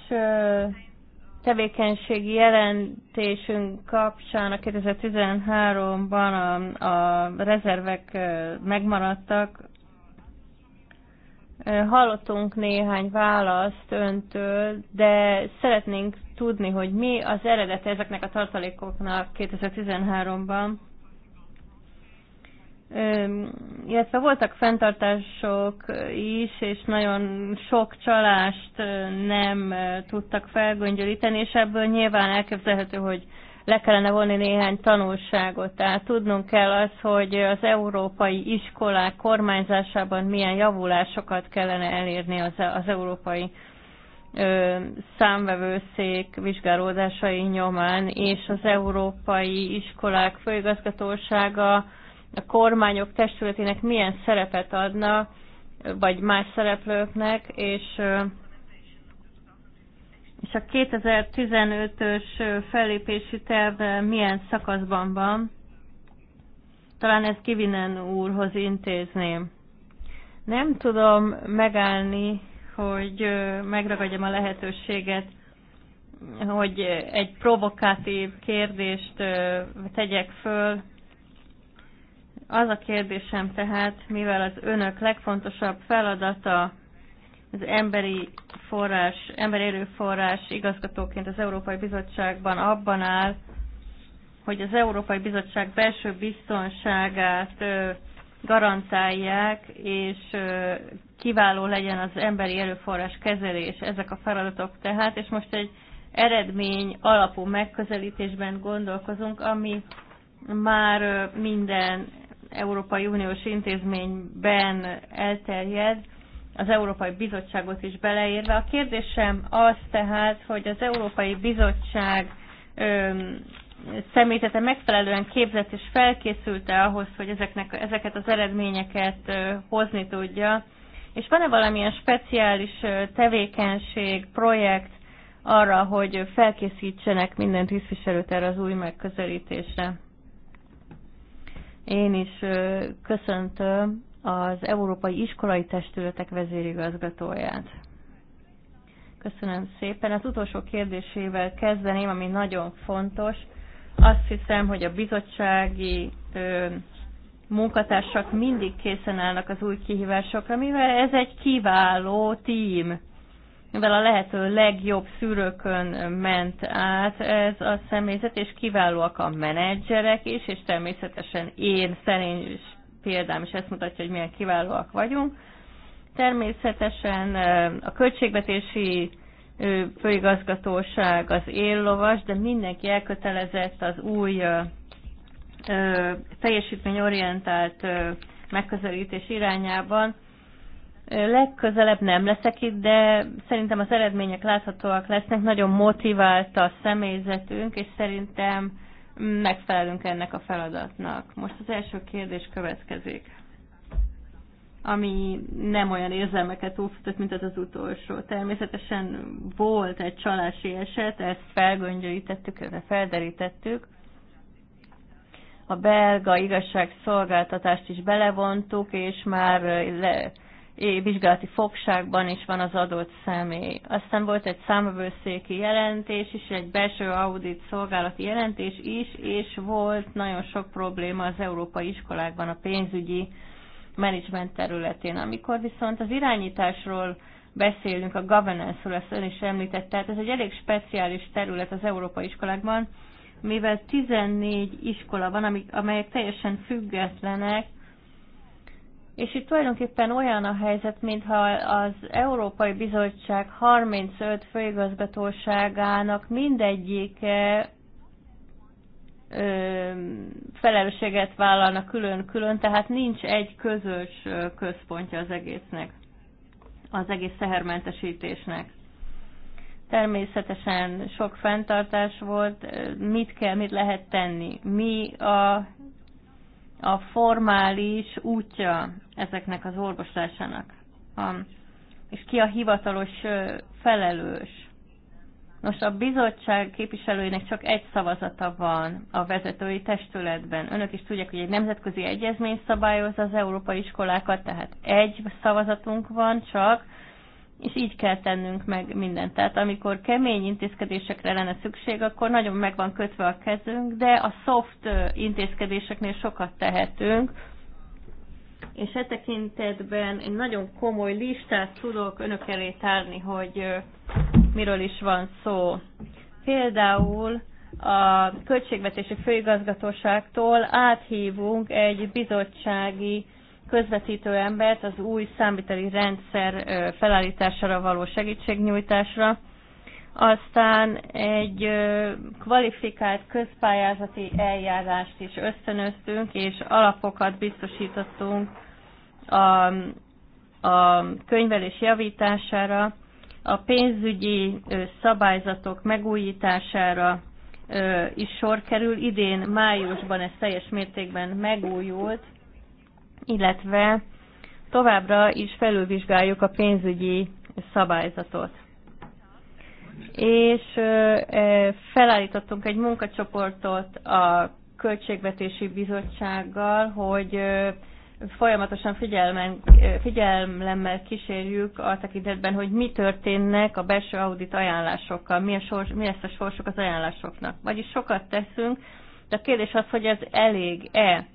tevékenységi jelentésünk kapcsán a 2013-ban a, a rezervek megmaradtak, Hallottunk néhány választ öntől, de szeretnénk tudni, hogy mi az eredete ezeknek a tartalékoknak 2013-ban. Illetve voltak fenntartások is, és nagyon sok csalást nem tudtak felgöngyölíteni, és ebből nyilván elképzelhető, hogy le kellene vonni néhány tanulságot. Tehát tudnunk kell az, hogy az európai iskolák kormányzásában milyen javulásokat kellene elérni az, az európai ö, számvevőszék vizsgálódásai nyomán, és az európai iskolák főigazgatósága a kormányok testületének milyen szerepet adna, vagy más szereplőknek, és és a 2015-ös fellépési terv milyen szakaszban van? Talán ezt Kivinen úrhoz intézném. Nem tudom megállni, hogy megragadjam a lehetőséget, hogy egy provokatív kérdést tegyek föl. Az a kérdésem tehát, mivel az önök legfontosabb feladata az emberi erőforrás, emberi erőforrás igazgatóként az Európai Bizottságban abban áll, hogy az Európai Bizottság belső biztonságát garantálják, és kiváló legyen az emberi erőforrás kezelés, ezek a feladatok tehát, és most egy eredmény alapú megközelítésben gondolkozunk, ami már minden Európai Uniós intézményben elterjed, az Európai Bizottságot is beleérve. A kérdésem az tehát, hogy az Európai Bizottság személyzete megfelelően képzett és felkészült-e ahhoz, hogy ezeknek, ezeket az eredményeket hozni tudja, és van-e valamilyen speciális tevékenység, projekt arra, hogy felkészítsenek minden tisztviselőt erre az új megközelítésre? Én is köszöntöm az Európai Iskolai Testületek vezérigazgatóját. Köszönöm szépen. Az utolsó kérdésével kezdeném, ami nagyon fontos. Azt hiszem, hogy a bizottsági ö, munkatársak mindig készen állnak az új kihívásokra, mivel ez egy kiváló tím, mivel a lehető legjobb szűrőkön ment át ez a személyzet, és kiválóak a menedzserek is, és természetesen én szerint is példám is ezt mutatja, hogy milyen kiválóak vagyunk. Természetesen a költségvetési főigazgatóság az éllovas, de mindenki elkötelezett az új teljesítményorientált megközelítés irányában. Legközelebb nem leszek itt, de szerintem az eredmények láthatóak lesznek, nagyon motivált a személyzetünk, és szerintem megfelelünk ennek a feladatnak. Most az első kérdés következik, ami nem olyan érzelmeket óvított, mint az az utolsó. Természetesen volt egy csalási eset, ezt felgöngyölítettük, ezt felderítettük. A belga igazságszolgáltatást is belevontuk, és már le, vizsgálati fogságban is van az adott személy. Aztán volt egy számövőszéki jelentés is, egy belső audit szolgálati jelentés is, és volt nagyon sok probléma az európai iskolákban a pénzügyi menedzsment területén. Amikor viszont az irányításról beszélünk, a governance-ről, ezt ön is említett, tehát ez egy elég speciális terület az európai iskolákban, mivel 14 iskola van, amelyek teljesen függetlenek, és itt tulajdonképpen olyan a helyzet, mintha az Európai Bizottság 35 főigazgatóságának mindegyik felelősséget vállalna külön-külön, tehát nincs egy közös központja az egésznek, az egész szehermentesítésnek. Természetesen sok fenntartás volt, mit kell, mit lehet tenni. Mi a a formális útja ezeknek az orvoslásának, a, és ki a hivatalos felelős. Nos, a bizottság képviselőinek csak egy szavazata van a vezetői testületben. Önök is tudják, hogy egy nemzetközi egyezmény szabályozza az európai iskolákat, tehát egy szavazatunk van csak, és így kell tennünk meg mindent. Tehát amikor kemény intézkedésekre lenne szükség, akkor nagyon meg van kötve a kezünk, de a soft intézkedéseknél sokat tehetünk, és e tekintetben egy nagyon komoly listát tudok önök elé tárni, hogy miről is van szó. Például a Költségvetési Főigazgatóságtól áthívunk egy bizottsági közvetítő embert az új számviteli rendszer felállítására való segítségnyújtásra, aztán egy kvalifikált közpályázati eljárást is ösztönöztünk, és alapokat biztosítottunk a, a könyvelés javítására, a pénzügyi szabályzatok megújítására is sor kerül. Idén májusban ez teljes mértékben megújult, illetve továbbra is felülvizsgáljuk a pénzügyi szabályzatot. És e, felállítottunk egy munkacsoportot a Költségvetési Bizottsággal, hogy folyamatosan figyelmen, figyelemmel kísérjük a tekintetben, hogy mi történnek a belső audit ajánlásokkal, mi, a sors, mi lesz a sorsuk az ajánlásoknak. Vagyis sokat teszünk, de a kérdés az, hogy ez elég-e.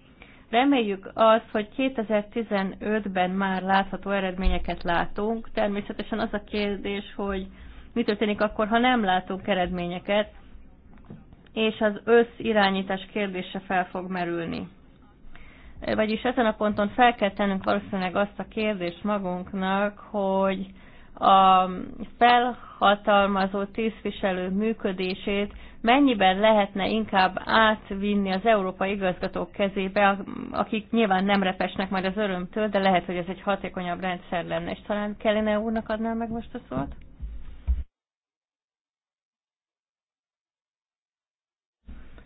Reméljük az, hogy 2015-ben már látható eredményeket látunk. Természetesen az a kérdés, hogy mi történik akkor, ha nem látunk eredményeket, és az összirányítás kérdése fel fog merülni. Vagyis ezen a ponton fel kell tennünk valószínűleg azt a kérdést magunknak, hogy a felhatalmazó tisztviselő működését mennyiben lehetne inkább átvinni az európai igazgatók kezébe, akik nyilván nem repesnek majd az örömtől, de lehet, hogy ez egy hatékonyabb rendszer lenne. És talán Kellene úrnak adnám meg most a szót?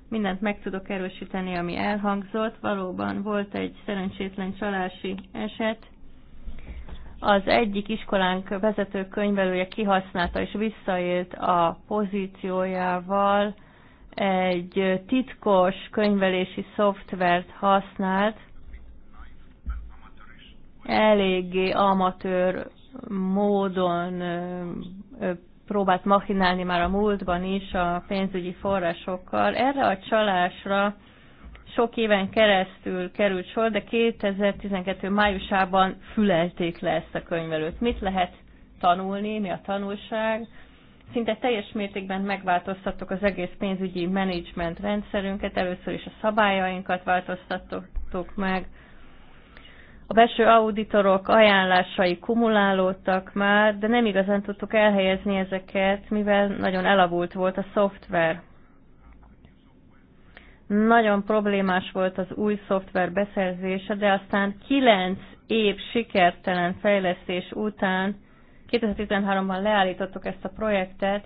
mindent meg tudok erősíteni, ami elhangzott. Valóban volt egy szerencsétlen csalási eset, az egyik iskolánk vezető könyvelője kihasználta és visszaélt a pozíciójával, egy titkos könyvelési szoftvert használt, eléggé amatőr módon próbált machinálni már a múltban is a pénzügyi forrásokkal. Erre a csalásra sok éven keresztül került sor, de 2012. májusában fülelték le ezt a könyvelőt. Mit lehet tanulni, mi a tanulság? Szinte teljes mértékben megváltoztattuk az egész pénzügyi menedzsment rendszerünket, először is a szabályainkat változtattuk meg, a belső auditorok ajánlásai kumulálódtak már, de nem igazán tudtuk elhelyezni ezeket, mivel nagyon elavult volt a szoftver. Nagyon problémás volt az új szoftver beszerzése, de aztán 9 év sikertelen fejlesztés után 2013-ban leállítottuk ezt a projektet,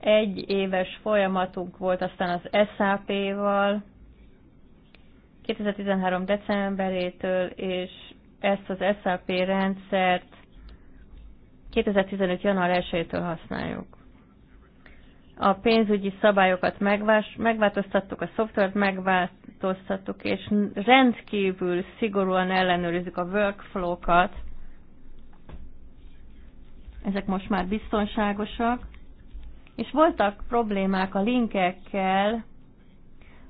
egy éves folyamatunk volt aztán az SAP-val, 2013. decemberétől, és ezt az SAP rendszert 2015. január 1-től használjuk a pénzügyi szabályokat megvás, megváltoztattuk, a szoftvert megváltoztattuk, és rendkívül szigorúan ellenőrizzük a workflow-kat. Ezek most már biztonságosak. És voltak problémák a linkekkel,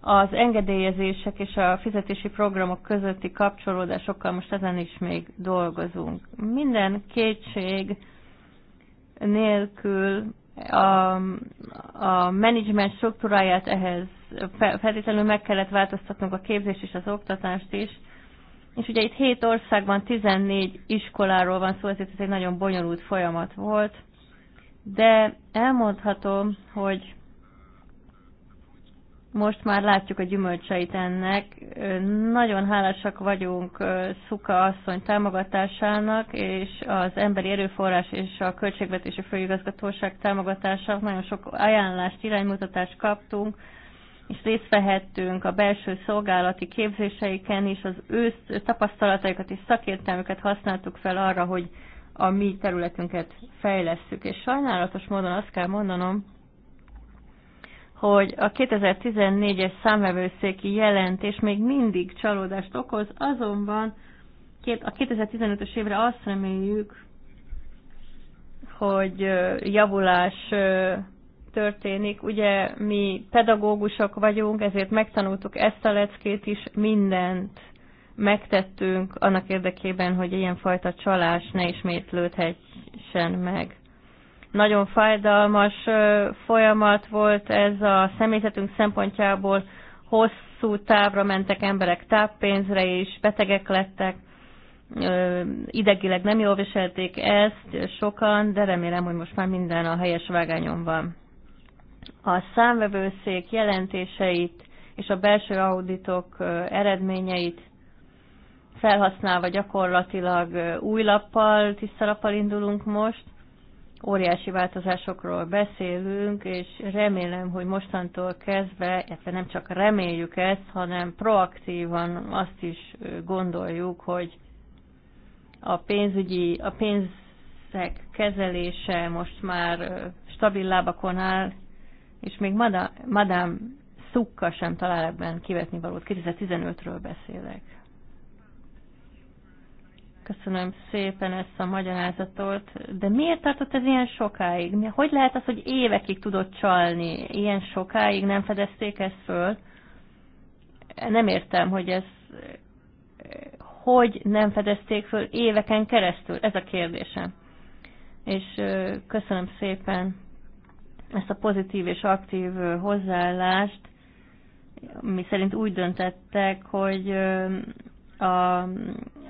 az engedélyezések és a fizetési programok közötti kapcsolódásokkal most ezen is még dolgozunk. Minden kétség nélkül a, a menedzsment struktúráját ehhez feltétlenül meg kellett változtatnunk a képzést és az oktatást is. És ugye itt 7 országban 14 iskoláról van szó, ezért ez egy nagyon bonyolult folyamat volt. De elmondhatom, hogy most már látjuk a gyümölcseit ennek. Nagyon hálásak vagyunk Szuka asszony támogatásának, és az Emberi Erőforrás és a Költségvetési Főigazgatóság támogatásának nagyon sok ajánlást, iránymutatást kaptunk, és részt vehettünk a belső szolgálati képzéseiken, is az ő tapasztalataikat és szakértelmüket használtuk fel arra, hogy a mi területünket fejlesszük. És sajnálatos módon azt kell mondanom, hogy a 2014-es számvevőszéki jelentés még mindig csalódást okoz, azonban a 2015-ös évre azt reméljük, hogy javulás történik. Ugye mi pedagógusok vagyunk, ezért megtanultuk ezt a leckét is, mindent megtettünk annak érdekében, hogy ilyenfajta csalás ne ismétlődhessen meg. Nagyon fájdalmas folyamat volt ez a személyzetünk szempontjából, hosszú távra mentek emberek táppénzre is, betegek lettek, idegileg nem jól viselték ezt sokan, de remélem, hogy most már minden a helyes vágányon van. A számvevőszék jelentéseit és a belső auditok eredményeit felhasználva gyakorlatilag új lappal, tiszta lappal indulunk most, óriási változásokról beszélünk, és remélem, hogy mostantól kezdve, illetve nem csak reméljük ezt, hanem proaktívan azt is gondoljuk, hogy a pénzügyi, a pénzek kezelése most már stabil lábakon áll, és még Madame, Madame Szukka sem talál ebben kivetni valót. 2015-ről beszélek. Köszönöm szépen ezt a magyarázatot. De miért tartott ez ilyen sokáig? Hogy lehet az, hogy évekig tudott csalni? Ilyen sokáig nem fedezték ezt föl? Nem értem, hogy ez hogy nem fedezték föl éveken keresztül? Ez a kérdésem. És köszönöm szépen ezt a pozitív és aktív hozzáállást, mi szerint úgy döntettek, hogy a,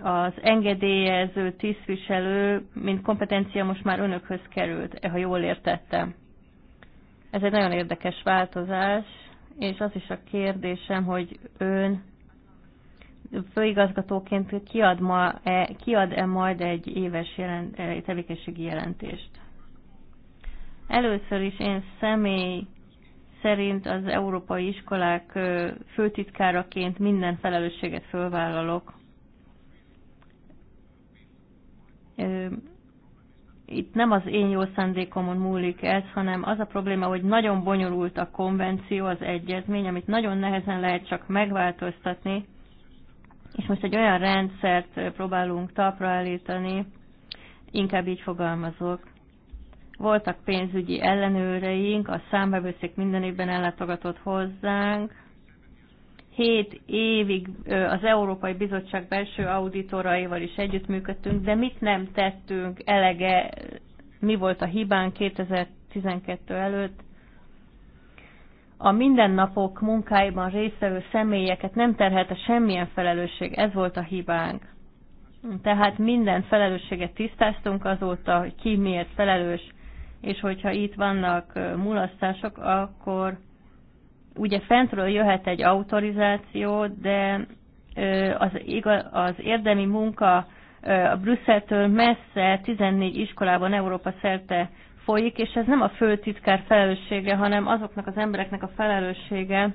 az engedélyező tisztviselő, mint kompetencia most már önökhöz került, e, ha jól értettem. Ez egy nagyon érdekes változás, és az is a kérdésem, hogy ön főigazgatóként kiad, ma, -e, kiad -e majd egy éves jelent, e, tevékenységi jelentést? Először is én személy szerint az európai iskolák főtitkáraként minden felelősséget fölvállalok. Itt nem az én jó szándékomon múlik ez, hanem az a probléma, hogy nagyon bonyolult a konvenció, az egyezmény, amit nagyon nehezen lehet csak megváltoztatni, és most egy olyan rendszert próbálunk talpra állítani, inkább így fogalmazok, voltak pénzügyi ellenőreink, a számbevőszék minden évben ellátogatott hozzánk. Hét évig az Európai Bizottság belső auditoraival is együttműködtünk, de mit nem tettünk elege, mi volt a hibán 2012 előtt, a mindennapok munkáiban résztvevő személyeket nem terhelte semmilyen felelősség, ez volt a hibánk. Tehát minden felelősséget tisztáztunk azóta, hogy ki miért felelős, és hogyha itt vannak mulasztások, akkor ugye fentről jöhet egy autorizáció, de az, igaz, az érdemi munka a Brüsszeltől messze 14 iskolában Európa szerte folyik, és ez nem a főtitkár felelőssége, hanem azoknak az embereknek a felelőssége,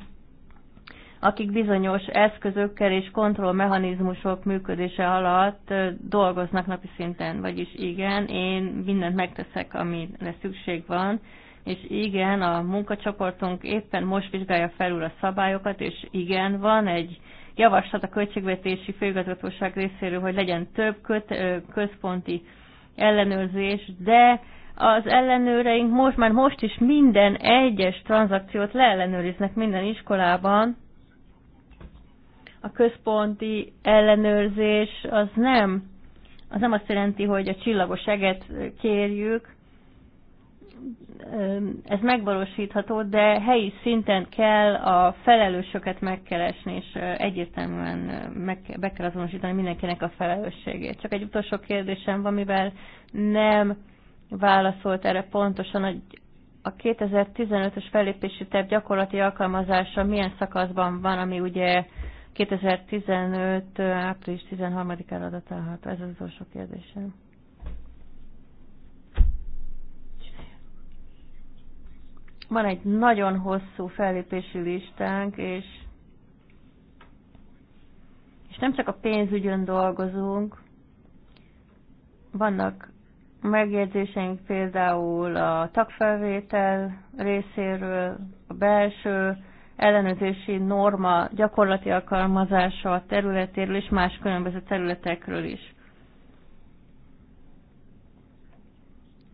akik bizonyos eszközökkel és kontrollmechanizmusok működése alatt dolgoznak napi szinten. Vagyis igen, én mindent megteszek, amire szükség van, és igen, a munkacsoportunk éppen most vizsgálja felül a szabályokat, és igen, van egy javaslat a költségvetési főigazgatóság részéről, hogy legyen több köt, központi ellenőrzés, de az ellenőreink most már most is minden egyes tranzakciót leellenőriznek minden iskolában, a központi ellenőrzés az nem, az nem azt jelenti, hogy a csillagos eget kérjük, ez megvalósítható, de helyi szinten kell a felelősöket megkeresni, és egyértelműen meg, be kell azonosítani mindenkinek a felelősségét. Csak egy utolsó kérdésem van, mivel nem válaszolt erre pontosan, hogy a 2015-ös fellépési terv gyakorlati alkalmazása milyen szakaszban van, ami ugye 2015. április 13 án adatálható. Ez az utolsó kérdésem. Van egy nagyon hosszú fellépési listánk, és, és nem csak a pénzügyön dolgozunk, vannak megjegyzéseink például a tagfelvétel részéről, a belső ellenőrzési norma gyakorlati alkalmazása a területéről és más különböző területekről is.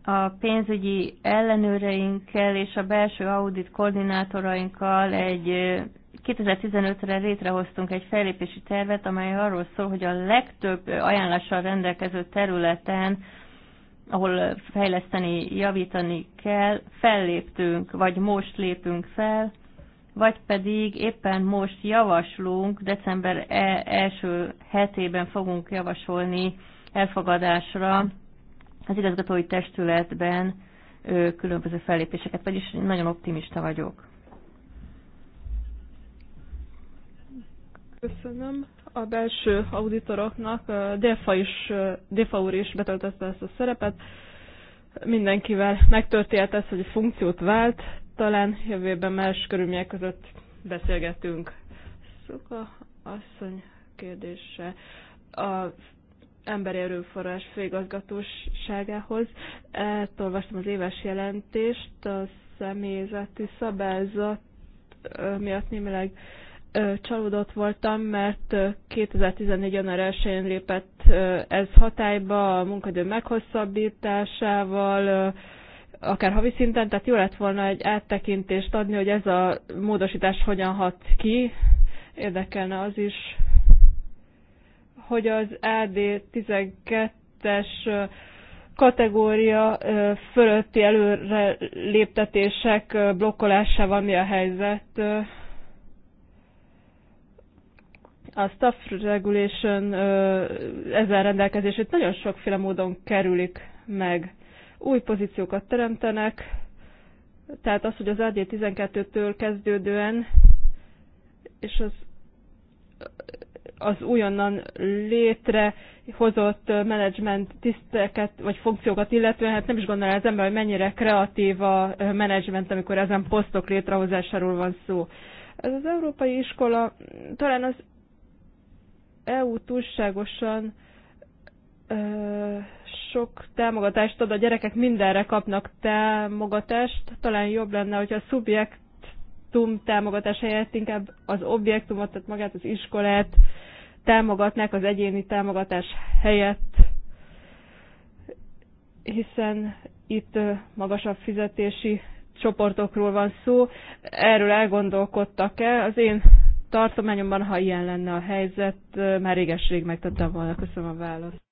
a pénzügyi ellenőreinkkel és a belső audit koordinátorainkkal egy 2015-re létrehoztunk egy fellépési tervet, amely arról szól, hogy a legtöbb ajánlással rendelkező területen, ahol fejleszteni, javítani kell, felléptünk, vagy most lépünk fel, vagy pedig éppen most javaslunk, december e, első hetében fogunk javasolni elfogadásra az igazgatói testületben különböző fellépéseket, vagyis nagyon optimista
vagyok. Köszönöm. A belső auditoroknak Defa, is, Défa úr is betöltötte ezt a szerepet. Mindenkivel megtörtént ez, hogy funkciót vált, talán jövőben más körülmények között beszélgetünk. Szuka asszony kérdése. A emberi erőforrás főigazgatóságához. Olvastam az éves jelentést, a személyzeti szabályzat miatt némileg csalódott voltam, mert 2014. január 1-én lépett ez hatályba a munkadő meghosszabbításával, akár havi szinten, tehát jó lett volna egy áttekintést adni, hogy ez a módosítás hogyan hat ki. Érdekelne az is, hogy az AD12-es kategória fölötti előre léptetések blokkolásával mi a helyzet. A staff regulation ezzel rendelkezését nagyon sokféle módon kerülik meg új pozíciókat teremtenek, tehát az, hogy az AD12-től kezdődően, és az, az újonnan létrehozott menedzsment tiszteket, vagy funkciókat illetően, hát nem is gondolja az ember, hogy mennyire kreatív a menedzsment, amikor ezen posztok létrehozásáról van szó. Ez az európai iskola talán az EU túlságosan sok támogatást ad, a gyerekek mindenre kapnak támogatást, talán jobb lenne, hogyha a szubjektum támogatás helyett inkább az objektumot, tehát magát az iskolát támogatnák az egyéni támogatás helyett, hiszen itt magasabb fizetési csoportokról van szó. Erről elgondolkodtak-e? Az én tartományomban, ha ilyen lenne a helyzet, már réges-rég megtettem volna. Köszönöm a választ.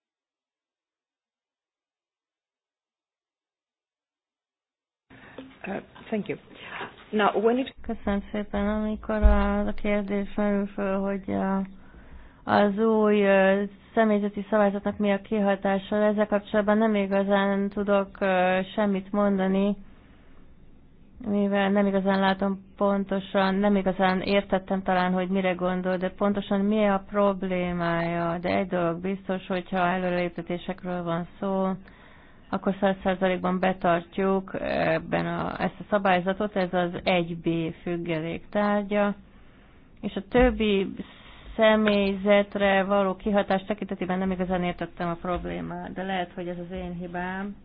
Uh, thank you.
Now, when it... Köszönöm szépen, amikor a, a kérdés merül föl, hogy a, uh, az új uh, személyzeti szabályzatnak mi a kihatása, ezzel kapcsolatban nem igazán tudok semmit mondani, mivel nem igazán látom pontosan, nem igazán értettem talán, hogy mire gondol, de pontosan mi a problémája. De egy dolog biztos, hogyha előreléptetésekről van szó, akkor 100%-ban betartjuk ebben a, ezt a szabályzatot, ez az 1B függelék tárgya, és a többi személyzetre való kihatás tekintetében nem igazán értettem a problémát, de lehet, hogy ez az én hibám.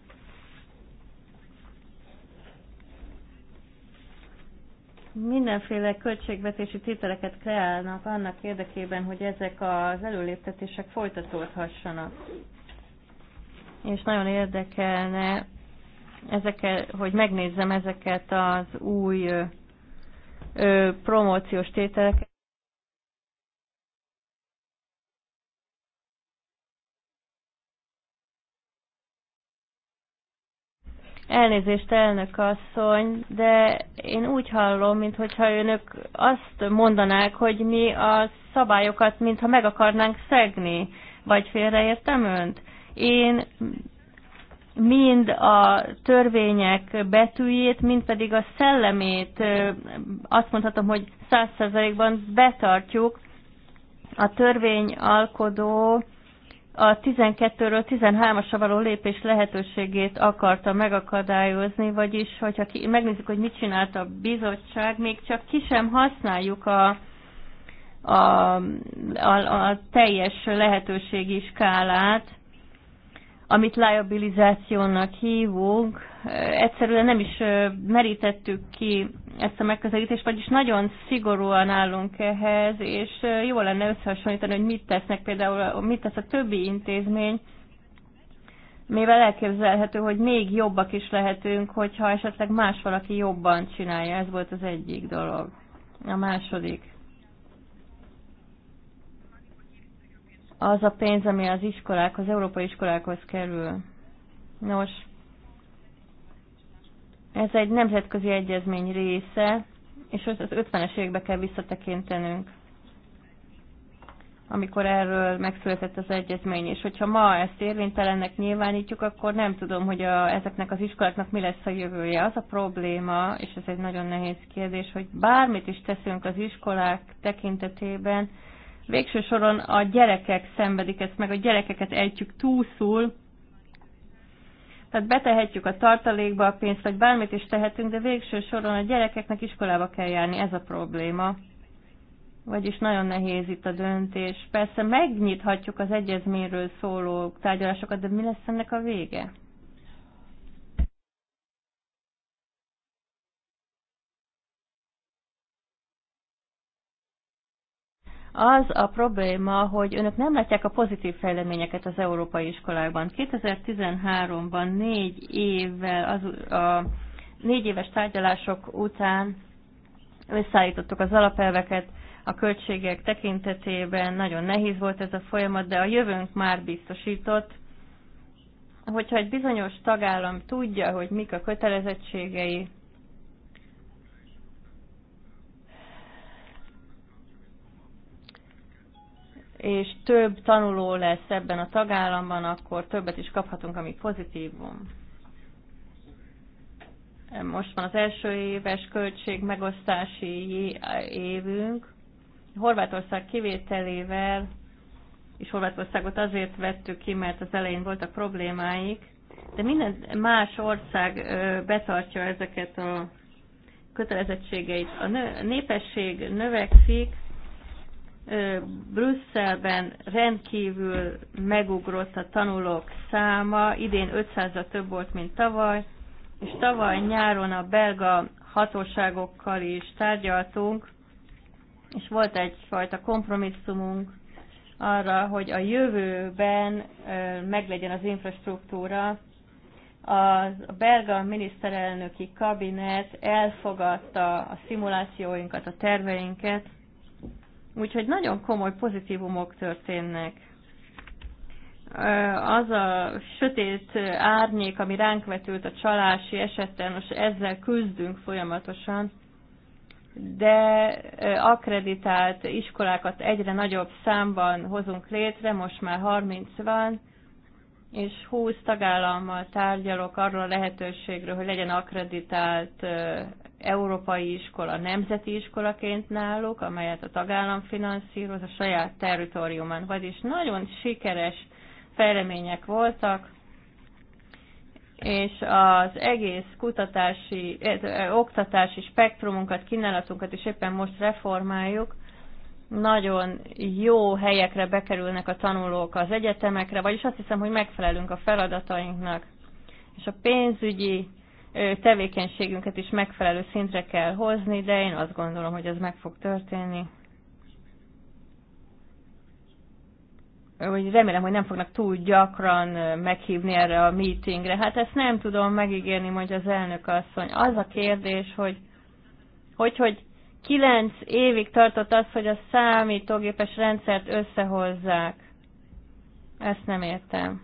mindenféle költségvetési tételeket kreálnak annak érdekében, hogy ezek az előléptetések folytatódhassanak és nagyon érdekelne, ezeket, hogy megnézzem ezeket az új ö, ö, promóciós tételeket. Elnézést, elnök asszony, de én úgy hallom, mintha önök azt mondanák, hogy mi a szabályokat, mintha meg akarnánk szegni, vagy félreértem önt? Én mind a törvények betűjét, mind pedig a szellemét azt mondhatom, hogy százszerzalékban betartjuk. A törvényalkodó a 12-ről 13-asra való lépés lehetőségét akarta megakadályozni, vagyis hogyha ki, megnézzük, hogy mit csinált a bizottság, még csak ki sem használjuk a, a, a, a teljes lehetőségi skálát, amit liabilizációnak hívunk, egyszerűen nem is merítettük ki ezt a megközelítést, vagyis nagyon szigorúan állunk ehhez, és jó lenne összehasonlítani, hogy mit tesznek például, mit tesz a többi intézmény, mivel elképzelhető, hogy még jobbak is lehetünk, hogyha esetleg más valaki jobban csinálja. Ez volt az egyik dolog. A második az a pénz, ami az iskolák, az európai iskolákhoz kerül. Nos, ez egy nemzetközi egyezmény része, és az 50-es évekbe kell visszatekintenünk, amikor erről megszületett az egyezmény. És hogyha ma ezt érvénytelennek nyilvánítjuk, akkor nem tudom, hogy a, ezeknek az iskoláknak mi lesz a jövője. Az a probléma, és ez egy nagyon nehéz kérdés, hogy bármit is teszünk az iskolák tekintetében, Végső soron a gyerekek szenvedik ezt meg, a gyerekeket ejtjük túlszul, tehát betehetjük a tartalékba a pénzt, vagy bármit is tehetünk, de végső soron a gyerekeknek iskolába kell járni, ez a probléma. Vagyis nagyon nehéz itt a döntés. Persze megnyithatjuk az egyezményről szóló tárgyalásokat, de mi lesz ennek a vége? Az a probléma, hogy önök nem látják a pozitív fejleményeket az európai iskolákban. 2013-ban négy évvel az, a négy éves tárgyalások után összeállítottuk az alapelveket a költségek tekintetében. Nagyon nehéz volt ez a folyamat, de a jövőnk már biztosított. Hogyha egy bizonyos tagállam tudja, hogy mik a kötelezettségei, és több tanuló lesz ebben a tagállamban, akkor többet is kaphatunk, ami pozitívum. Most van az első éves költség megosztási évünk. Horvátország kivételével, és Horvátországot azért vettük ki, mert az elején voltak problémáik, de minden más ország betartja ezeket a kötelezettségeit. A népesség növekszik, Brüsszelben rendkívül megugrott a tanulók száma, idén 500 a több volt, mint tavaly, és tavaly nyáron a belga hatóságokkal is tárgyaltunk, és volt egyfajta kompromisszumunk arra, hogy a jövőben meglegyen az infrastruktúra. A belga miniszterelnöki kabinet elfogadta a szimulációinkat, a terveinket, Úgyhogy nagyon komoly pozitívumok történnek. Az a sötét árnyék, ami ránk vetült a csalási esetben, most ezzel küzdünk folyamatosan, de akreditált iskolákat egyre nagyobb számban hozunk létre, most már 30 van, és 20 tagállammal tárgyalok arról a lehetőségről, hogy legyen akreditált európai iskola nemzeti iskolaként náluk, amelyet a tagállam finanszíroz a saját territoriumán. Vagyis nagyon sikeres fejlemények voltak, és az egész kutatási, oktatási spektrumunkat, kínálatunkat is éppen most reformáljuk, nagyon jó helyekre bekerülnek a tanulók az egyetemekre, vagyis azt hiszem, hogy megfelelünk a feladatainknak, és a pénzügyi tevékenységünket is megfelelő szintre kell hozni, de én azt gondolom, hogy ez meg fog történni. remélem, hogy nem fognak túl gyakran meghívni erre a meetingre. Hát ezt nem tudom megígérni, mondja az elnök asszony. Az a kérdés, hogy hogy, hogy Kilenc évig tartott az, hogy a számítógépes rendszert összehozzák. Ezt nem értem.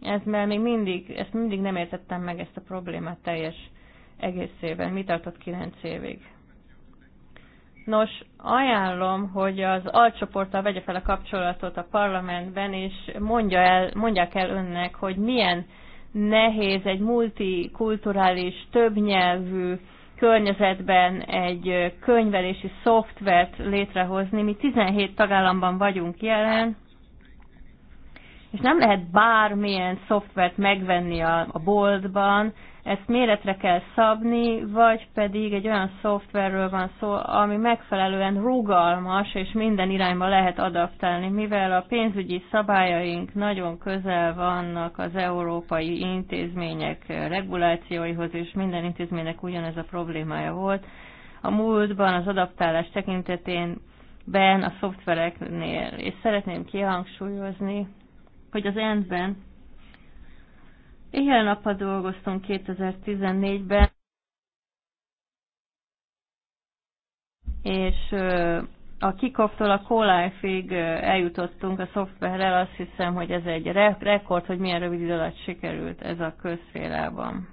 Ez mert még mindig, ezt mindig nem értettem meg ezt a problémát teljes egészében. Mi tartott kilenc évig? Nos, ajánlom, hogy az alcsoporttal vegye fel a kapcsolatot a parlamentben, és mondja el, mondják el önnek, hogy milyen nehéz egy multikulturális, többnyelvű, környezetben egy könyvelési szoftvert létrehozni. Mi 17 tagállamban vagyunk jelen, és nem lehet bármilyen szoftvert megvenni a, a boltban, ezt méretre kell szabni, vagy pedig egy olyan szoftverről van szó, ami megfelelően rugalmas, és minden irányba lehet adaptálni, mivel a pénzügyi szabályaink nagyon közel vannak az európai intézmények regulációihoz, és minden intézménynek ugyanez a problémája volt. A múltban az adaptálás tekintetén ben a szoftvereknél, és szeretném kihangsúlyozni, hogy az endben Éjjel nappal dolgoztunk 2014-ben, és a kikoptól a kólájfig eljutottunk a szoftverrel, azt hiszem, hogy ez egy re rekord, hogy milyen rövid idő alatt sikerült ez a közfélában.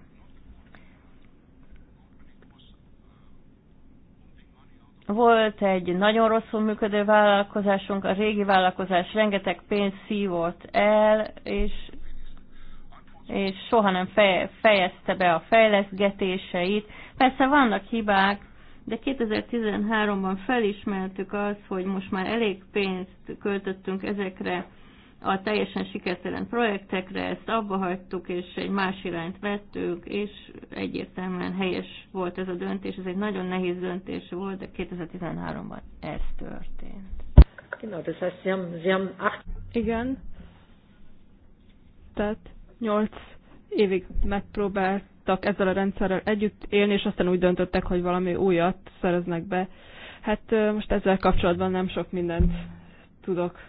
Volt egy nagyon rosszul működő vállalkozásunk, a régi vállalkozás rengeteg pénzt szívott el, és és soha nem fejezte be a fejleszgetéseit. Persze vannak hibák, de 2013-ban felismertük azt, hogy most már elég pénzt költöttünk ezekre a teljesen sikertelen projektekre, ezt abba hagytuk, és egy más irányt vettük és egyértelműen helyes volt ez a döntés, ez egy nagyon nehéz döntés volt, de 2013-ban ez történt.
Igen. Tehát 8 évig megpróbáltak ezzel a rendszerrel együtt élni, és aztán úgy döntöttek, hogy valami újat szereznek be. Hát most ezzel kapcsolatban nem sok mindent tudok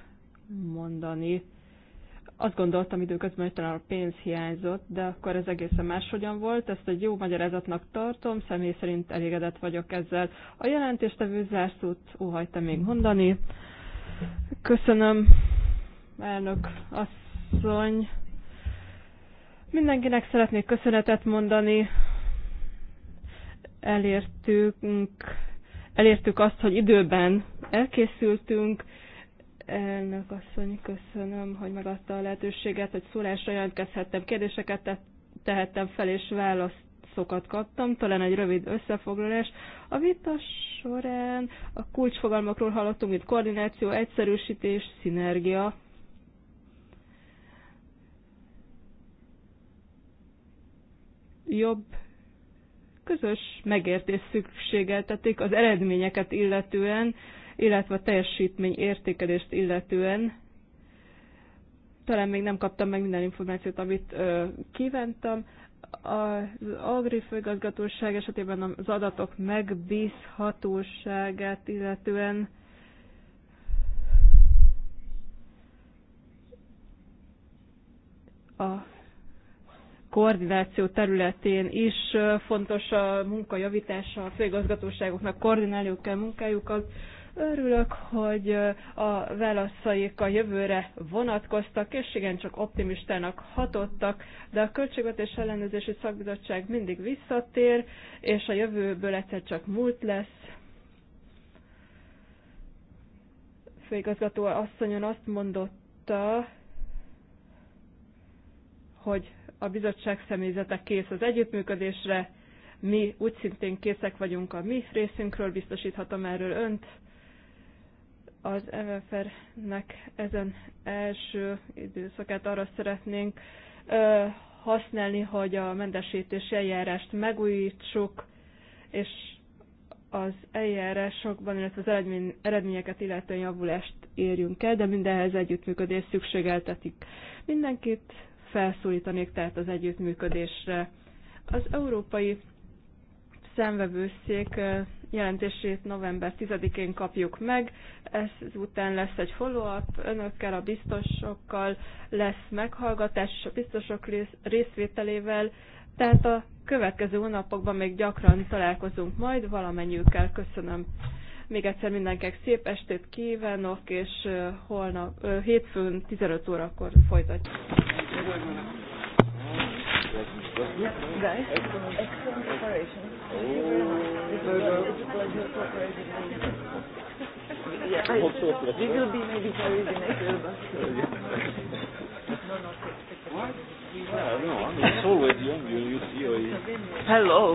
mondani. Azt gondoltam időközben, hogy talán a pénz hiányzott, de akkor ez egészen máshogyan volt. Ezt egy jó magyarázatnak tartom, személy szerint elégedett vagyok ezzel. A jelentéstevő zárszót óhajta még mondani. Köszönöm, elnök asszony. Mindenkinek szeretnék köszönetet mondani. Elértünk, elértük azt, hogy időben elkészültünk. Elnök asszony, köszönöm, hogy megadta a lehetőséget, hogy szólásra jelentkezhettem, kérdéseket tehettem fel, és választ válaszokat kaptam, talán egy rövid összefoglalás. A vita során a kulcsfogalmakról hallottunk, mint koordináció, egyszerűsítés, szinergia, jobb közös megértés szükségeltetik az eredményeket illetően, illetve a teljesítmény értékelést illetően. Talán még nem kaptam meg minden információt, amit ö, kívántam. Az Agri főgazgatóság esetében az adatok megbízhatóságát illetően a koordináció területén is fontos a munka javítása, a főigazgatóságoknak koordinálniuk kell munkájukat. Örülök, hogy a válaszaik a jövőre vonatkoztak, és csak optimistának hatottak, de a Költségvetés Ellenőrzési Szakbizottság mindig visszatér, és a jövőből egyszer csak múlt lesz. Főigazgató asszonyon azt mondotta, hogy a bizottság személyzete kész az együttműködésre, mi úgy szintén készek vagyunk a mi részünkről, biztosíthatom erről önt. Az MFR-nek ezen első időszakát arra szeretnénk ö, használni, hogy a mentesítési eljárást megújítsuk, és az eljárásokban, illetve az eredmény, eredményeket illetően javulást érjünk el, de mindenhez együttműködés szükségeltetik. Mindenkit felszólítanék tehát az együttműködésre. Az európai szemvevőszék jelentését november 10-én kapjuk meg, ezután lesz egy follow-up önökkel, a biztosokkal, lesz meghallgatás és a biztosok részvételével, tehát a következő hónapokban még gyakran találkozunk majd, valamennyiükkel köszönöm. Még egyszer mindenkek szép estét kívánok, és holnap, hétfőn 15 órakor folytatjuk. Hello.